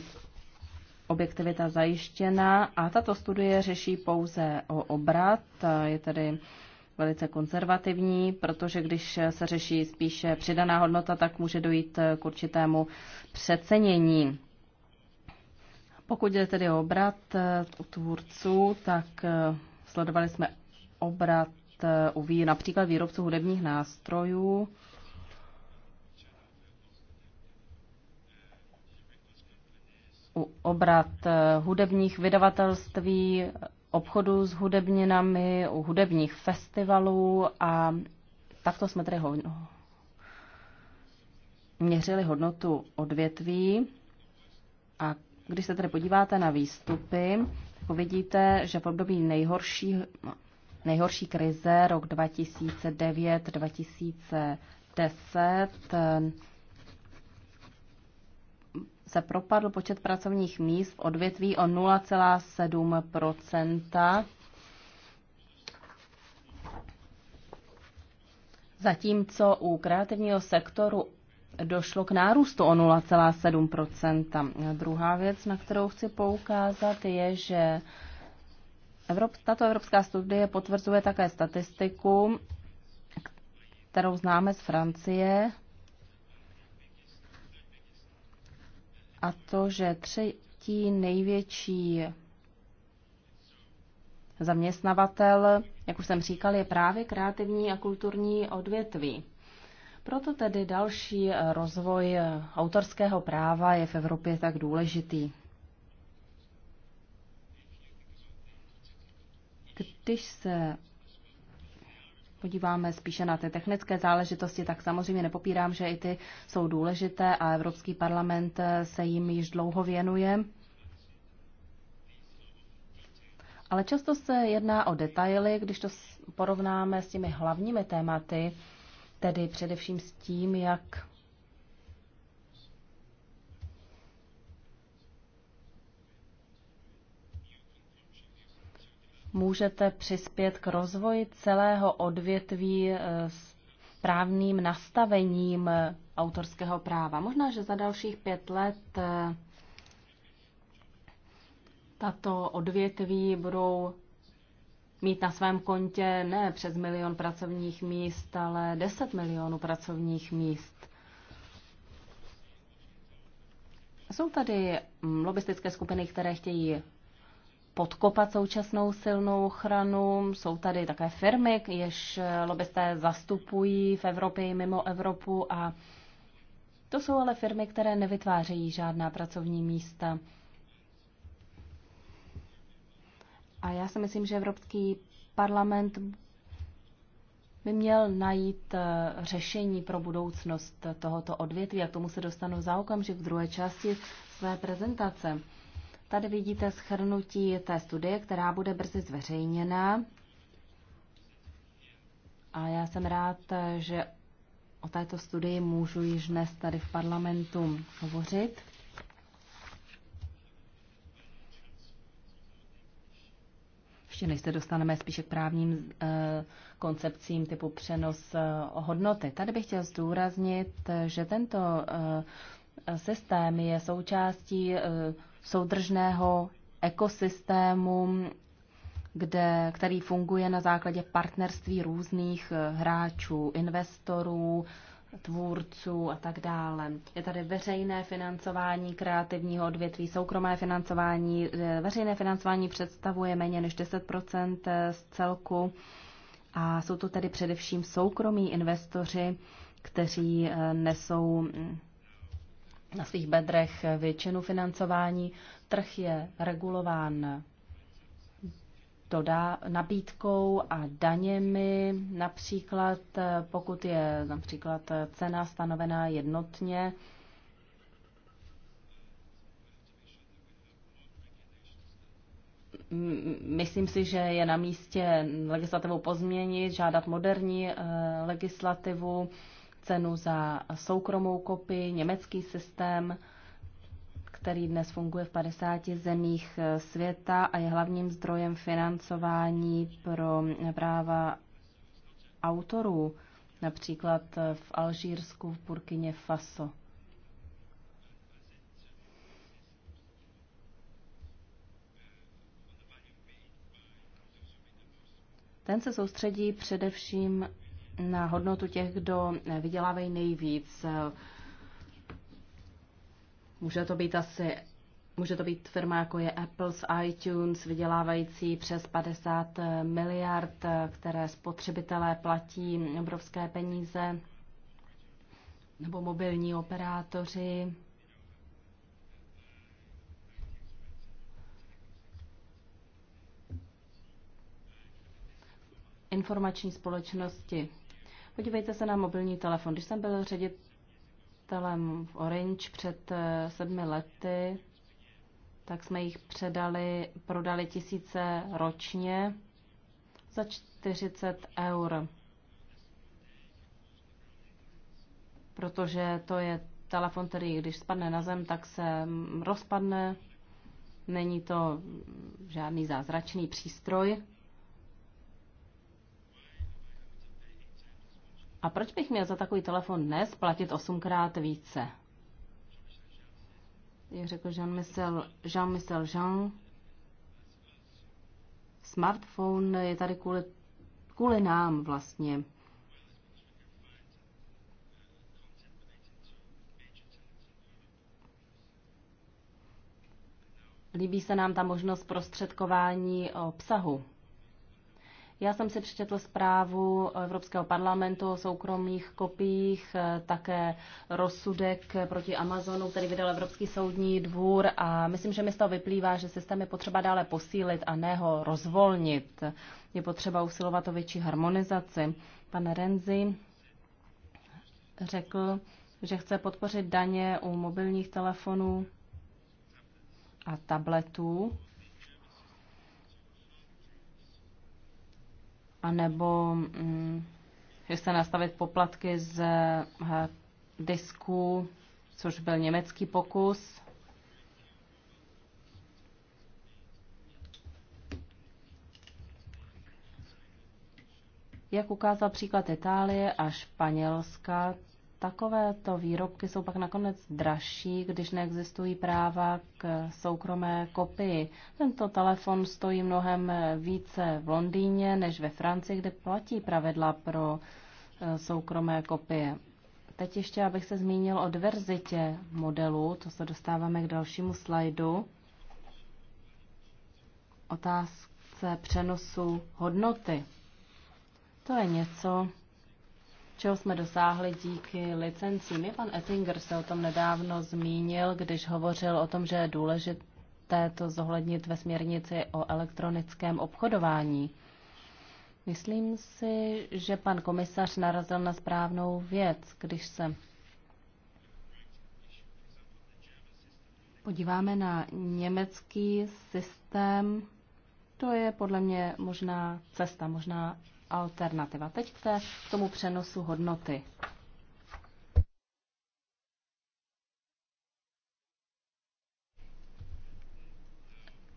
objektivita zajištěna a tato studie řeší pouze o obrat, je tedy velice konzervativní, protože když se řeší spíše přidaná hodnota, tak může dojít k určitému přecenění. Pokud je tedy o obrat eh, u tvůrců, tak eh, sledovali jsme obrat eh, u vý, například výrobců hudebních nástrojů. U obrat hudebních vydavatelství obchodu s hudebninami, u hudebních festivalů a takto jsme tedy ho, měřili hodnotu odvětví a když se tedy podíváte na výstupy, vidíte, že v období nejhorší, nejhorší krize rok 2009-2010 se propadl počet pracovních míst v odvětví o 0,7 zatímco u kreativního sektoru došlo k nárůstu o 0,7 Druhá věc, na kterou chci poukázat, je, že Evrop, tato evropská studie potvrzuje také statistiku, kterou známe z Francie, a to, že třetí největší zaměstnavatel, jak už jsem říkal, je právě kreativní a kulturní odvětví. Proto tedy další rozvoj autorského práva je v Evropě tak důležitý. Když se podíváme spíše na ty technické záležitosti, tak samozřejmě nepopírám, že i ty jsou důležité a Evropský parlament eh, se jim již dlouho věnuje. Ale často se jedná o detaily, když to porovnáme s těmi hlavními tématy, tedy především s tím, jak můžete přispět k rozvoji celého odvětví eh, s právným nastavením eh, autorského práva. Možná, že za dalších pět let eh, tato odvětví budou mít na svém kontě ne přes milion pracovních míst, ale 10 milionů pracovních míst. Jsou tady lobbystické skupiny, které chtějí podkopat současnou silnou ochranu. Jsou tady také firmy, jež eh, lobbysté zastupují v Evropě i mimo Evropu a to jsou ale firmy, které nevytvářejí žádná pracovní místa. A já si myslím, že Evropský parlament by měl najít eh, řešení pro budoucnost tohoto odvětví a k tomu se dostanu za okamžik v druhé části své prezentace. Tady vidíte schrnutí té studie, která bude brzy zveřejněna. A já jsem rád, že o této studii můžu již dnes tady v parlamentu hovořit. Ještě než se dostaneme spíše k právním eh, koncepcím typu přenos eh, hodnoty. Tady bych chtěl zdůraznit, že tento eh, systém je součástí soudržného ekosystému, kde, který funguje na základě partnerství různých eh, hráčů, investorů, tvůrců a tak dále. Je tady veřejné financování kreativního odvětví, soukromé financování. Eh, veřejné financování představuje méně než 10 eh, z celku a jsou to tedy především soukromí investoři, kteří nesou mm, na svých bedrech většinu financování. Trh je regulován dodá nabídkou a daněmi, například pokud je například cena stanovená jednotně, Myslím si, že je na místě legislativu pozměnit, žádat moderní eh, legislativu, cenu za soukromou kopii, německý systém, který dnes funguje v 50 zemích eh, světa a je hlavním zdrojem financování pro práva autorů, například eh, v Alžírsku, v Burkině Faso. Ten se soustředí především na hodnotu těch, kdo vydělávají nejvíc. Může to být asi Může to být firma jako je Apple s iTunes, vydělávající přes 50 miliard, které spotřebitelé platí obrovské peníze, nebo mobilní operátoři. informační společnosti. Podívejte se na mobilní telefon. Když jsem byl ředitelem v Orange před eh, sedmi lety, tak jsme jich předali, prodali tisíce ročně za 40 eur. Protože to je telefon, který když spadne na zem, tak se rozpadne. Není to žádný zázračný přístroj. A proč bych měl za takový telefon dnes platit osmkrát více? Jak řekl Jean-Michel Jean, -Michel Jean, smartphone je tady kvůli, kvůli nám vlastně. Líbí se nám ta možnost prostředkování obsahu. Já jsem si přečetl zprávu Evropského parlamentu o soukromých kopiích, eh, také rozsudek proti Amazonu, který vydal Evropský soudní dvůr a myslím, že mi z toho vyplývá, že systém je potřeba dále posílit a ne ho rozvolnit. Je potřeba usilovat o větší harmonizaci. Pan Renzi řekl, že chce podpořit daně u mobilních telefonů a tabletů anebo mm, se nastavit poplatky z eh, disku, což byl německý pokus. Jak ukázal příklad Itálie a Španělska, takovéto výrobky jsou pak nakonec dražší, když neexistují práva k soukromé kopii. Tento telefon stojí mnohem více v Londýně než ve Francii, kde platí pravidla pro eh, soukromé kopie. Teď ještě, abych se zmínil o diverzitě modelů, to se dostáváme k dalšímu slajdu. Otázce přenosu hodnoty. To je něco, čeho jsme dosáhli díky licencím. Je pan Ettinger se o tom nedávno zmínil, když hovořil o tom, že je důležité to zohlednit ve směrnici o elektronickém obchodování. Myslím si, že pan komisař narazil na správnou věc, když se podíváme na německý systém. To je podle mě možná cesta, možná alternativa. Teď k, té, k tomu přenosu hodnoty.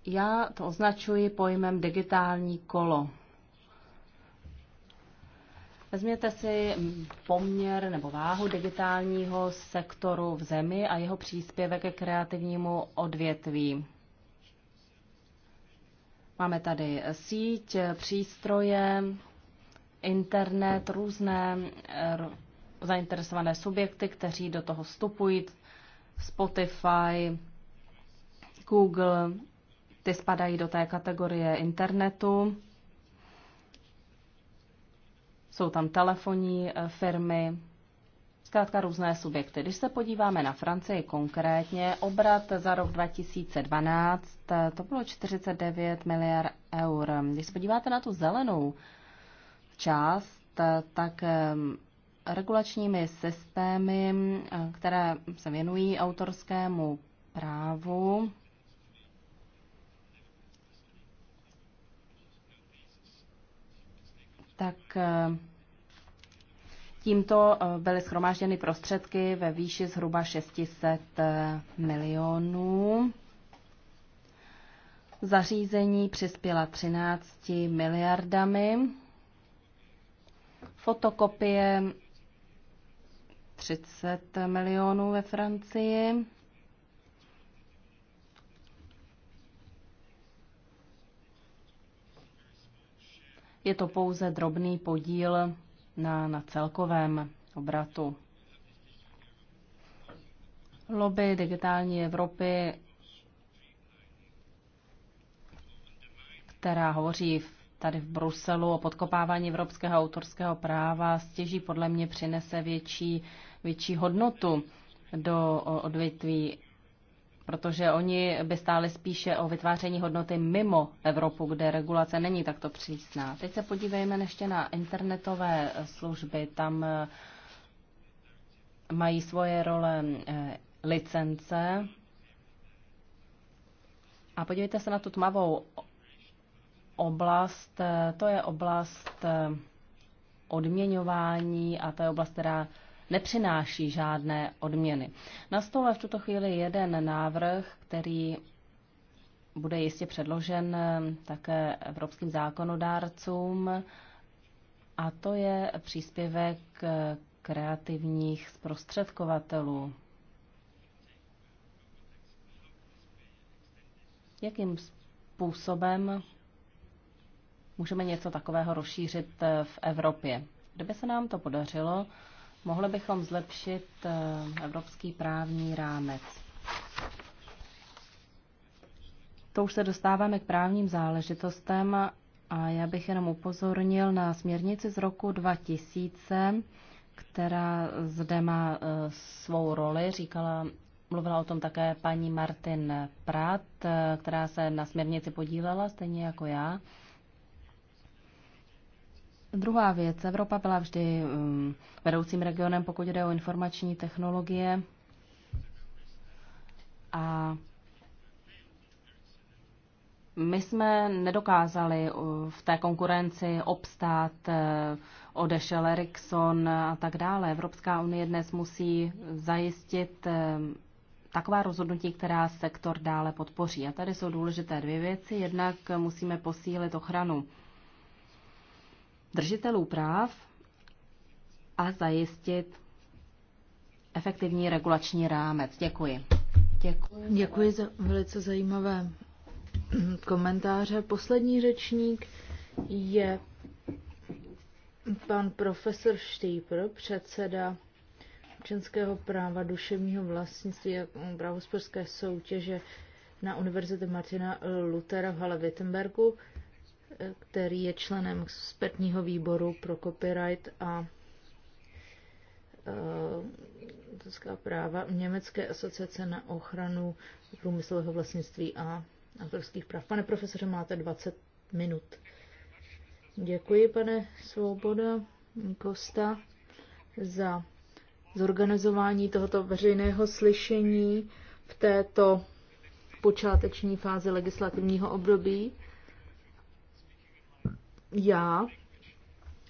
Já to označuji pojmem digitální kolo. Vezměte si poměr nebo váhu digitálního sektoru v zemi a jeho příspěvek ke kreativnímu odvětví. Máme tady síť, přístroje, internet, různé eh, zainteresované subjekty, kteří do toho vstupují, Spotify, Google, ty spadají do té kategorie internetu. Jsou tam telefonní eh, firmy, zkrátka různé subjekty. Když se podíváme na Francii konkrétně, obrat za rok 2012 eh, to bylo 49 miliard eur. Když se podíváte na tu zelenou část, tak ehm, regulačními systémy, eh, které se věnují autorskému právu, tak ehm, tímto eh, byly schromážděny prostředky ve výši zhruba 600 eh, milionů. Zařízení přispěla 13 miliardami fotokopie 30 milionů ve Francii. Je to pouze drobný podíl na, na celkovém obratu. Lobby digitální Evropy, která hovoří v tady v Bruselu o podkopávání evropského autorského práva stěží podle mě přinese větší, větší hodnotu do odvětví, protože oni by stáli spíše o vytváření hodnoty mimo Evropu, kde regulace není takto přísná. Teď se podívejme ještě na internetové služby. Tam eh, mají svoje role eh, licence. A podívejte se na tu tmavou oblast, eh, to je oblast eh, odměňování a to je oblast, která nepřináší žádné odměny. Na stole v tuto chvíli jeden návrh, který bude jistě předložen eh, také evropským zákonodárcům, a to je příspěvek kreativních zprostředkovatelů. Jakým způsobem můžeme něco takového rozšířit eh, v Evropě. Kdyby se nám to podařilo, mohli bychom zlepšit eh, evropský právní rámec. To už se dostáváme k právním záležitostem a já bych jenom upozornil na směrnici z roku 2000, která zde má eh, svou roli, říkala Mluvila o tom také paní Martin Prat, která se na směrnici podílela, stejně jako já. Druhá věc. Evropa byla vždy um, vedoucím regionem, pokud jde o informační technologie. A my jsme nedokázali uh, v té konkurenci obstát, uh, odešel Ericsson a tak dále. Evropská unie dnes musí zajistit uh, taková rozhodnutí, která sektor dále podpoří. A tady jsou důležité dvě věci. Jednak musíme posílit ochranu držitelů práv a zajistit efektivní regulační rámec. Děkuji. Děkuji, Děkuji za velice zajímavé komentáře. Poslední řečník je pan profesor Štýpr, předseda občanského práva, duševního vlastnictví a právospořské soutěže na Univerzitě Martina Lutera v Halle Wittenbergu který je členem zpětního výboru pro copyright a autorská e, práva Německé asociace na ochranu průmyslového vlastnictví a autorských práv. Pane profesore, máte 20 minut. Děkuji, pane Svoboda Kosta, za zorganizování tohoto veřejného slyšení v této počáteční fázi legislativního období. Já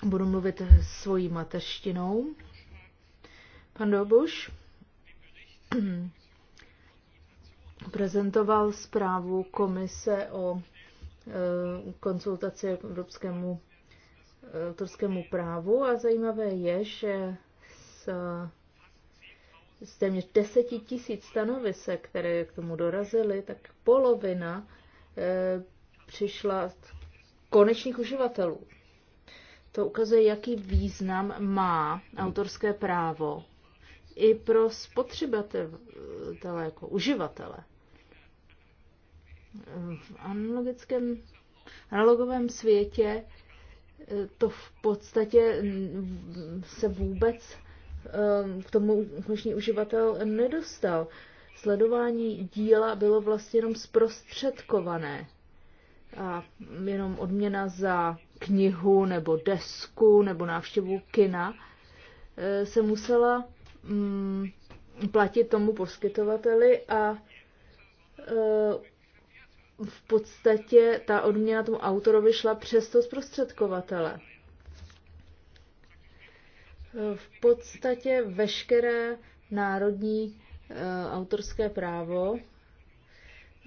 budu mluvit svojí mateřštinou. Pan Dobuš prezentoval zprávu komise o e, konzultaci evropskému e, autorskému právu a zajímavé je, že s, z téměř deseti tisíc stanovisek, které k tomu dorazily, tak polovina e, přišla konečných uživatelů. To ukazuje, jaký význam má autorské právo i pro spotřebatele, jako uživatele. V analogickém, analogovém světě eh, to v podstatě mm, se vůbec eh, k tomu konečný uživatel nedostal. Sledování díla bylo vlastně jenom zprostředkované a jenom odměna za knihu nebo desku nebo návštěvu kina eh, se musela mm, platit tomu poskytovateli a eh, v podstatě ta odměna tomu autorovi šla přes to zprostředkovatele. Eh, v podstatě veškeré národní autorské právo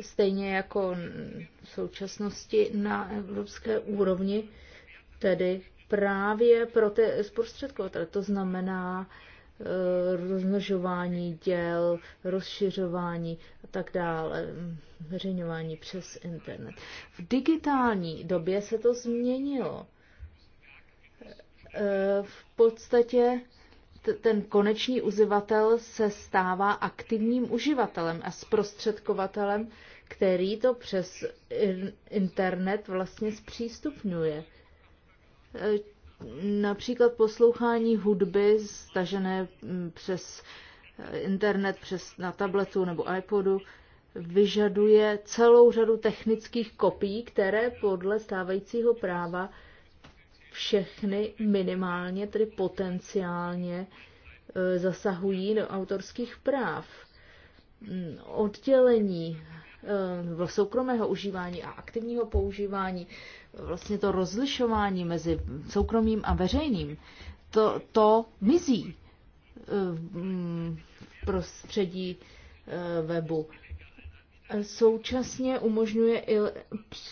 stejně jako v současnosti na evropské úrovni, tedy právě pro ty zprostředkovatele. To znamená eh, rozmnožování děl, rozšiřování a tak dále, veřejňování přes internet. V digitální době se to změnilo. Eh, v podstatě ten konečný uživatel se stává aktivním uživatelem a zprostředkovatelem, který to přes internet vlastně zpřístupňuje. E, například poslouchání hudby stažené přes e, internet, přes na tabletu nebo iPodu, vyžaduje celou řadu technických kopií, které podle stávajícího práva všechny minimálně, tedy potenciálně e, zasahují do autorských práv. Mm, oddělení e, soukromého užívání a aktivního používání, vlastně to rozlišování mezi soukromým a veřejným, to, to mizí e, mm, v prostředí webu. Současně umožňuje i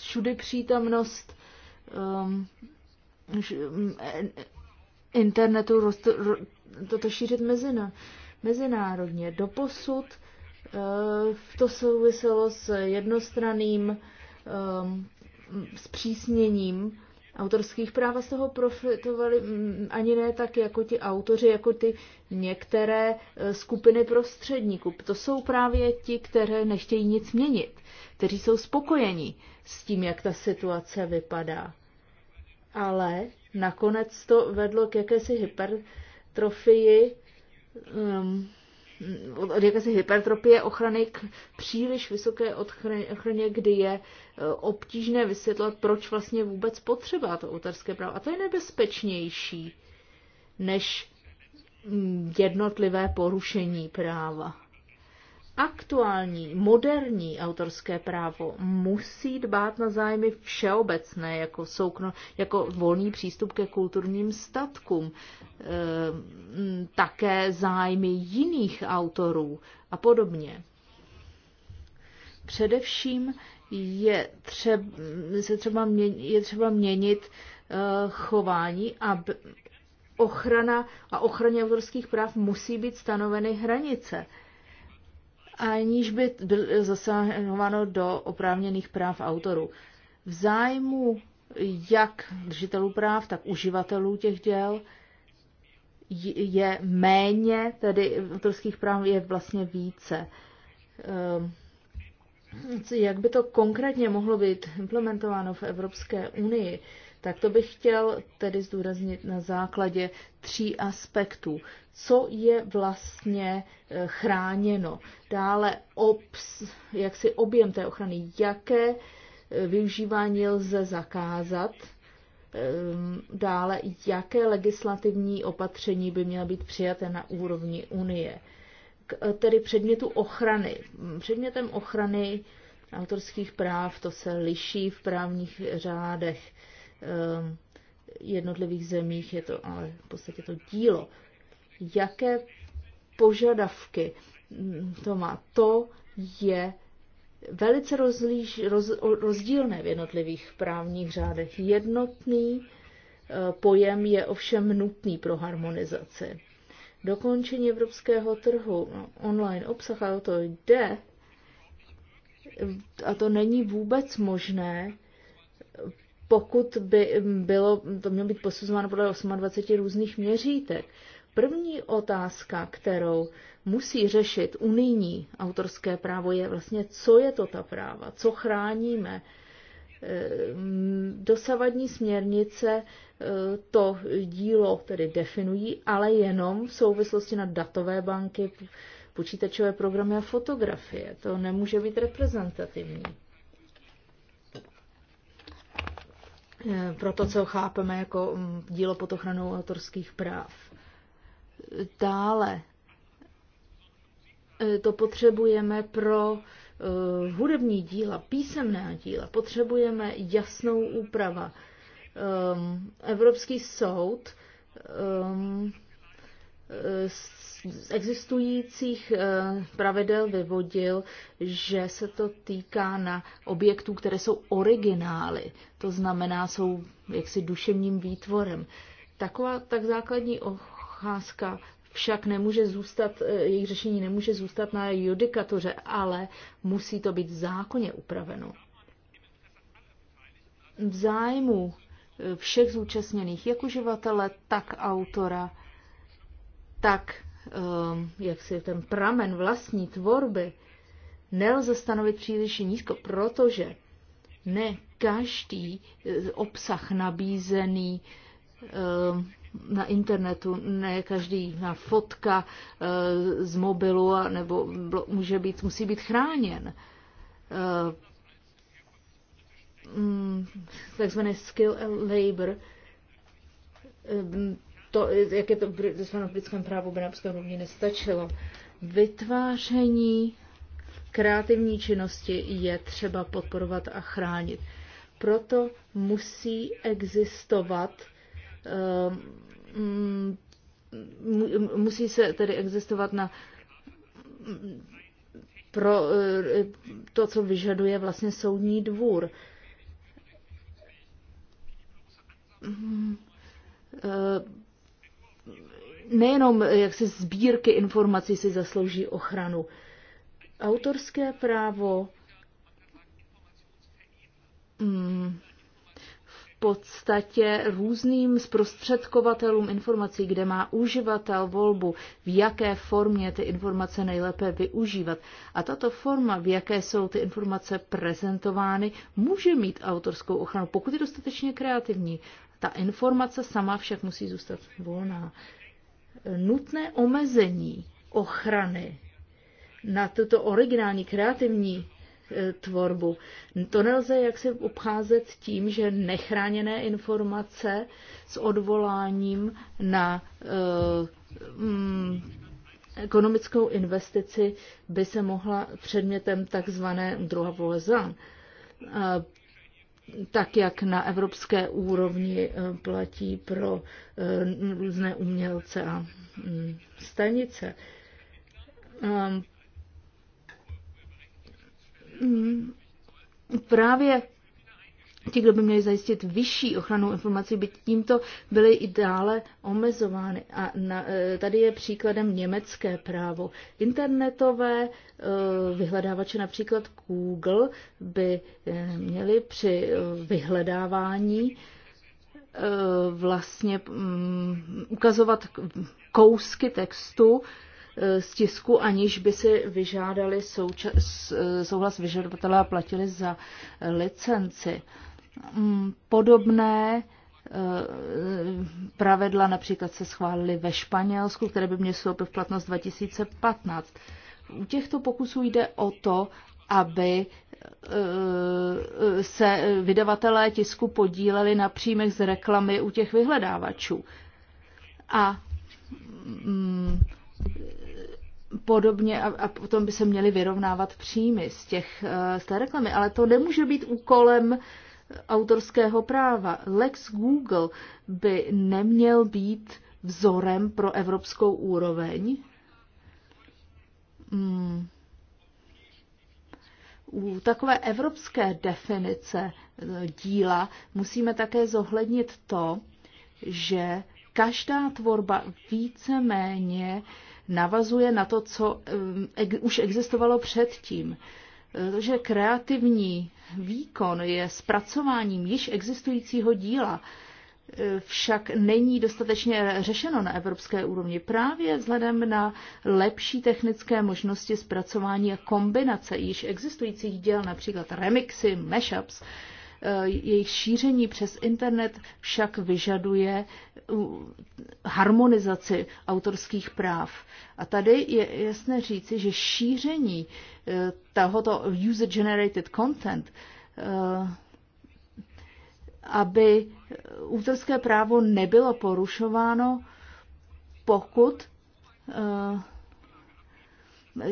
všudy přítomnost um, Mm, e, e, internetu rost, ro, toto šířit mezina, mezinárodně. Doposud e, to souviselo s jednostranným um, zpřísněním autorských práv a z toho profitovali mm, ani ne tak jako ti autoři, jako ty některé skupiny prostředníků. To jsou právě ti, které nechtějí nic měnit, kteří jsou spokojeni s tím, jak ta situace vypadá ale nakonec to vedlo k jakési hypertrofii, um, od jakési hypertropie ochrany k příliš vysoké ochraně, kdy je e, obtížné vysvětlit, proč vlastně vůbec potřeba to autorské právo. A to je nebezpečnější než mm, jednotlivé porušení práva aktuální, moderní autorské právo musí dbát na zájmy všeobecné, jako, soukno, jako volný přístup ke kulturním statkům, e, také zájmy jiných autorů a podobně. Především je třeba, se třeba měnit, je třeba měnit e, chování, aby ochrana a ochraně autorských práv musí být stanoveny hranice. E, aniž by byl zasahováno do oprávněných práv autorů. V zájmu jak držitelů práv, tak uživatelů těch děl je méně, tedy autorských práv je vlastně více. Ehm, jak by to konkrétně mohlo být implementováno v Evropské unii? Tak to bych chtěl tedy zdůraznit na základě tří aspektů. Co je vlastně eh, chráněno? Dále obs, jak si objem té ochrany, jaké eh, využívání lze zakázat, ehm, dále, jaké legislativní opatření by měla být přijaté na úrovni Unie. K eh, tedy předmětu ochrany. Mm, předmětem ochrany autorských práv to se liší v právních řádech. Ehm, jednotlivých zemích, je to ale v podstatě to dílo. Jaké požadavky mm, to má? To je velice rozlíž, roz, rozdílné v jednotlivých právních řádech. Jednotný eh, pojem je ovšem nutný pro harmonizaci. Dokončení evropského trhu, no, online obsah, ale to jde, a to není vůbec možné pokud by mm, bylo, to mělo být posuzováno podle 28 různých měřítek. První otázka, kterou musí řešit unijní autorské právo, je vlastně, co je to ta práva, co chráníme. Eh, dosavadní směrnice eh, to dílo tedy definují, ale jenom v souvislosti na datové banky, počítačové programy a fotografie. To nemůže být reprezentativní. Eh, pro to, co chápeme jako mm, dílo pod ochranou autorských práv. Dále eh, to potřebujeme pro eh, hudební díla, písemná díla. Potřebujeme jasnou úprava. Ehm, Evropský soud um, z existujících eh, pravidel vyvodil, že se to týká na objektů, které jsou originály, to znamená, jsou jaksi duševním výtvorem. Taková tak základní ocházka však nemůže zůstat, eh, jejich řešení nemůže zůstat na judikatoře, ale musí to být v zákoně upraveno. V zájmu eh, všech zúčastněných, jak uživatele, tak autora, tak ehm, jak si ten pramen vlastní tvorby nelze stanovit příliš nízko, protože ne každý eh, obsah nabízený ehm, na internetu, ne každý na fotka eh, z mobilu nebo může být, musí být chráněn. Eh, mm, takzvané skill labor ehm, to, jak je to v britském právu Benátské rovně nestačilo. Vytváření kreativní činnosti je třeba podporovat a chránit. Proto musí existovat um, musí se tedy existovat na pro e, to, co vyžaduje vlastně soudní dvůr. Uh, nejenom jak se sbírky informací si zaslouží ochranu. Autorské právo mm, v podstatě různým zprostředkovatelům informací, kde má uživatel volbu, v jaké formě ty informace nejlépe využívat. A tato forma, v jaké jsou ty informace prezentovány, může mít autorskou ochranu, pokud je dostatečně kreativní. Ta informace sama však musí zůstat volná nutné omezení ochrany na tuto originální kreativní e, tvorbu. To nelze jak se obcházet tím, že nechráněné informace s odvoláním na e, mm, ekonomickou investici by se mohla předmětem takzvané druhá voza tak jak na evropské úrovni eh, platí pro eh, různé umělce a mm, stanice. Ehm, mm, právě ti, kdo by měli zajistit vyšší ochranu informací, by tímto byly i dále omezovány. A na, e, tady je příkladem německé právo. Internetové e, vyhledávače, například Google, by e, měli při vyhledávání vlastně mm, ukazovat kousky textu, z tisku, aniž by si vyžádali souča- souhlas vyžadovatele, a platili za licenci. Mm, podobné eh, pravidla například se schválily ve Španělsku, které by měly vstoupit v platnost 2015. U těchto pokusů jde o to, aby eh, se vydavatelé tisku podíleli na příjmech z reklamy u těch vyhledávačů. A mm, podobně a, a potom by se měly vyrovnávat příjmy z, těch, eh, z té reklamy. Ale to nemůže být úkolem autorského práva. Lex Google by neměl být vzorem pro evropskou úroveň. Hmm. U takové evropské definice eh, díla musíme také zohlednit to, že každá tvorba víceméně navazuje na to, co eh, už existovalo předtím. Eh, to, že kreativní výkon je zpracováním již existujícího díla, eh, však není dostatečně řešeno na evropské úrovni právě vzhledem na lepší technické možnosti zpracování a kombinace již existujících děl, například remixy, mashups, Eh, jejich šíření přes internet však vyžaduje harmonizaci autorských práv. A tady je jasné říci, že šíření eh, tohoto user-generated content eh, aby autorské právo nebylo porušováno, pokud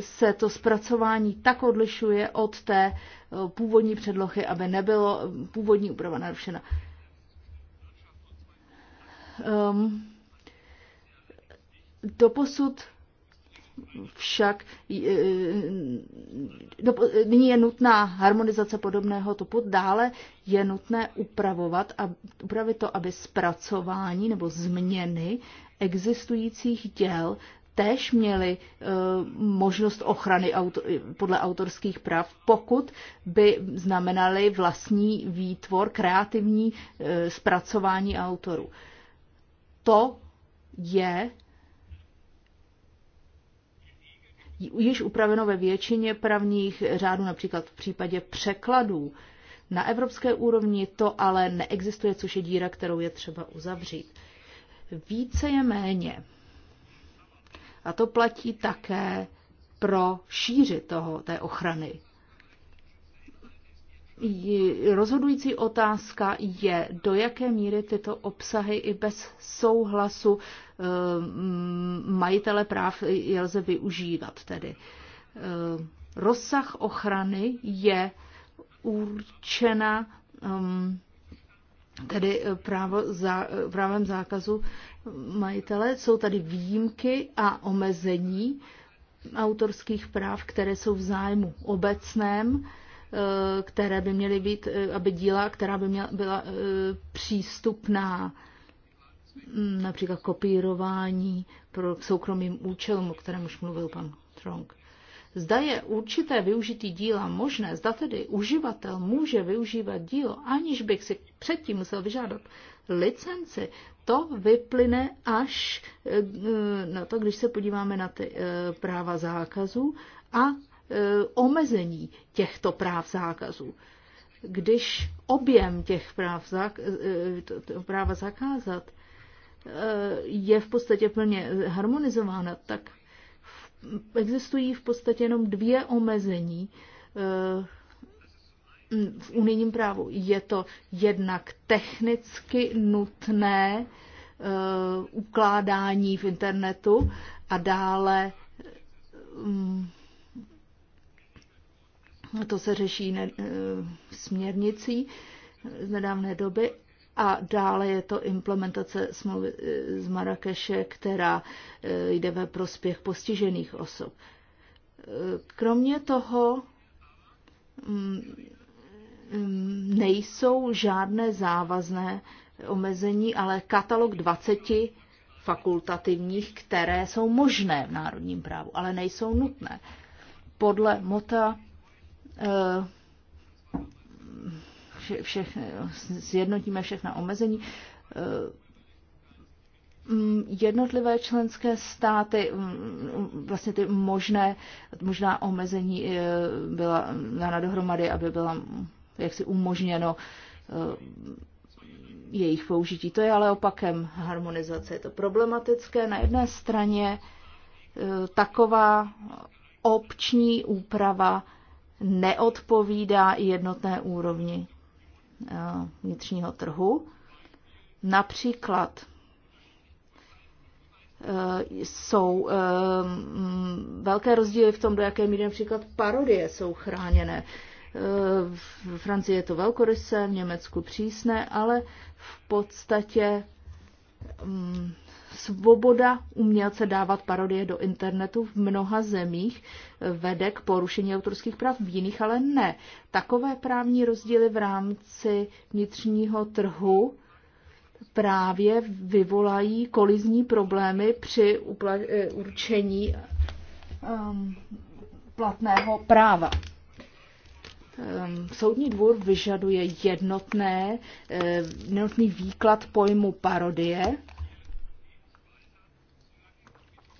se to zpracování tak odlišuje od té eh, původní předlohy, aby nebylo eh, původní úprava narušena. Um, doposud však eh, nyní je nutná harmonizace podobného typu, dále je nutné upravovat a upravit to, aby zpracování nebo změny existujících děl též měli eh, možnost ochrany podle autorských práv, pokud by znamenali vlastní výtvor, kreativní eh, zpracování autorů. To je již upraveno ve většině právních řádů, například v případě překladů. Na evropské úrovni to ale neexistuje, což je díra, kterou je třeba uzavřít. Více je méně. A to platí také pro šíři toho, té ochrany. Rozhodující otázka je, do jaké míry tyto obsahy i bez souhlasu ehm, majitele práv je lze využívat tedy. Ehm, rozsah ochrany je určena ehm, tedy eh, právo za, eh, právem zákazu majitele. Jsou tady výjimky a omezení autorských práv, které jsou v zájmu obecném, eh, které by měly být, eh, aby díla, která by měla, byla eh, přístupná mm, například kopírování pro soukromým účelům, o kterém už mluvil pan Trong. Zda je určité využití díla možné, zda tedy uživatel může využívat dílo, aniž bych si předtím musel vyžádat licenci, to vyplyne až eh, na to, když se podíváme na ty eh, práva zákazů a eh, omezení těchto práv zákazů. Když objem těch práv práva zakázat je v podstatě plně harmonizována, tak existují v podstatě jenom dvě omezení Mm, v unijním právu. Je to jednak technicky nutné uh, ukládání v internetu a dále um, to se řeší ne, uh, směrnicí z nedávné doby a dále je to implementace smlouvy eh, z Marrakeše, která jde ve prospěch postižených osob. Kromě toho mm, nejsou žádné závazné omezení, ale katalog 20 fakultativních, které jsou možné v národním právu, ale nejsou nutné. Podle Mota eh, vše, vše, zjednotíme všechna omezení. Eh, mm, jednotlivé členské státy, mm, vlastně ty možné, možná omezení eh, byla na dohromady, aby byla jaksi umožněno eh, jejich použití. To je ale opakem harmonizace. Je to problematické. Na jedné straně eh, taková opční úprava neodpovídá jednotné úrovni eh, vnitřního trhu. Například jsou velké rozdíly v tom, do jaké míry například parodie jsou chráněné. V Francii je to velkorysé, v Německu přísné, ale v podstatě mm, svoboda umělce dávat parodie do internetu v mnoha zemích vede k porušení autorských práv, v jiných ale ne. Takové právní rozdíly v rámci vnitřního trhu právě vyvolají kolizní problémy při upla- eh, určení um, platného práva. Ehm, soudní dvůr vyžaduje jednotné, ehm, jednotný výklad pojmu parodie.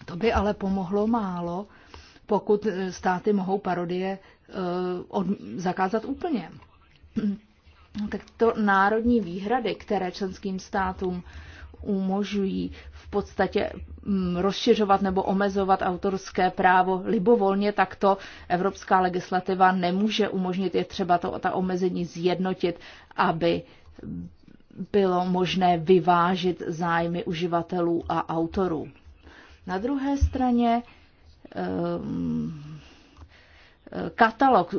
To by ale pomohlo málo, pokud eh, státy mohou parodie eh, zakázat úplně. Tak to národní výhrady, které členským státům umožňují podstatě mm, rozšiřovat nebo omezovat autorské právo libovolně, tak to evropská legislativa nemůže umožnit. Je třeba to, ta omezení zjednotit, aby bylo možné vyvážit zájmy uživatelů a autorů. Na druhé straně ehm, e, katalog,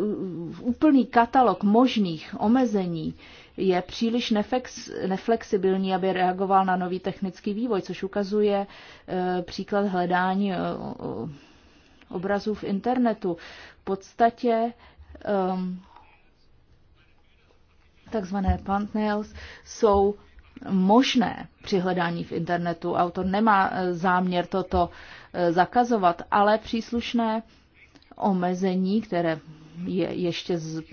úplný katalog možných omezení je příliš neflex, neflexibilní, aby reagoval na nový technický vývoj, což ukazuje eh, příklad hledání eh, obrazů v internetu. V podstatě ehm, takzvané thumbnails jsou možné při hledání v internetu. Autor nemá eh, záměr toto zakazovat, ale příslušné omezení, které je ještě z,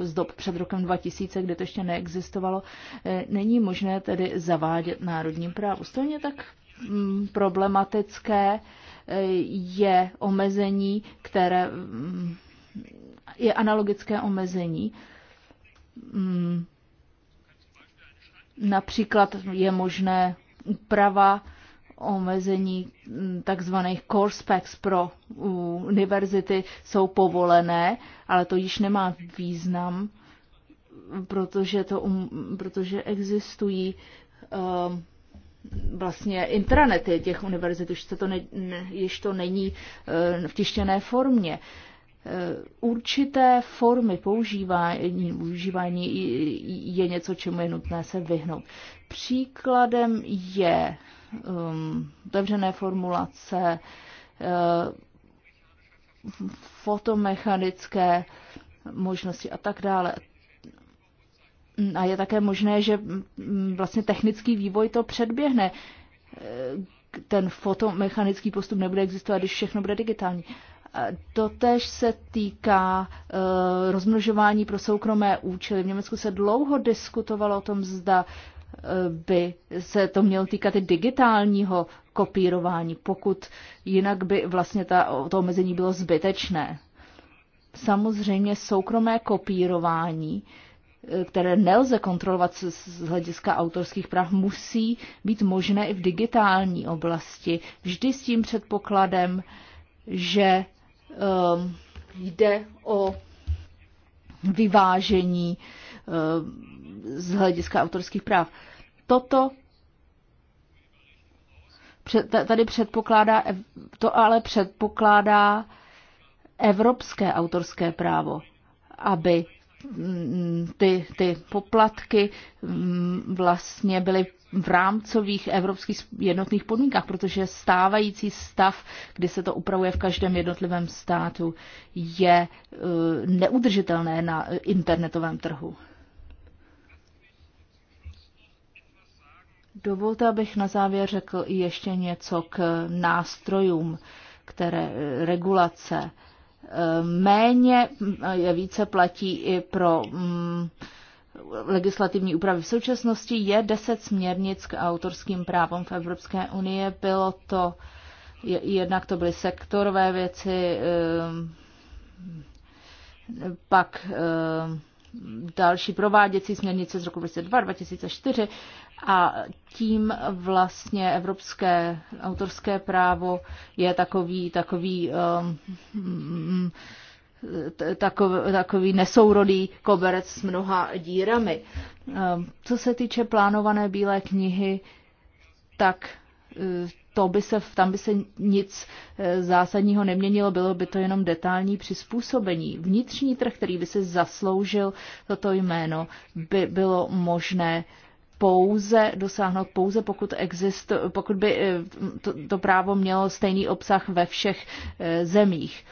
z dob před rokem 2000, kde to ještě neexistovalo, eh, není možné tedy zavádět národním právu. Stejně tak mm, problematické eh, je omezení, které mm, je analogické omezení. Mm, například je možné úprava omezení mm, takzvaných course packs pro univerzity jsou povolené, ale to již nemá význam, protože, to, um, protože existují um, vlastně intranety těch univerzit, už to, ne, již to není eh, v tištěné formě. Eh, určité formy používání, používání je něco, čemu je nutné se vyhnout. Příkladem je um, otevřené formulace, uh, fotomechanické možnosti a tak dále. A je také možné, že mm, vlastně technický vývoj to předběhne. Eh, ten fotomechanický postup nebude existovat, když všechno bude digitální. Totež se týká uh, rozmnožování pro soukromé účely. V Německu se dlouho diskutovalo o tom, zda by se to mělo týkat i digitálního kopírování, pokud jinak by vlastně ta, to omezení bylo zbytečné. Samozřejmě soukromé kopírování, které nelze kontrolovat z hlediska autorských práv, musí být možné i v digitální oblasti. Vždy s tím předpokladem, že um, jde o vyvážení uh, Eh, z hlediska autorských práv. Toto tady předpokládá, to ale předpokládá evropské autorské právo, aby mm, ty, ty poplatky mm, vlastně byly v rámcových evropských jednotných podmínkách, protože stávající stav, kdy se to upravuje v každém jednotlivém státu, je eh, neudržitelné na internetovém trhu. Dovolte, abych na závěr řekl ještě něco k nástrojům, které regulace. Eh, méně eh, je více platí i pro mm, legislativní úpravy. V současnosti je deset směrnic k autorským právům v Evropské unii. Bylo to, jednak to byly sektorové věci, eh, pak další prováděcí směrnice z roku 2002, 2004, a tím vlastně evropské autorské právo je takový, takový um, mm, takový, takový nesourodý koberec s mnoha dírami. Um, co se týče plánované bílé knihy, tak uh, to by se, tam by se nic uh, zásadního neměnilo, bylo by to jenom detailní přizpůsobení. Vnitřní trh, který by se zasloužil toto jméno, by bylo možné uh, pouze dosáhnout pouze, pokud, exist, pokud by eh, to, to právo mělo stejný obsah ve všech eh, zemích.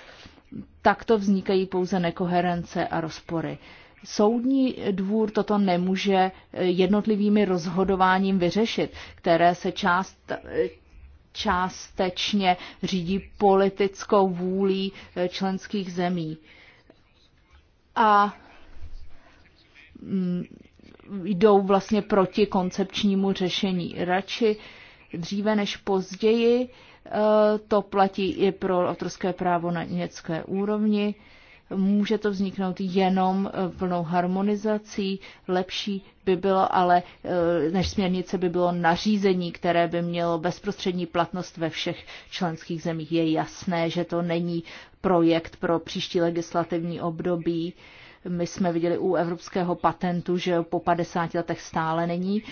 Takto vznikají pouze nekoherence a rozpory. Soudní dvůr toto nemůže eh, jednotlivými rozhodováním vyřešit, které se část, částečně řídí politickou vůlí členských zemí. A mm, jdou vlastně proti koncepčnímu řešení. Radši dříve než později eh, to platí i pro autorské právo na německé úrovni. Může to vzniknout jenom eh, plnou harmonizací, lepší by bylo, ale eh, než směrnice by bylo nařízení, které by mělo bezprostřední platnost ve všech členských zemích. Je jasné, že to není projekt pro příští legislativní období. Uh, my jsme viděli u evropského patentu, že po 50 letech stále není,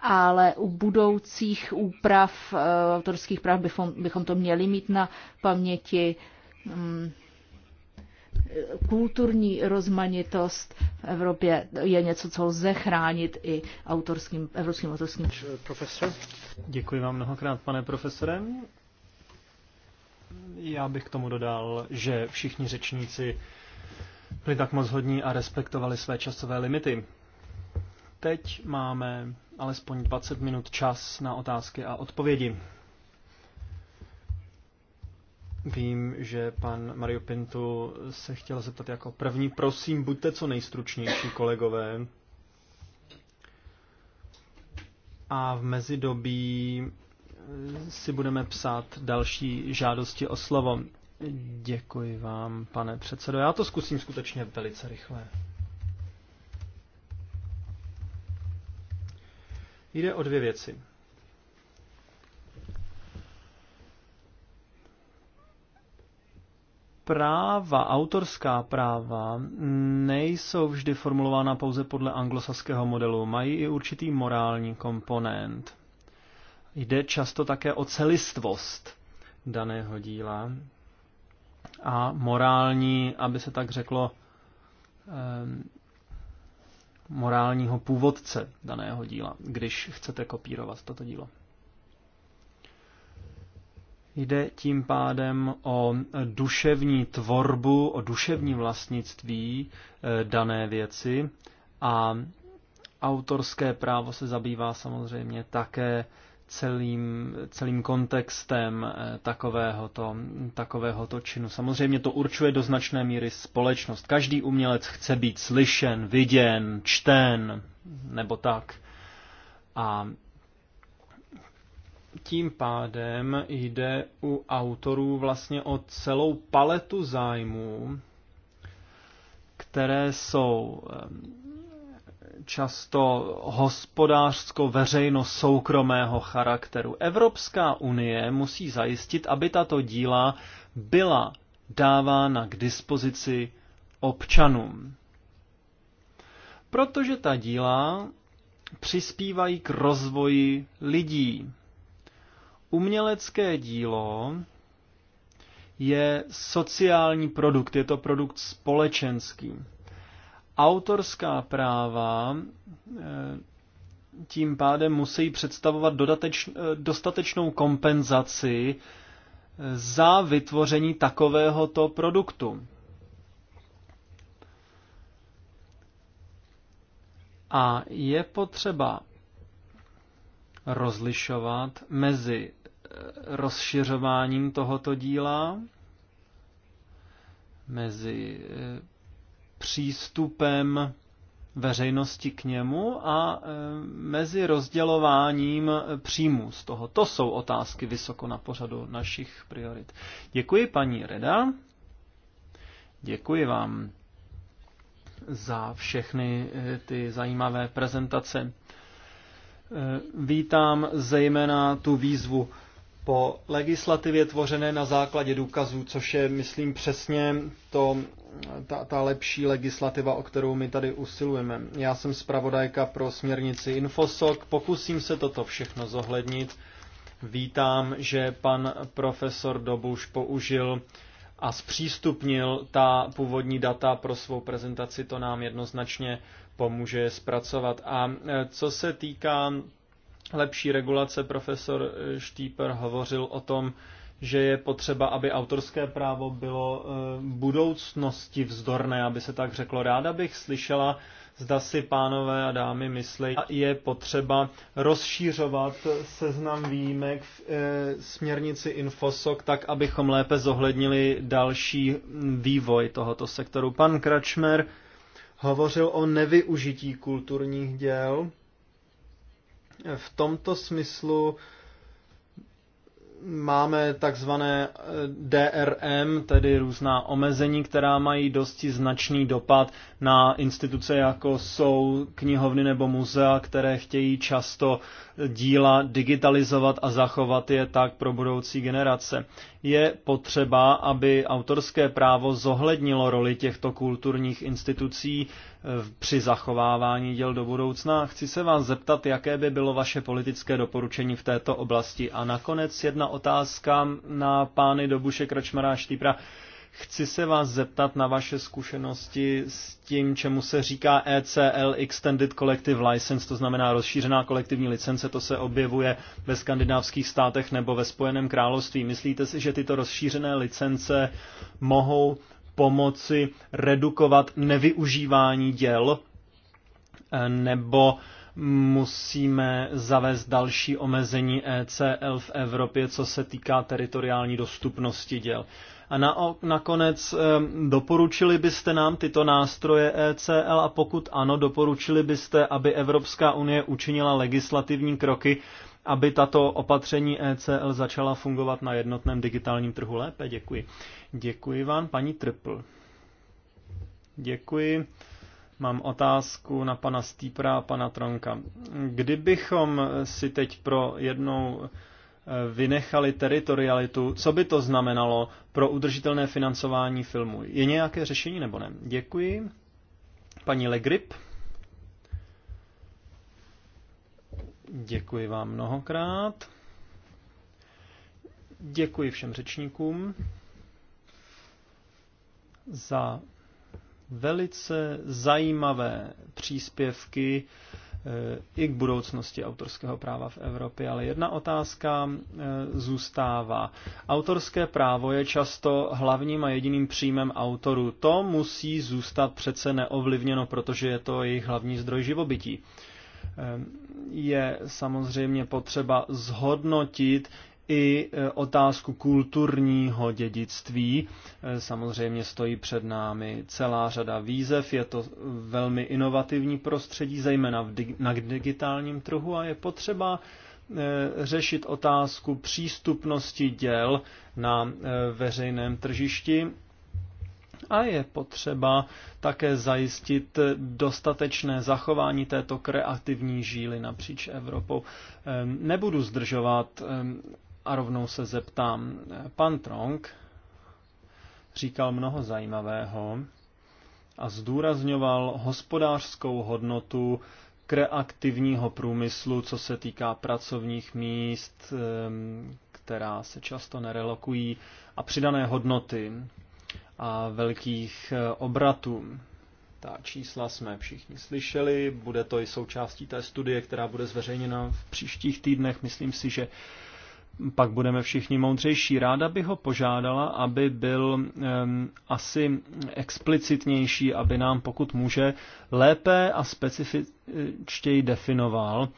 ale u budoucích úprav eh, autorských práv bychom, bychom to měli mít na paměti. Mm. Kulturní rozmanitost v Evropě je něco, co lze chránit i autorským, evropským autorským. profesorem. Děkuji vám mnohokrát, pane profesore. Já bych k tomu dodal, že všichni řečníci byli tak moc hodní a respektovali své časové limity. Teď máme alespoň 20 minut čas na otázky a odpovědi. Vím, že pan Mario Pintu se chtěl zeptat jako první. Prosím, buďte co nejstručnější, kolegové. A v mezidobí si budeme psát další žádosti o slovo. Děkuji vám, pane předsedo. Já to zkusím skutečně velice rychle. Jde o dvě věci. práva, autorská práva, nejsou vždy formulována pouze podle anglosaského modelu, mají i určitý morální komponent. Jde často také o celistvost daného díla, a morální, aby se tak řeklo, morálního původce daného díla, když chcete kopírovat toto dílo. Jde tím pádem o duševní tvorbu, o duševní vlastnictví eh, dané věci a autorské právo se zabývá samozřejmě také celým, celým kontextem eh, takovéhoto, takovéhoto činu. Samozřejmě to určuje do značné míry společnost. Každý umělec chce být slyšen, viděn, čten nebo tak. A tím pádem jde u autorů vlastně o celou paletu zájmů, které jsou eh, často hospodářsko-veřejno-soukromého charakteru. Evropská unie musí zajistit, aby tato díla byla dávána k dispozici občanům. Protože ta díla přispívají k rozvoji lidí. Umělecké dílo je sociální produkt, je to produkt společenský autorská práva eh, tím pádem musí představovat dodateč, eh, dostatečnou kompenzaci eh, za vytvoření takovéhoto produktu. A je potřeba rozlišovat mezi rozšiřováním tohoto díla, mezi přístupem veřejnosti k němu a e, mezi rozdělováním e, příjmů z toho. To jsou otázky vysoko na pořadu našich priorit. Děkuji paní Reda. Děkuji vám za všechny e, ty zajímavé prezentace. Vítám zejména tu výzvu po legislativě tvořené na základě důkazů, což je, myslím, přesně to ta, ta lepší legislativa, o kterou my tady usilujeme. Já jsem zpravodajka pro směrnici Infosoc, pokusím se toto všechno zohlednit. Vítám, že pan profesor Dobuš použil a zpřístupnil ta původní data pro svou prezentaci, to nám jednoznačně pomůže zpracovat. A e, co se týká lepší regulace, profesor Štíper hovořil o tom, že je potřeba, aby autorské právo bylo eh, budoucnosti vzdorné, aby se tak řeklo. Ráda bych slyšela, zda si pánové a dámy myslí, je potřeba rozšířovat seznam výjimek v eh, směrnici Infosok, tak abychom lépe zohlednili další vývoj tohoto sektoru. Pan Kračmer hovořil o nevyužití kulturních děl. V tomto smyslu máme takzvané eh, DRM, tedy různá omezení, která mají dosti značný dopad na instituce, jako jsou knihovny nebo muzea, které chtějí často eh, díla digitalizovat a zachovat je tak pro budoucí generace. Je potřeba, aby autorské právo zohlednilo roli těchto kulturních institucí Eh, při zachovávání děl do budoucna. Chci se vás zeptat, jaké by bylo vaše politické doporučení v této oblasti. A nakonec jedna otázka na pány Dobuše Kračmará Štýpra. Chci se vás zeptat na vaše zkušenosti s tím, čemu se říká ECL Extended Collective License, to znamená rozšířená kolektivní licence, to se objevuje ve skandinávských státech nebo ve Spojeném království. Myslíte si, že tyto rozšířené licence mohou pomoci redukovat nevyužívání děl eh, nebo musíme zavést další omezení ECL v Evropě, co se týká teritoriální dostupnosti děl. A na, nakonec eh, doporučili byste nám tyto nástroje ECL a pokud ano, doporučili byste, aby Evropská unie učinila legislativní kroky, aby tato opatření ECL začala fungovat na jednotném digitálním trhu lépe? Děkuji. Děkuji vám, paní Trpl. Děkuji. Mám otázku na pana Stýpra a pana Tronka. Kdybychom si teď pro jednou eh, vynechali teritorialitu, co by to znamenalo pro udržitelné financování filmu? Je nějaké řešení nebo ne? Děkuji. Paní Legrip. Děkuji vám mnohokrát. Děkuji všem řečníkům za velice zajímavé příspěvky eh, i k budoucnosti autorského práva v Evropě. Ale jedna otázka eh, zůstává. Autorské právo je často hlavním a jediným příjmem autorů. To musí zůstat přece neovlivněno, protože je to jejich hlavní zdroj živobytí. Ehm, je samozřejmě potřeba zhodnotit i e, otázku kulturního dědictví. E, samozřejmě stojí před námi celá řada výzev, je to velmi inovativní prostředí, zejména na digitálním trhu a je potřeba e, řešit otázku přístupnosti děl na veřejném tržišti a je potřeba také zajistit dostatečné zachování této kreativní žíly napříč Evropou. Ehm, nebudu zdržovat ehm, a rovnou se zeptám. Pan Trong říkal mnoho zajímavého a zdůrazňoval hospodářskou hodnotu kreativního průmyslu, co se týká pracovních míst, ehm, která se často nerelokují, a přidané hodnoty a velkých eh, obratů. Ta čísla jsme všichni slyšeli, bude to i součástí té studie, která bude zveřejněna v příštích týdnech. Myslím si, že pak budeme všichni moudřejší. Ráda bych ho požádala, aby byl um, asi explicitnější, aby nám, pokud může, lépe a specifičtěji definoval,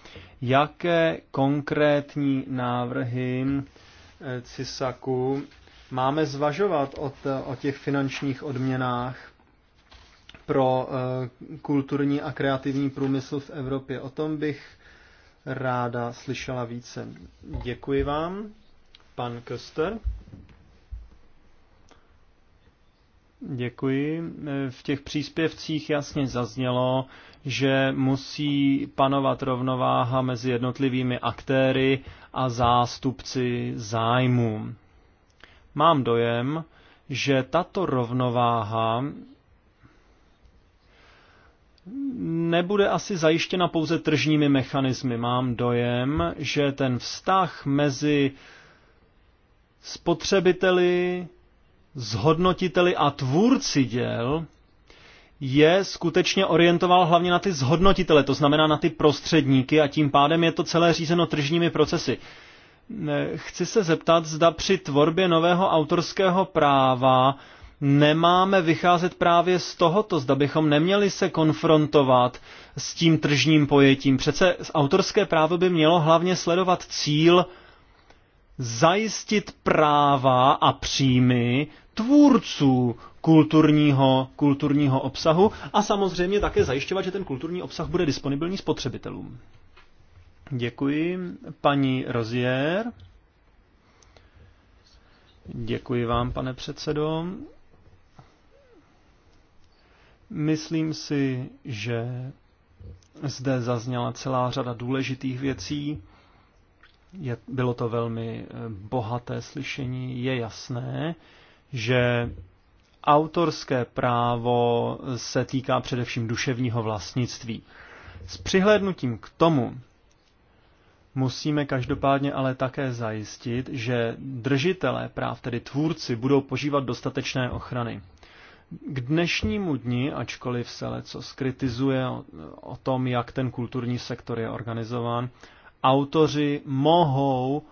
jaké konkrétní návrhy eh, CISAKu máme zvažovat o, t, o těch finančních odměnách pro eh, kulturní a kreativní průmysl v Evropě. O tom bych ráda slyšela více. Děkuji vám, pan Köster. Děkuji. V těch příspěvcích jasně zaznělo, že musí panovat rovnováha mezi jednotlivými aktéry a zástupci zájmu mám dojem, že tato rovnováha nebude asi zajištěna pouze tržními mechanismy. Mám dojem, že ten vztah mezi spotřebiteli, zhodnotiteli a tvůrci děl je skutečně orientoval hlavně na ty zhodnotitele, to znamená na ty prostředníky a tím pádem je to celé řízeno tržními procesy chci se zeptat, zda při tvorbě nového autorského práva nemáme vycházet právě z tohoto, zda bychom neměli se konfrontovat s tím tržním pojetím. Přece autorské právo by mělo hlavně sledovat cíl zajistit práva a příjmy tvůrců kulturního, kulturního obsahu a samozřejmě také zajišťovat, že ten kulturní obsah bude disponibilní spotřebitelům. Děkuji. Paní Rozier. Děkuji vám, pane předsedo. Myslím si, že zde zazněla celá řada důležitých věcí. Je, bylo to velmi eh, bohaté slyšení. Je jasné, že autorské právo se týká především duševního vlastnictví. S přihlédnutím k tomu, Musíme každopádně ale také zajistit, že držitelé práv, tedy tvůrci, budou požívat dostatečné ochrany. K dnešnímu dni, ačkoliv se leco skritizuje o, tom, jak ten kulturní sektor je organizován, autoři mohou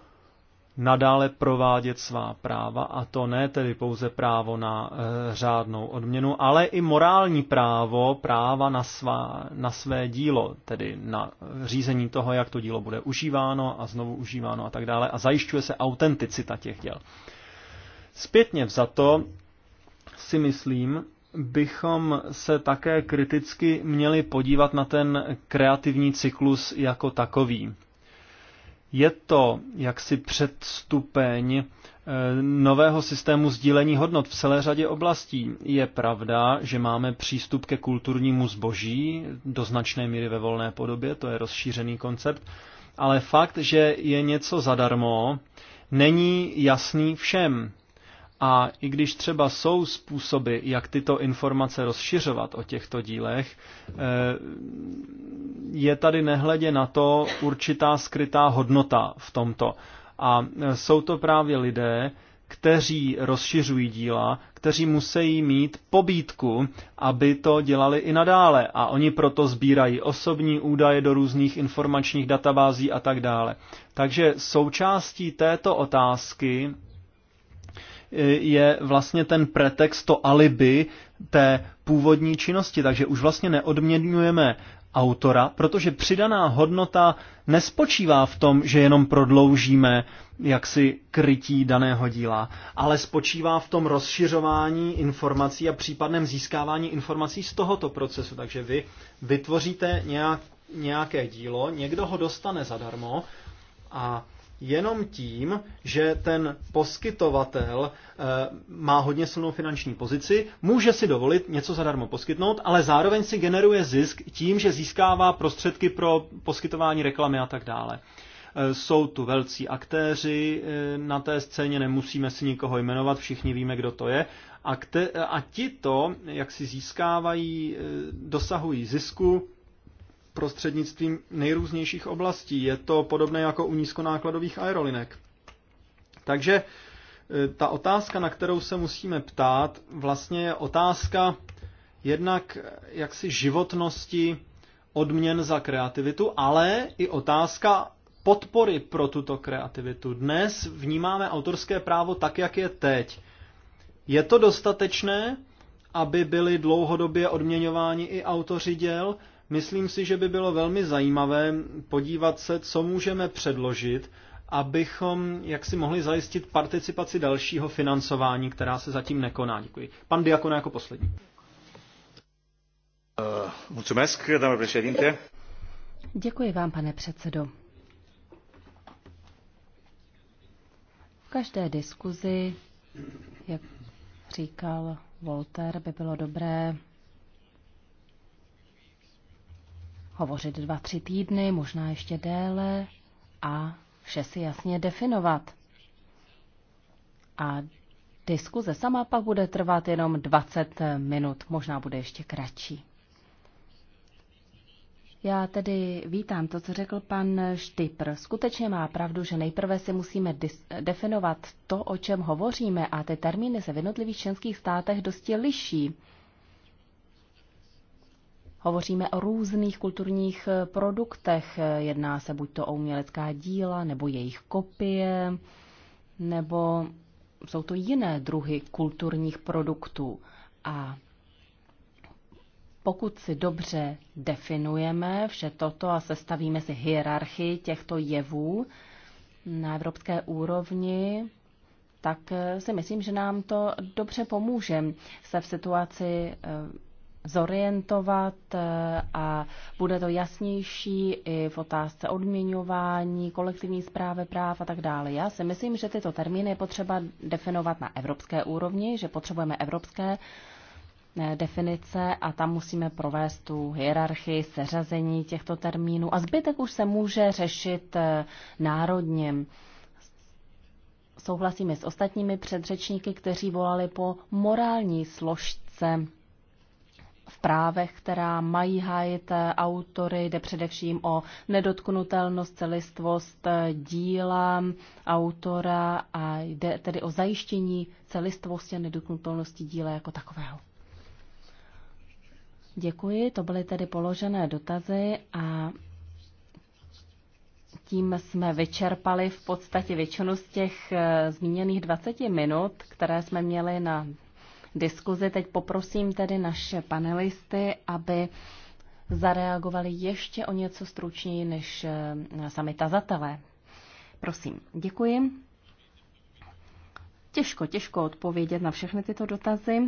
nadále provádět svá práva, a to ne tedy pouze právo na e, řádnou odměnu, ale i morální právo, práva na, svá, na své dílo, tedy na řízení toho, jak to dílo bude užíváno a znovu užíváno a tak dále, a zajišťuje se autenticita těch děl. Zpětně to si myslím, bychom se také kriticky měli podívat na ten kreativní cyklus jako takový je to jaksi předstupeň eh, nového systému sdílení hodnot v celé řadě oblastí. Je pravda, že máme přístup ke kulturnímu zboží do značné míry ve volné podobě, to je rozšířený koncept, ale fakt, že je něco zadarmo, není jasný všem. A i když třeba jsou způsoby, jak tyto informace rozšiřovat o těchto dílech, eh, je tady nehledě na to určitá skrytá hodnota v tomto. A eh, jsou to právě lidé, kteří rozšiřují díla, kteří musí mít pobídku, aby to dělali i nadále. A oni proto sbírají osobní údaje do různých informačních databází a tak dále. Takže součástí této otázky je vlastně ten pretext, to alibi té původní činnosti. Takže už vlastně neodměňujeme autora, protože přidaná hodnota nespočívá v tom, že jenom prodloužíme jaksi krytí daného díla, ale spočívá v tom rozšiřování informací a případném získávání informací z tohoto procesu. Takže vy vytvoříte nějak, nějaké dílo, někdo ho dostane zadarmo a jenom tím, že ten poskytovatel eh, má hodně silnou finanční pozici, může si dovolit něco zadarmo poskytnout, ale zároveň si generuje zisk tím, že získává prostředky pro poskytování reklamy a tak dále. Eh, jsou tu velcí aktéři eh, na té scéně, nemusíme si nikoho jmenovat, všichni víme, kdo to je. A, kte- a ti to, jak si získávají, dosahují zisku prostřednictvím nejrůznějších oblastí. Je to podobné jako u nízkonákladových aerolinek. Takže e, ta otázka, na kterou se musíme ptát, vlastně je otázka jednak jaksi životnosti odměn za kreativitu, ale i otázka podpory pro tuto kreativitu. Dnes vnímáme autorské právo tak, jak je teď. Je to dostatečné, aby byli dlouhodobě odměňováni i autoři děl, Myslím si, že by bylo velmi zajímavé podívat se, co můžeme předložit, abychom jak si mohli zajistit participaci dalšího financování, která se zatím nekoná. Děkuji. Pan Diakon jako poslední. dáme eh, Děkuji vám, pane předsedo. V každé diskuzi, jak říkal Volter, by bylo dobré hovořit dva, tři týdny, možná ještě déle a vše si jasně definovat. A diskuze sama pak bude trvat jenom 20 minut, možná bude ještě kratší. Já tedy vítám to, co řekl pan Štypr. Skutečně má pravdu, že nejprve si musíme definovat to, o čem hovoříme, a ty termíny se v jednotlivých členských státech dosti liší. Hovoříme o různých kulturních eh, produktech. Jedná se buď to o umělecká díla, nebo jejich kopie, nebo jsou to jiné druhy kulturních produktů. A pokud si dobře definujeme vše toto a sestavíme si hierarchii těchto jevů na evropské úrovni, tak eh, si myslím, že nám to dobře pomůže se v situaci eh, zorientovat eh, a bude to jasnější i v otázce odměňování, kolektivní zprávy práv a tak dále. Já si myslím, že tyto termíny je potřeba definovat na evropské úrovni, že potřebujeme evropské eh, definice a tam musíme provést tu hierarchii, seřazení těchto termínů a zbytek už se může řešit eh, národně. Souhlasíme s ostatními předřečníky, kteří volali po morální složce v právech, která mají hájit autory. Jde především o nedotknutelnost, celistvost díla autora a jde tedy o zajištění celistvosti a nedotknutelnosti díla jako takového. Děkuji, to byly tedy položené dotazy a tím jsme vyčerpali v podstatě většinu z těch eh, zmíněných 20 minut, které jsme měli na diskuzi. Teď poprosím tedy naše panelisty, aby zareagovali ještě o něco stručněji než eh, sami tazatelé. Prosím, děkuji. Těžko, těžko odpovědět na všechny tyto dotazy,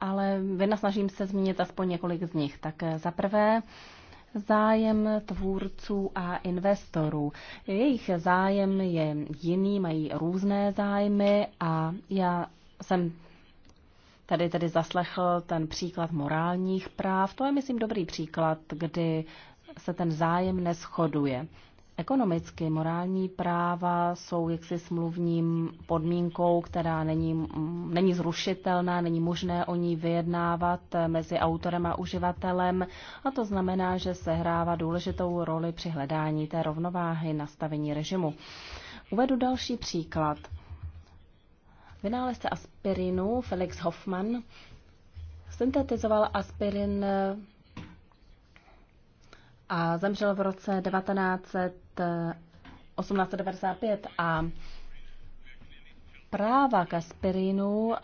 ale vynasnažím se zmínit aspoň několik z nich. Tak eh, za prvé, zájem tvůrců a investorů. Jejich zájem je jiný, mají různé zájmy a já jsem tady tedy zaslechl ten příklad morálních práv. To je, myslím, dobrý příklad, kdy se ten zájem neschoduje. Ekonomicky morální práva jsou jaksi smluvním podmínkou, která není, není zrušitelná, není možné o ní vyjednávat mezi autorem a uživatelem a to znamená, že se hrává důležitou roli při hledání té rovnováhy nastavení režimu. Uvedu další příklad. Vynálezce aspirinu Felix Hoffman syntetizoval aspirin eh, a zemřel v roce 1895 a práva k aspirinu eh,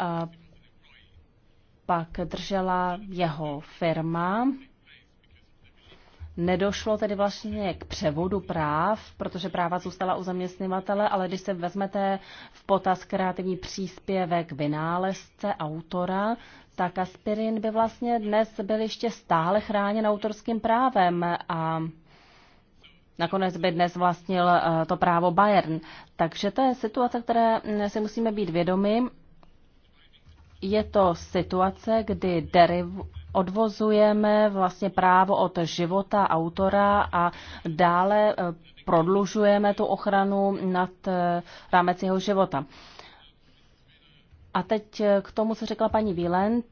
pak držela jeho firma Nedošlo tedy vlastně k převodu práv, protože práva zůstala u zaměstnavatele, ale když se vezmete v potaz kreativní příspěvek vynálezce, autora, tak aspirin by vlastně dnes byl ještě stále chráněn autorským právem a Nakonec by dnes vlastnil eh, to právo Bayern. Takže to je situace, které si musíme být vědomi je to situace, kdy deriv, odvozujeme vlastně právo od života autora a dále eh, prodlužujeme tu ochranu nad eh, rámec jeho života. A teď eh, k tomu, co řekla paní Wieland,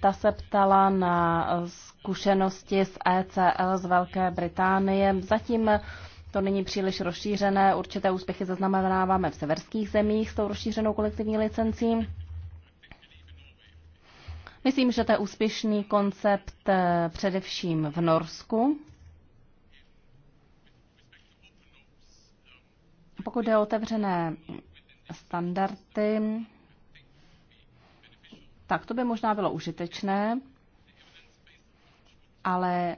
ta se ptala na zkušenosti z ECL z Velké Británie. Zatím to není příliš rozšířené, určité úspěchy zaznamenáváme v severských zemích s tou rozšířenou kolektivní licencí. Myslím, že to je úspěšný koncept eh, především v Norsku. Pokud je otevřené standardy, tak to by možná bylo užitečné, ale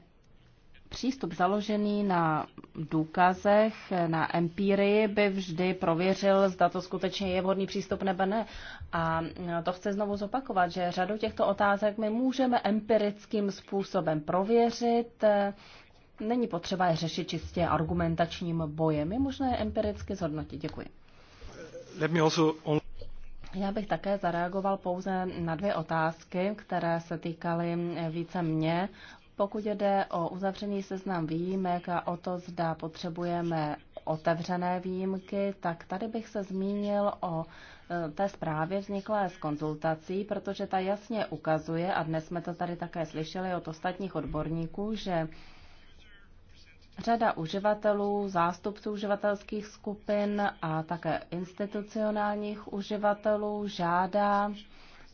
Přístup založený na důkazech, na empírii by vždy prověřil, zda to skutečně je vhodný přístup nebo ne. A to chci znovu zopakovat, že řadu těchto otázek my můžeme empirickým způsobem prověřit. Není potřeba je řešit čistě argumentačním bojem. Je možné je empiricky zhodnotit. Děkuji. Let me also on... Já bych také zareagoval pouze na dvě otázky, které se týkaly více mě pokud jde o uzavřený seznam výjimek a o to, zda potřebujeme otevřené výjimky, tak tady bych se zmínil o e, té zprávě vzniklé z konzultací, protože ta jasně ukazuje, a dnes jsme to tady také slyšeli od ostatních odborníků, že řada uživatelů, zástupců uživatelských skupin a také institucionálních uživatelů žádá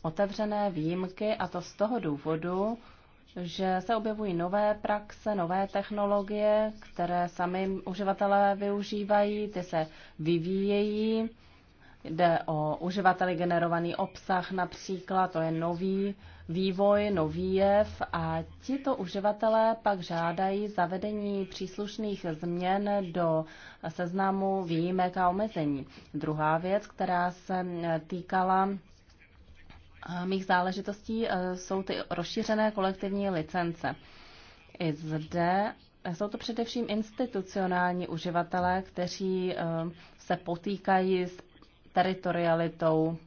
otevřené výjimky a to z toho důvodu, že se objevují nové praxe, nové technologie, které sami uživatelé využívají, ty se vyvíjejí. Jde o uživateli generovaný obsah například, to je nový vývoj, nový jev a tito uživatelé pak žádají zavedení příslušných změn do seznamu výjimek a omezení. Druhá věc, která se týkala Eh, mých záležitostí eh, jsou ty rozšířené kolektivní licence. I zde eh, jsou to především institucionální uživatelé, kteří se potýkají s teritorialitou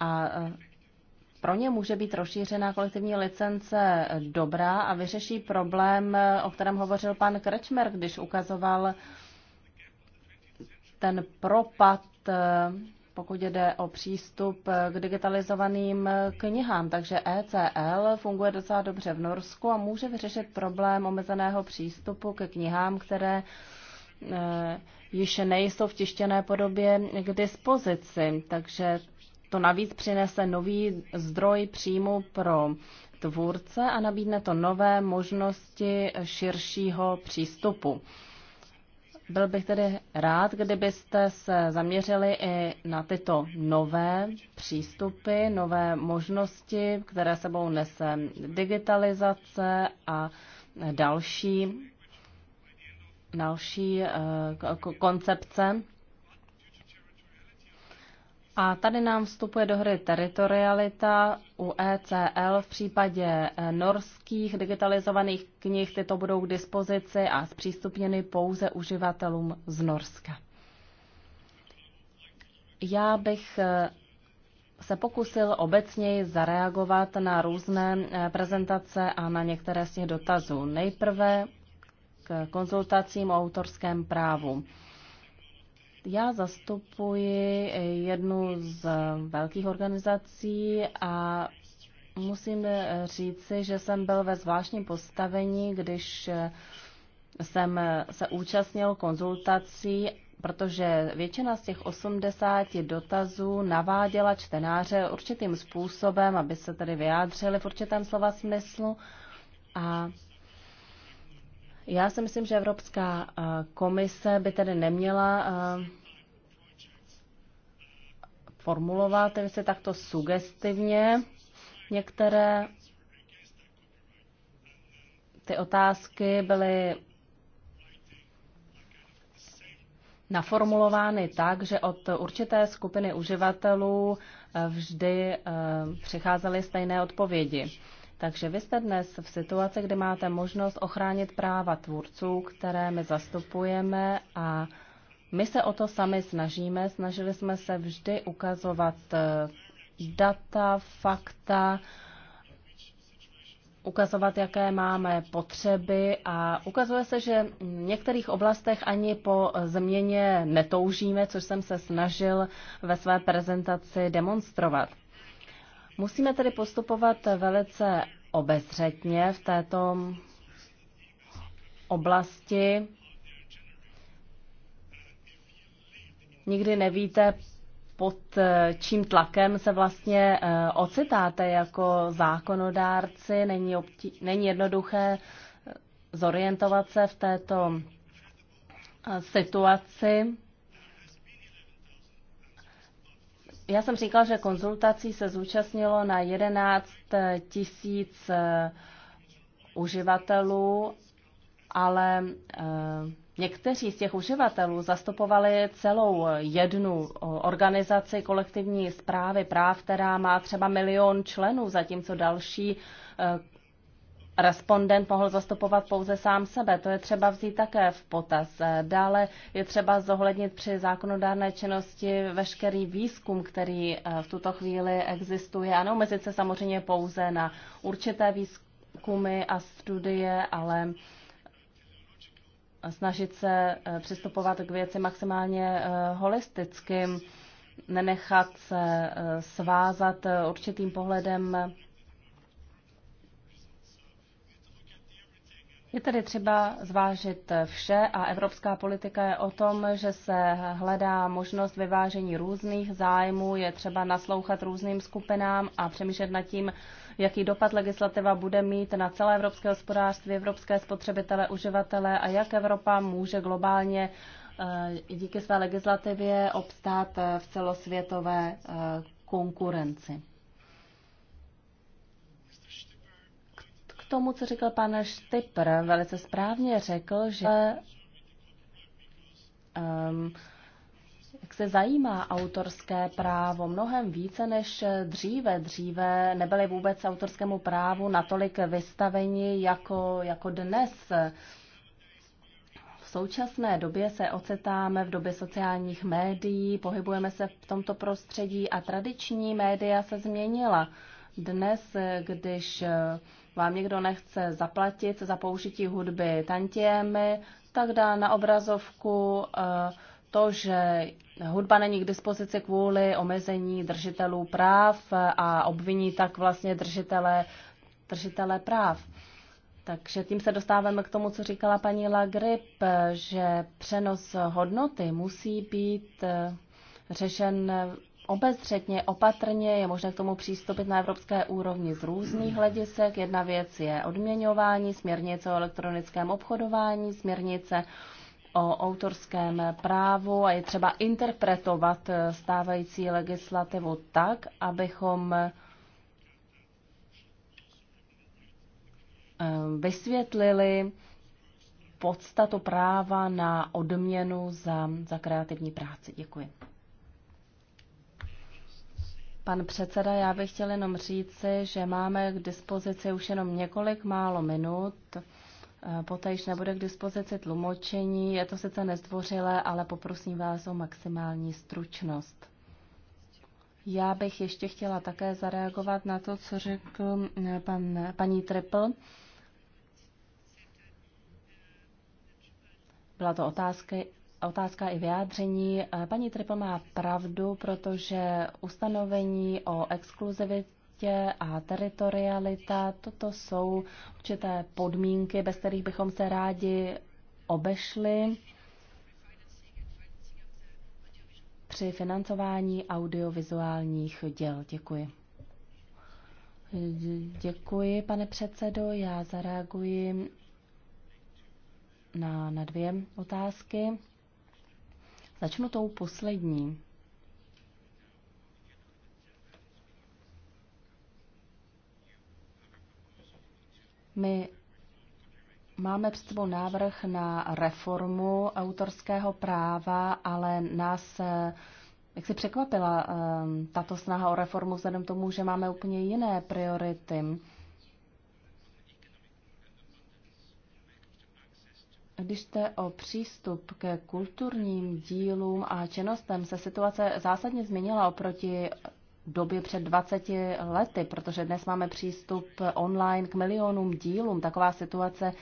a pro ně může být rozšířená kolektivní licence dobrá a vyřeší problém, o kterém hovořil pan Krečmer, když ukazoval ten propad pokud jde o přístup k digitalizovaným knihám. Takže ECL funguje docela dobře v Norsku a může vyřešit problém omezeného přístupu ke knihám, které eh, již nejsou v tištěné podobě k dispozici. Takže to navíc přinese nový zdroj příjmu pro tvůrce a nabídne to nové možnosti širšího přístupu. Byl bych tedy rád, kdybyste se zaměřili i na tyto nové přístupy, nové možnosti, které sebou nese digitalizace a další, další eh, koncepce. A tady nám vstupuje do hry teritorialita u ECL. V případě eh, norských digitalizovaných knih tyto budou k dispozici a zpřístupněny pouze uživatelům z Norska. Já bych eh, se pokusil obecněji zareagovat na různé eh, prezentace a na některé z těch dotazů. Nejprve k konzultacím o autorském právu. Já zastupuji eh, jednu z velkých organizací a musím eh, říci, že jsem byl ve zvláštním postavení, když eh, jsem se účastnil konzultací, protože většina z těch 80 dotazů naváděla čtenáře určitým způsobem, aby se tedy vyjádřili v určitém slova smyslu. A já si myslím, že Evropská eh, komise by tedy neměla eh, formulovat se takto sugestivně některé ty otázky byly naformulovány tak, že od určité skupiny uživatelů eh, vždy přicházely stejné odpovědi. Takže vy jste dnes v situaci, kdy máte možnost ochránit práva tvůrců, které my zastupujeme a my se o to sami snažíme. Snažili jsme se vždy ukazovat eh, data, fakta, ukazovat, jaké máme potřeby a ukazuje se, že v některých oblastech ani po změně netoužíme, což jsem se snažil ve své prezentaci demonstrovat. Musíme tedy postupovat velice obezřetně v této oblasti. Nikdy nevíte, pod čím tlakem se vlastně eh, ocitáte jako zákonodárci. Není, obtí, není jednoduché eh, zorientovat se v této eh, situaci. Já jsem říkal, že konzultací se zúčastnilo na 11 tisíc eh, uživatelů, ale eh, někteří z těch uživatelů zastupovali celou jednu organizaci kolektivní zprávy práv, která má třeba milion členů, zatímco další eh, respondent mohl zastupovat pouze sám sebe. To je třeba vzít také v potaz. Dále je třeba zohlednit při zákonodárné činnosti veškerý výzkum, který eh, v tuto chvíli existuje. Ano, mezi se samozřejmě pouze na určité výzkumy a studie, ale snažit se eh, přistupovat k věci maximálně eh, holisticky, nenechat se svázat určitým pohledem Je tedy třeba zvážit vše a evropská politika je o tom, že se hledá možnost vyvážení různých zájmů, je třeba naslouchat různým skupinám a přemýšlet nad tím, jaký dopad legislativa bude mít na celé evropské hospodářství, evropské spotřebitele, uživatele a jak Evropa může globálně eh, díky své legislativě obstát v celosvětové eh, konkurenci. tomu, co řekl pan Štypr, velice správně řekl, že um, jak se zajímá autorské právo mnohem více než dříve. Dříve nebyly vůbec autorskému právu natolik vystaveni jako, jako dnes. V současné době se ocitáme v době sociálních médií, pohybujeme se v tomto prostředí a tradiční média se změnila. Dnes, když vám někdo nechce zaplatit za použití hudby tantiemy, tak dá na obrazovku eh, to, že hudba není k dispozici kvůli omezení držitelů práv eh, a obviní tak vlastně držitele, držitele práv. Takže tím se dostáváme k tomu, co říkala paní Lagrip, eh, že přenos hodnoty musí být řešen obezřetně, opatrně, je možné k tomu přístupit na evropské úrovni z různých hledisek. Jedna věc je odměňování, směrnice o elektronickém obchodování, směrnice o autorském právu a je třeba interpretovat eh, stávající legislativu tak, abychom eh, vysvětlili podstatu práva na odměnu za, za kreativní práci. Děkuji. Pan předseda, já bych chtěl jenom říci, že máme k dispozici už jenom několik málo minut. Eh, poté již nebude k dispozici tlumočení. Je to sice nezdvořilé, ale poprosím vás o maximální stručnost. Já bych ještě chtěla také zareagovat na to, co řekl eh, pan, paní Triple. Byla to otázka, otázka i vyjádření. Eh, paní Tripl má pravdu, protože ustanovení o exkluzivitě a teritorialita, toto jsou určité podmínky, bez kterých bychom se rádi obešli při financování audiovizuálních děl. Děkuji. Děkuji, pane předsedo. Já zareaguji na, na dvě otázky. Začnu tou poslední. My máme před sebou návrh na reformu autorského práva, ale nás eh, jak si překvapila eh, tato snaha o reformu vzhledem tomu, že máme úplně jiné priority. Když jste o přístup ke kulturním dílům a činnostem, se situace zásadně změnila oproti době před 20 lety, protože dnes máme přístup online k milionům dílům. Taková situace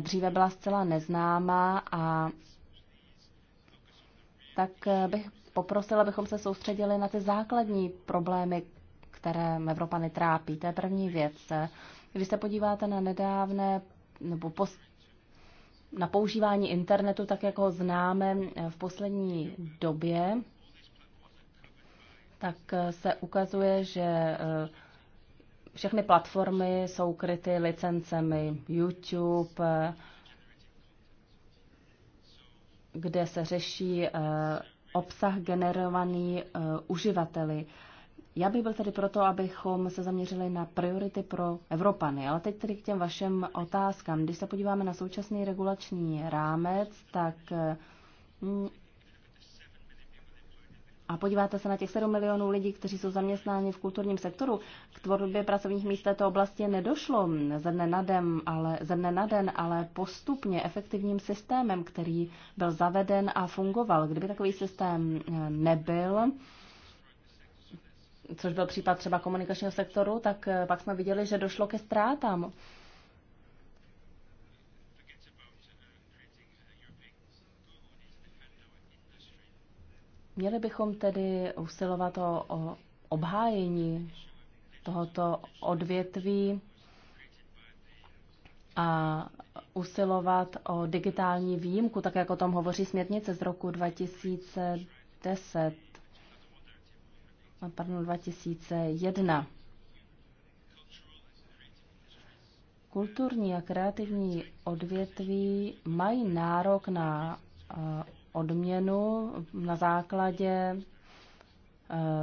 dříve byla zcela neznámá a tak bych poprosila, abychom se soustředili na ty základní problémy, které Evropany trápí. To je první věc. Když se podíváte na nedávné nebo post na používání internetu, tak jak ho známe v poslední době, tak se ukazuje, že eh, všechny platformy jsou kryty licencemi YouTube, kde se řeší eh, obsah generovaný eh, uživateli. Já bych byl tedy proto, abychom se zaměřili na priority pro Evropany, ale teď tedy k těm vašim otázkám. Když se podíváme na současný regulační rámec, tak mm, a podíváte se na těch 7 milionů lidí, kteří jsou zaměstnáni v kulturním sektoru, k tvorbě pracovních míst této oblasti nedošlo ze dne na den, ale, ze dne na den, ale postupně efektivním systémem, který byl zaveden a fungoval. Kdyby takový systém eh, nebyl, což byl případ třeba komunikačního sektoru, tak eh, pak jsme viděli, že došlo ke ztrátám. Měli bychom tedy usilovat o, o obhájení tohoto odvětví a usilovat o digitální výjimku, tak jak o tom hovoří směrnice z roku 2010 pardon, 2001. Kulturní a kreativní odvětví mají nárok na odměnu na základě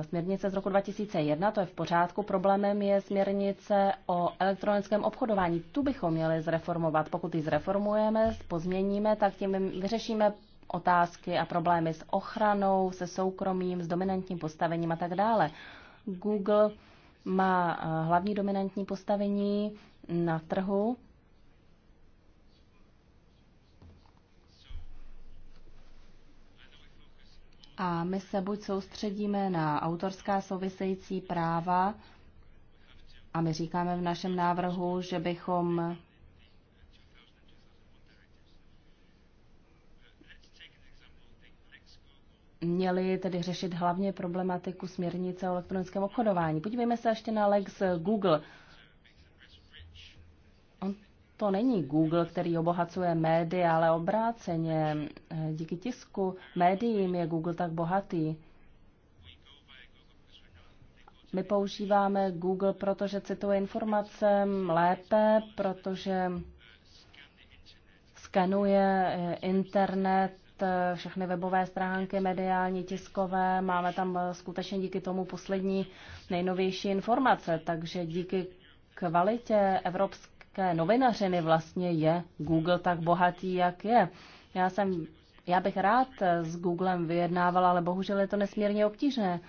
směrnice z roku 2001, to je v pořádku. Problémem je směrnice o elektronickém obchodování. Tu bychom měli zreformovat. Pokud ji zreformujeme, pozměníme, tak tím vyřešíme otázky a problémy s ochranou, se soukromím, s dominantním postavením a tak dále. Google má eh, hlavní dominantní postavení na trhu. A my se buď soustředíme na autorská související práva, a my říkáme v našem návrhu, že bychom měli tedy řešit hlavně problematiku směrnice o elektronickém obchodování. Podívejme se ještě na Lex Google. On to není Google, který obohacuje média, ale obráceně. Eh, díky tisku médiím je Google tak bohatý. My používáme Google, protože cituje informace lépe, protože skenuje eh, internet Eh, všechny webové stránky, mediální, tiskové. Máme tam eh, skutečně díky tomu poslední nejnovější informace, takže díky kvalitě evropské novinařiny vlastně je Google tak bohatý, jak je. Já jsem já bych rád eh, s Googlem vyjednávala, ale bohužel je to nesmírně obtížné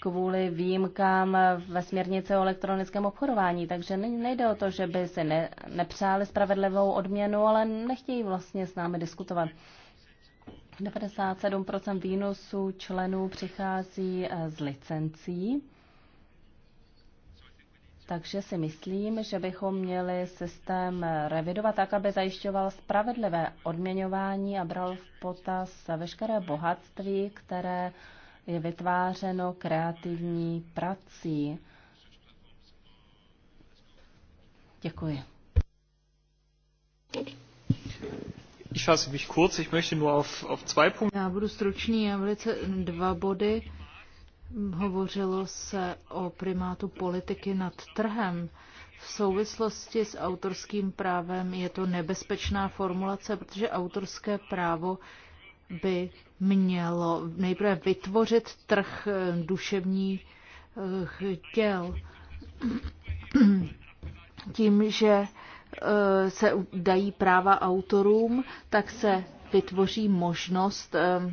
kvůli výjimkám ve směrnici o elektronickém obchodování. Takže nejde o to, že by si ne, nepřáli spravedlivou odměnu, ale nechtějí vlastně s námi diskutovat. 97% výnosů členů přichází eh, z licencí. Takže si myslím, že bychom měli systém eh, revidovat tak, aby zajišťoval spravedlivé odměňování a bral v potaz veškeré bohatství, které je vytvářeno kreativní prací. Děkuji. Ich fasse mich kurz, ich möchte nur auf, auf zwei Punkte. Já budu stručný, já velice dva body. Hovořilo se o primátu politiky nad trhem. V souvislosti s autorským právem je to nebezpečná formulace, protože autorské právo by mělo nejprve vytvořit trh eh, duševních eh, těl. Tím, že Eh, se dají práva autorům, tak se vytvoří možnost eh,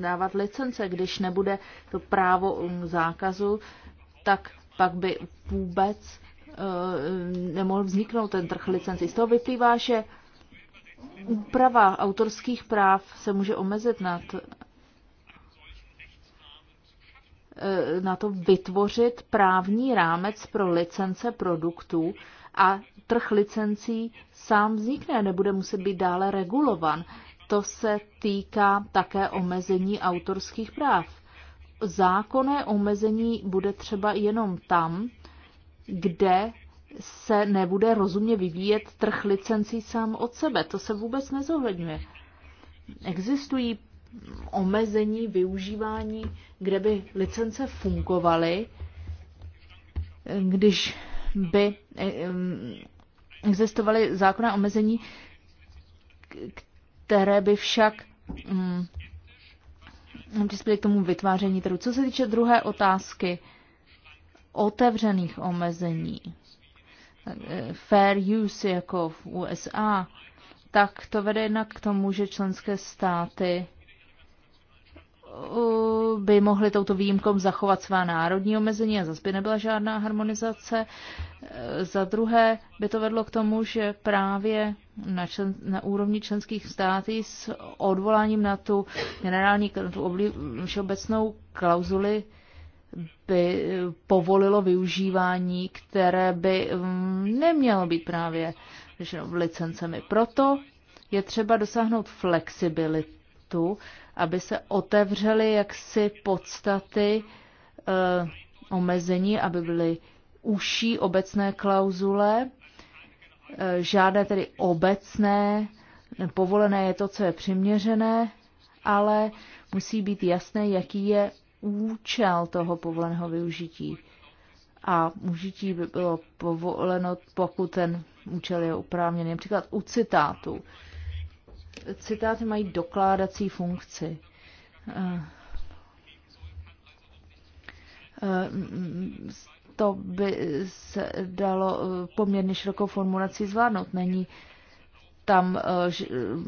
dávat licence. Když nebude to právo zákazu, tak pak by vůbec eh, nemohl vzniknout ten trh licenci. Z toho vyplývá, že úprava autorských práv se může omezit to, na to vytvořit právní rámec pro licence produktů, a trh licencí sám vznikne, nebude muset být dále regulovan. To se týká také omezení autorských práv. Zákonné omezení bude třeba jenom tam, kde se nebude rozumně vyvíjet trh licencí sám od sebe. To se vůbec nezohledňuje. Existují omezení využívání, kde by licence fungovaly, když by existovaly zákonná omezení, které by však mm, přispěly k tomu vytváření trhu. Co se týče druhé otázky, otevřených omezení, fair use jako v USA, tak to vede jednak k tomu, že členské státy by mohli touto výjimkou zachovat svá národní omezení a zase by nebyla žádná harmonizace. Za druhé by to vedlo k tomu, že právě na, člen, na úrovni členských států s odvoláním na tu generální na tu obli, všeobecnou klauzuli by povolilo využívání, které by mm, nemělo být právě no, licencemi. Proto je třeba dosáhnout flexibility tématu, aby se otevřely jaksi podstaty e, omezení, aby byly uší obecné klauzule. E, žádné tedy obecné, povolené je to, co je přiměřené, ale musí být jasné, jaký je účel toho povoleného využití. A užití by bylo povoleno, pokud ten účel je oprávněný. Například u citátu citáty mají dokládací funkci. To by se dalo poměrně širokou formulací zvládnout. Není tam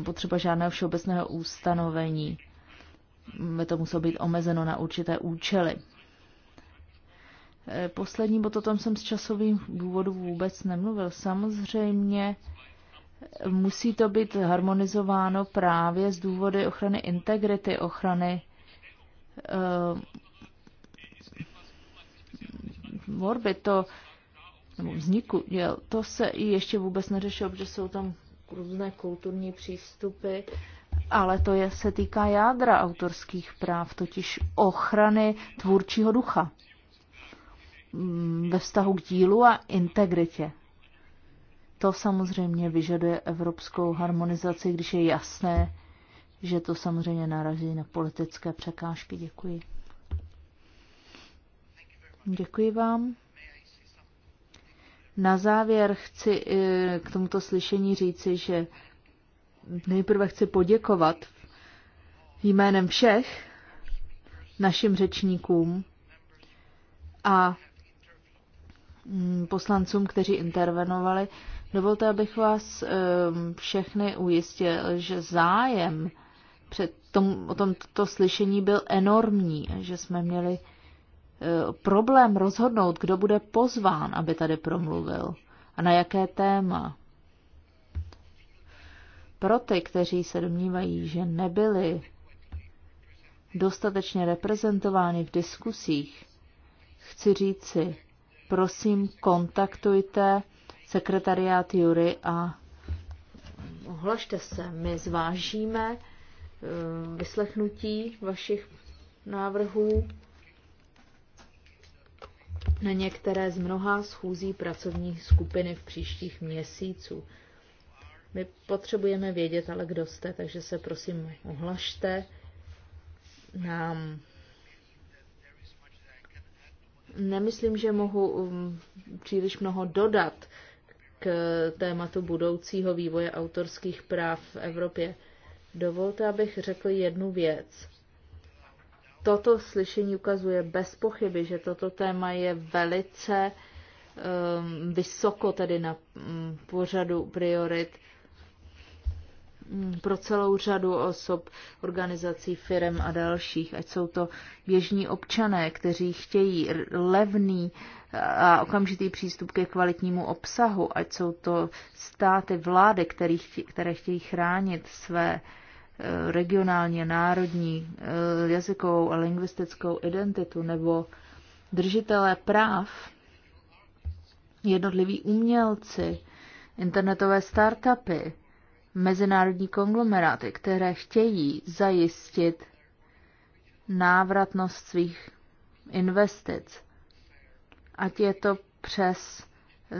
potřeba žádného všeobecného ustanovení. By to muselo být omezeno na určité účely. Poslední bod, o tom jsem z časových důvodů vůbec nemluvil. Samozřejmě Musí to být harmonizováno právě z důvody ochrany integrity, ochrany uh, eh, morby, to, nebo vzniku, je, to se i ještě vůbec neřešilo, protože jsou tam různé kulturní přístupy, ale to je, se týká jádra autorských práv, totiž ochrany tvůrčího ducha mm, ve vztahu k dílu a integritě. To samozřejmě vyžaduje evropskou harmonizaci, když je jasné, že to samozřejmě narazí na politické překážky. Děkuji. Děkuji vám. Na závěr chci eh, k tomuto slyšení říci, že nejprve chci poděkovat jménem všech našim řečníkům a mm, poslancům, kteří intervenovali. Dovolte, abych vás ehm, všechny ujistil, že zájem před tom, o tomto slyšení byl enormní, že jsme měli e, problém rozhodnout, kdo bude pozván, aby tady promluvil a na jaké téma. Pro ty, kteří se domnívají, že nebyli dostatečně reprezentováni v diskusích, chci říci, prosím, kontaktujte sekretariát Jury a ohlašte se, my zvážíme eh, vyslechnutí vašich návrhů na některé z mnoha schůzí pracovní skupiny v příštích měsíců. My potřebujeme vědět, ale kdo jste, takže se prosím ohlašte nám. Nemyslím, že mohu um, příliš mnoho dodat k tématu budoucího vývoje autorských práv v Evropě. Dovolte, abych řekl jednu věc. Toto slyšení ukazuje bez pochyby, že toto téma je velice um, vysoko tedy na um, pořadu priorit mm, pro celou řadu osob, organizací, firm a dalších, ať jsou to běžní občané, kteří chtějí levný uh, a okamžitý přístup ke kvalitnímu obsahu, ať jsou to státy, vlády, které chtějí chránit své eh, regionálně, národní eh, jazykovou a lingvistickou identitu nebo držitelé práv, jednotliví umělci, internetové startupy, mezinárodní konglomeráty, které chtějí zajistit návratnost svých investic ať je to přes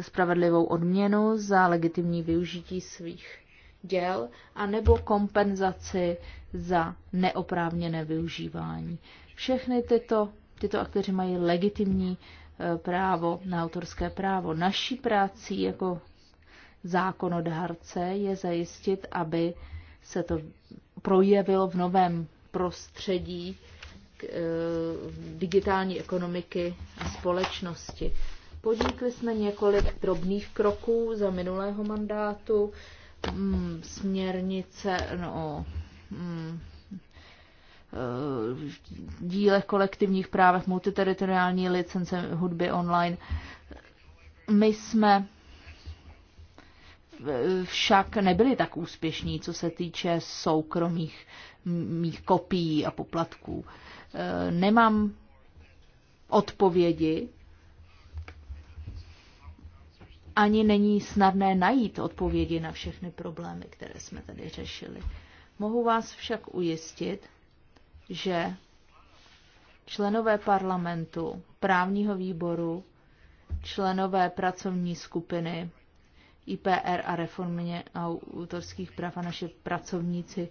spravedlivou odměnu za legitimní využití svých děl, anebo kompenzaci za neoprávněné využívání. Všechny tyto, tyto aktéři mají legitimní e, právo na autorské právo. Naší práci jako zákonodárce je zajistit, aby se to projevilo v novém prostředí Eh, digitální ekonomiky a společnosti. Podnikli jsme několik drobných kroků za minulého mandátu, mm, směrnice no, mm, eh, dílech kolektivních právech, multiteritoriální licence hudby online. My jsme však nebyli tak úspěšní, co se týče soukromých mých kopií a poplatků. E, nemám odpovědi, ani není snadné najít odpovědi na všechny problémy, které jsme tady řešili. Mohu vás však ujistit, že členové parlamentu, právního výboru, členové pracovní skupiny IPR a reformě autorských práv a naše pracovníci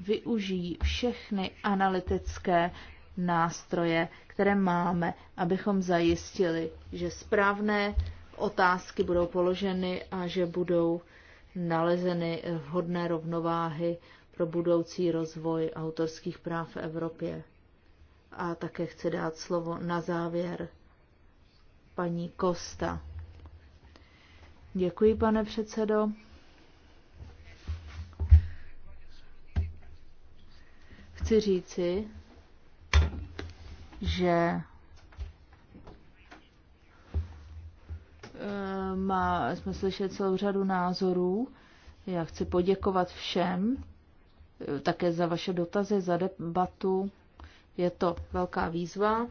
využijí všechny analytické nástroje, které máme, abychom zajistili, že správné otázky budou položeny a že budou nalezeny vhodné rovnováhy pro budoucí rozvoj autorských práv v Evropě. A také chci dát slovo na závěr paní Kosta. Děkuji, pane předsedo. chci říci, že eh, má, jsme slyšeli celou řadu názorů. Já chci poděkovat všem, eh, také za vaše dotazy, za debatu. Je to velká výzva.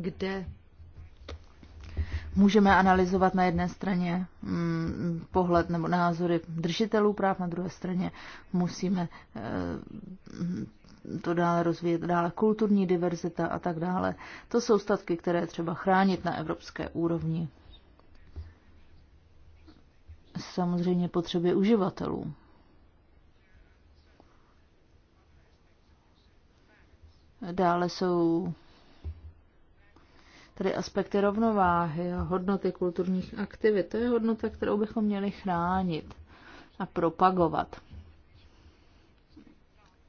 Kde můžeme analyzovat na jedné straně mm, pohled nebo názory držitelů práv, na druhé straně musíme eh, to dále rozvíjet, dále kulturní diverzita a tak dále. To jsou statky, které třeba chránit na evropské úrovni. Samozřejmě potřeby uživatelů. Dále jsou tedy aspekty rovnováhy a hodnoty kulturních aktivit. To je hodnota, kterou bychom měli chránit a propagovat.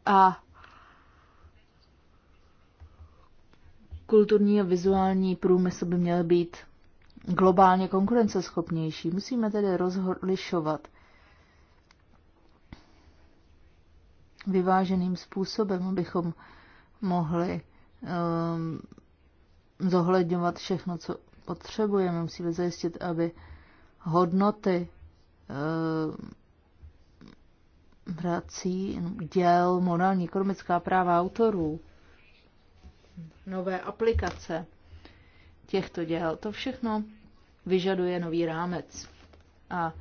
A kulturní a vizuální průmysl by měl být globálně konkurenceschopnější. Musíme tedy rozlišovat vyváženým způsobem, abychom mohli um, zohledňovat všechno, co potřebujeme. Musíme zajistit, aby hodnoty eh, prací, děl, morální, ekonomická práva autorů, nové aplikace těchto děl, to všechno vyžaduje nový rámec. A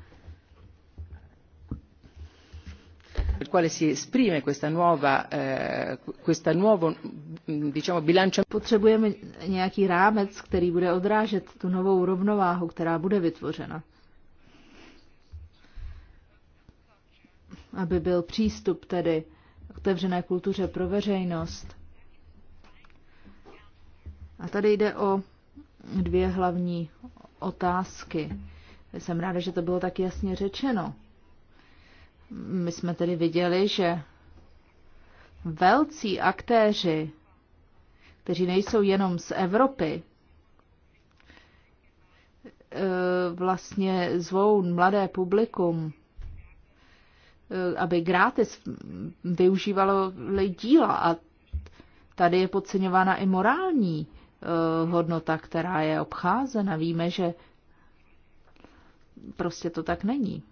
nel quale si esprime questa nuova, eh, questa nuovo, mm, diciamo, bilancio. Potřebujeme nějaký rámec, který bude odrážet tu novou rovnováhu, která bude vytvořena. Aby byl přístup tedy otevřené kultuře pro veřejnost. A tady jde o dvě hlavní otázky. Jsem ráda, že to bylo tak jasně řečeno. My jsme tedy viděli, že velcí aktéři, kteří nejsou jenom z Evropy, e, vlastně zvou mladé publikum, e, aby gratis využívalo díla a tady je podceňována i morální e, hodnota, která je obcházena. Víme, že prostě to tak není.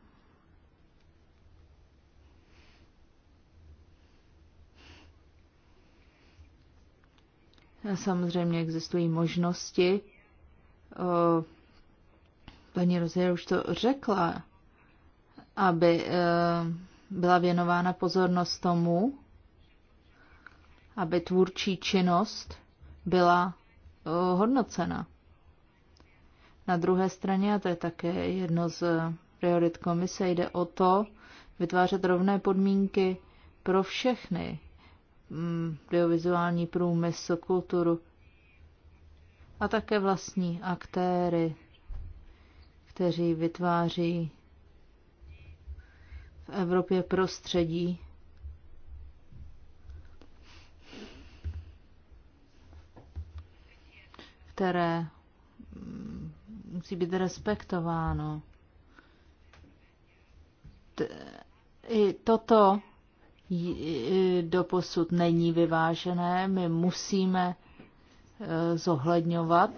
Samozřejmě existují možnosti. Paní Rozie už to řekla, aby e, byla věnována pozornost tomu, aby tvůrčí činnost byla hodnocena. Na druhé straně, a to je také jedno z priorit komise, jde o to vytvářet rovné podmínky pro všechny Mm, audiovizuální průmysl, kulturu a také vlastní aktéry, kteří vytváří v Evropě prostředí, které mm, musí být respektováno. I toto doposud není vyvážené. My musíme eh, zohledňovat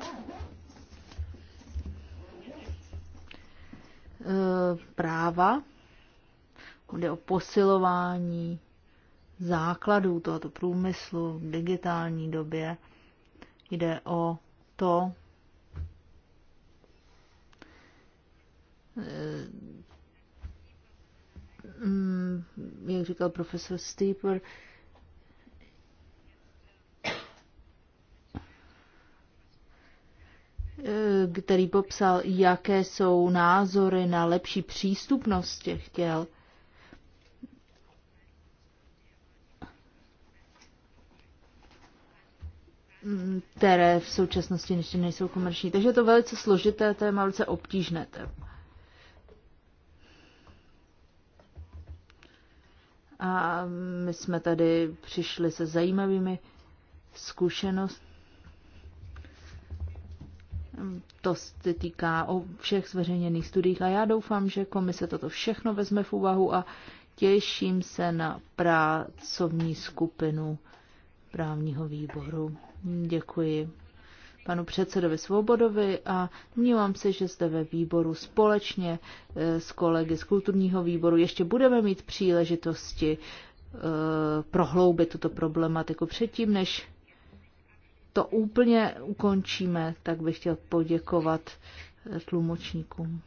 eh, práva, jde o posilování základů tohoto průmyslu v digitální době. Jde o to, eh, Mm, jak říkal profesor Steeper, eh, který popsal, jaké jsou názory na lepší přístupnost těch těl. Mm, které v současnosti ještě nejsou komerční. Takže je to velice složité téma, velice obtížné téma. A my jsme tady přišli se zajímavými zkušenostmi. To se týká o všech zveřejněných studiích a já doufám, že komise toto všechno vezme v úvahu a těším se na pracovní skupinu právního výboru. Děkuji panu předsedovi Svobodovi a mnívám se, že zde ve výboru společně eh, s kolegy z kulturního výboru ještě budeme mít příležitosti eh, prohloubit tuto problematiku. Předtím, než to úplně ukončíme, tak bych chtěl poděkovat eh, tlumočníkům.